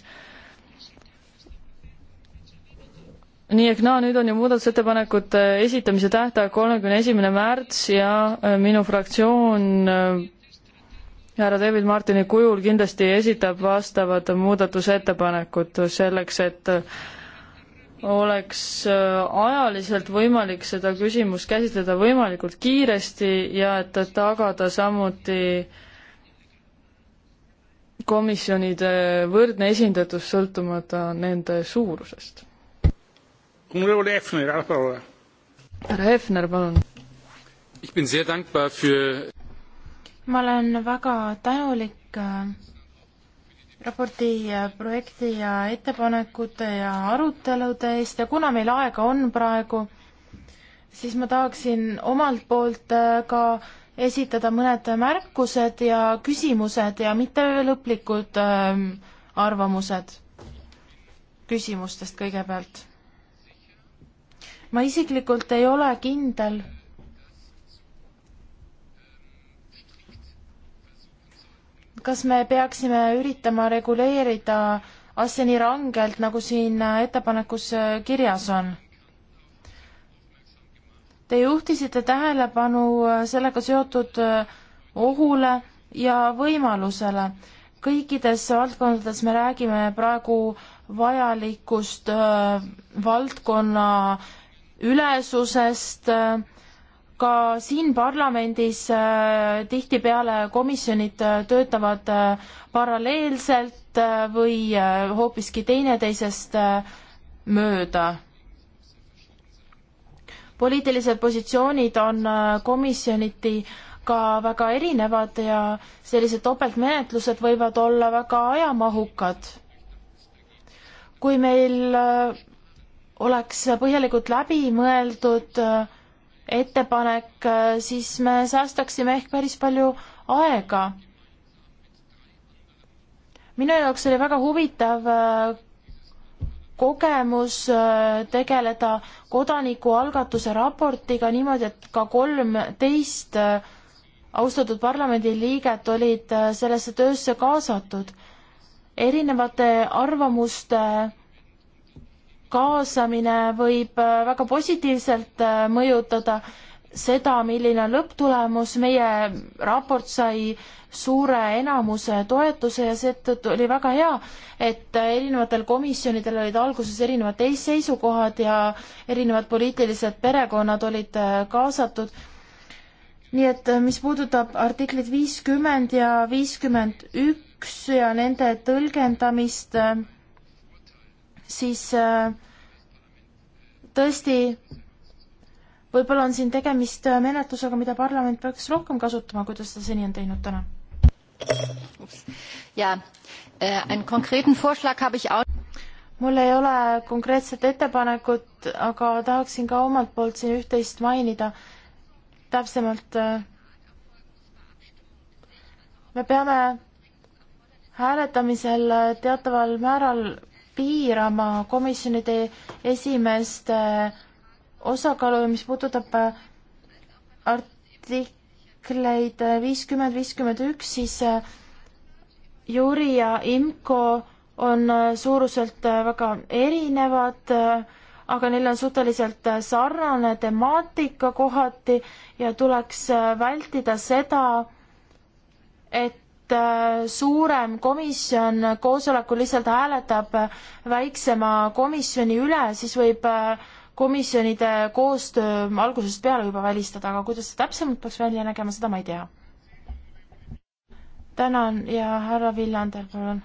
nii ehk naa no,, nüüd on ju muudatusettepanekute esitamise tähtaeg kolmekümne esimene märts ja minu fraktsioon härra David Martini kujul kindlasti esitab vastavad muudatusettepanekud selleks, et oleks äh, ajaliselt võimalik seda küsimust käsitleda võimalikult kiiresti ja et tagada samuti komisjonide võrdne esindatus sõltumata nende suurusest. härra Hefner, palun ma olen väga tänulik äh, raporti äh, projekti ja ettepanekute ja arutelude eest ja kuna meil aega on praegu, siis ma tahaksin omalt poolt äh, ka esitada mõned märkused ja küsimused ja mitte lõplikud ähm, arvamused küsimustest kõigepealt. ma isiklikult ei ole kindel kas me peaksime üritama reguleerida asja nii rangelt, nagu siin ettepanekus äh, kirjas on? Te juhtisite tähelepanu äh, sellega seotud äh, ohule ja võimalusele. kõikides valdkondades me räägime praegu vajalikust valdkonna ülesusest äh,, ka siin parlamendis äh, tihtipeale komisjonid äh, töötavad äh, paralleelselt või hoopiski teineteisest mööda. poliitilised positsioonid on komisjoniti ka väga erinevad ja sellised topeltmenetlused võivad olla väga ajamahukad. kui meil oleks põhjalikult läbi mõeldud äh, ettepanek, siis me säästaksime ehk päris palju aega. minu jaoks oli väga huvitav äh, kogemus äh, tegeleda kodanikualgatuse raportiga niimoodi, et ka kolmteist äh, austatud parlamendiliiget olid sellesse töösse kaasatud. erinevate arvamuste kaasamine võib äh, väga positiivselt äh, mõjutada seda, milline on lõpptulemus, meie raport sai suure enamuse toetuse ja seetõttu oli väga hea, et äh, erinevatel komisjonidel olid alguses erinevad seisukohad ja erinevad poliitilised perekonnad olid kaasatud. nii et mis puudutab artiklit viiskümmend ja viiskümmend üks ja nende tõlgendamist, siis äh, tõesti võib-olla on siin tegemist äh, menetlusega, mida parlament peaks rohkem kasutama, kuidas ta seni on teinud täna. Äh, mul ei ole konkreetset ettepanekut, aga tahaksin ka omalt poolt siin üht-teist mainida. täpsemalt me peame hääletamisel teataval määral piirama komisjonide esimeeste osakaalu ja mis puudutab äh, artikleid äh, viiskümmend, viiskümmend üks, siis äh, Juri ja Imko on suuruselt väga erinevad, aga neil on suhteliselt sarnane temaatika kohati ja tuleks vältida seda, et Äh, suurem komisjon koosolekul lihtsalt hääletab väiksema komisjoni üle, siis võib äh, komisjonide koostöö algusest peale juba välistada, aga kuidas see täpsemalt peaks välja nägema, seda ma ei tea. tänan ja härra Villander, palun.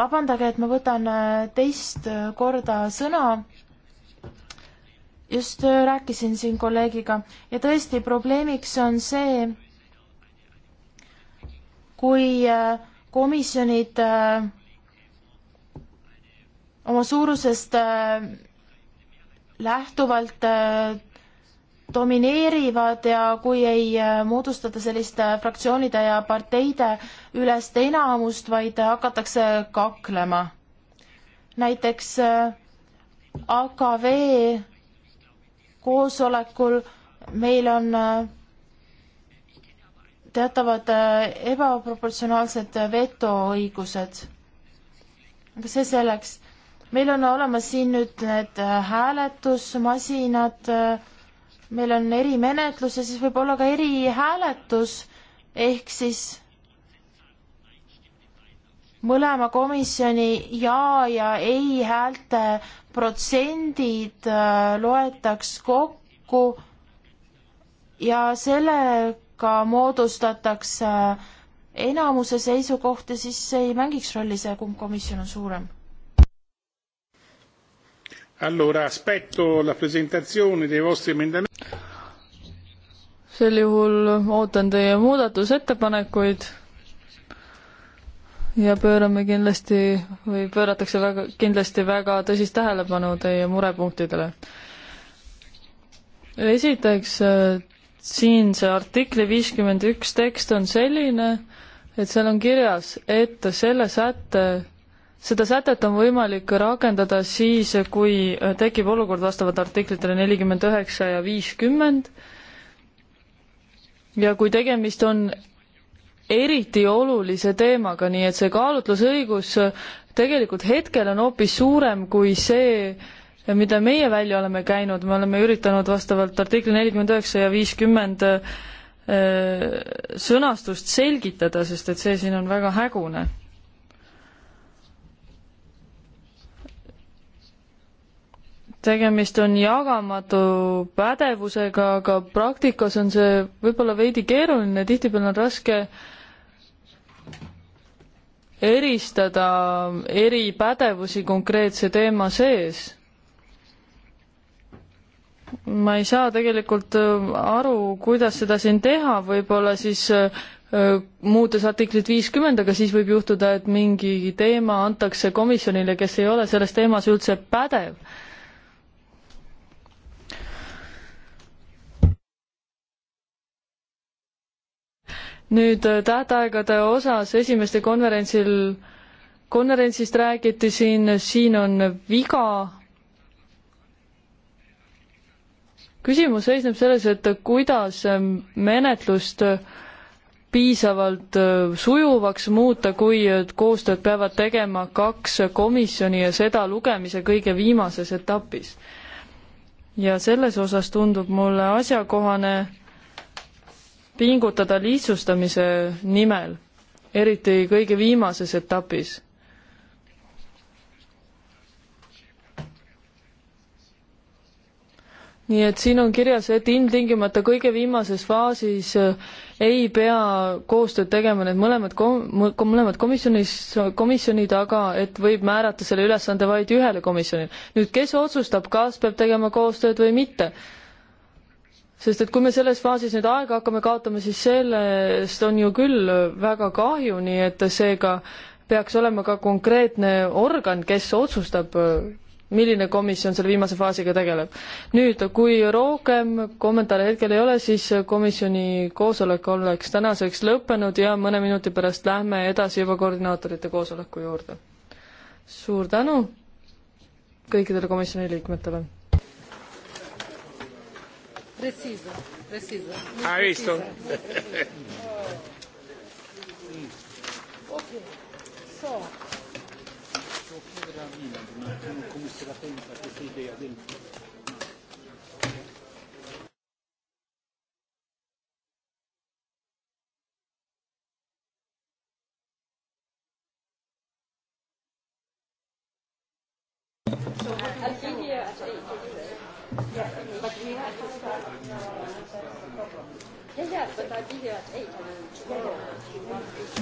vabandage, et ma võtan äh, teist korda sõna just rääkisin siin kolleegiga ja tõesti probleemiks on see, kui äh, komisjonid äh, oma suurusest äh, lähtuvalt domineerivad ja kui ei moodustada sellist fraktsioonide ja parteide ülest enamust, vaid hakatakse kaklema. näiteks AKV koosolekul meil on teatavad äh, ebaproportsionaalsed äh, vetoõigused. aga see selleks. meil on olemas siin nüüd need äh, hääletusmasinad, meil on erimenetlus ja siis võib olla ka erihääletus, ehk siis mõlema komisjoni ja ja ei häälte protsendid loetaks kokku ja selle ka moodustataks enamuse seisukohti, siis ei mängiks rolli see, kumb komisjon on suurem. Allora aspetto la presentazione dei vostri emendamenti. sel juhul ootan teie muudatusettepanekuid ja pöörame kindlasti või pööratakse väga, kindlasti väga tõsist tähelepanu teie murepunktidele. esiteks siin see artikli viiskümmend üks tekst on selline, et seal on kirjas, et selle sätte, seda sätet on võimalik rakendada siis, kui tekib olukord vastavalt artiklitele nelikümmend üheksa ja viiskümmend ja kui tegemist on eriti olulise teemaga, nii et see kaalutlusõigus tegelikult hetkel on hoopis suurem kui see äh, mida meie välja oleme käinud, me oleme üritanud vastavalt artikli nelikümmend üheksa ja viiskümmend äh, sõnastust selgitada, sest et see siin on väga hägune tegemist on jagamatu pädevusega, aga praktikas on see võib-olla veidi keeruline, tihtipeale on raske eristada eri pädevusi konkreetse teema sees ma ei saa tegelikult äh, aru, kuidas seda siin teha, võib-olla siis äh, äh, muutes artiklit viiskümmend, aga siis võib juhtuda, et mingi teema antakse komisjonile, kes ei ole selles teemas üldse pädev. nüüd tähtaegade osas esimeste konverentsil, konverentsist räägiti siin, siin on viga küsimus seisneb selles, et kuidas ähm, menetlust äh, piisavalt äh, sujuvaks muuta, kui äh, koostööd peavad tegema kaks komisjoni ja seda lugemise kõige viimases etapis. ja selles osas tundub mulle asjakohane pingutada lihtsustamise nimel, eriti kõige viimases etapis nii et siin on kirjas, et ilmtingimata kõige viimases faasis äh, ei pea koostööd tegema need mõlemad kom-, mõlemad komisjonis, komisjonid, aga et võib määrata selle ülesande vaid ühele komisjonile. nüüd kes otsustab, kas peab tegema koostööd või mitte? sest et kui me selles faasis nüüd aega hakkame kaotama, siis sellest on ju küll väga kahju, nii et seega peaks olema ka konkreetne organ, kes otsustab, milline komisjon selle viimase faasiga tegeleb. nüüd, kui rohkem kommentaare hetkel ei ole, siis komisjoni koosolek oleks tänaseks lõppenud ja mõne minuti pärast lähme edasi juba koordinaatorite koosoleku juurde. suur tänu kõikidele komisjoni liikmetele. Preciso, preciso. Ha ah, visto? okay. So. So what do we er do? Here at eight, yeah, but we have to start. Yeah, yeah, but I'll be here at eight. And tomorrow, if you want to.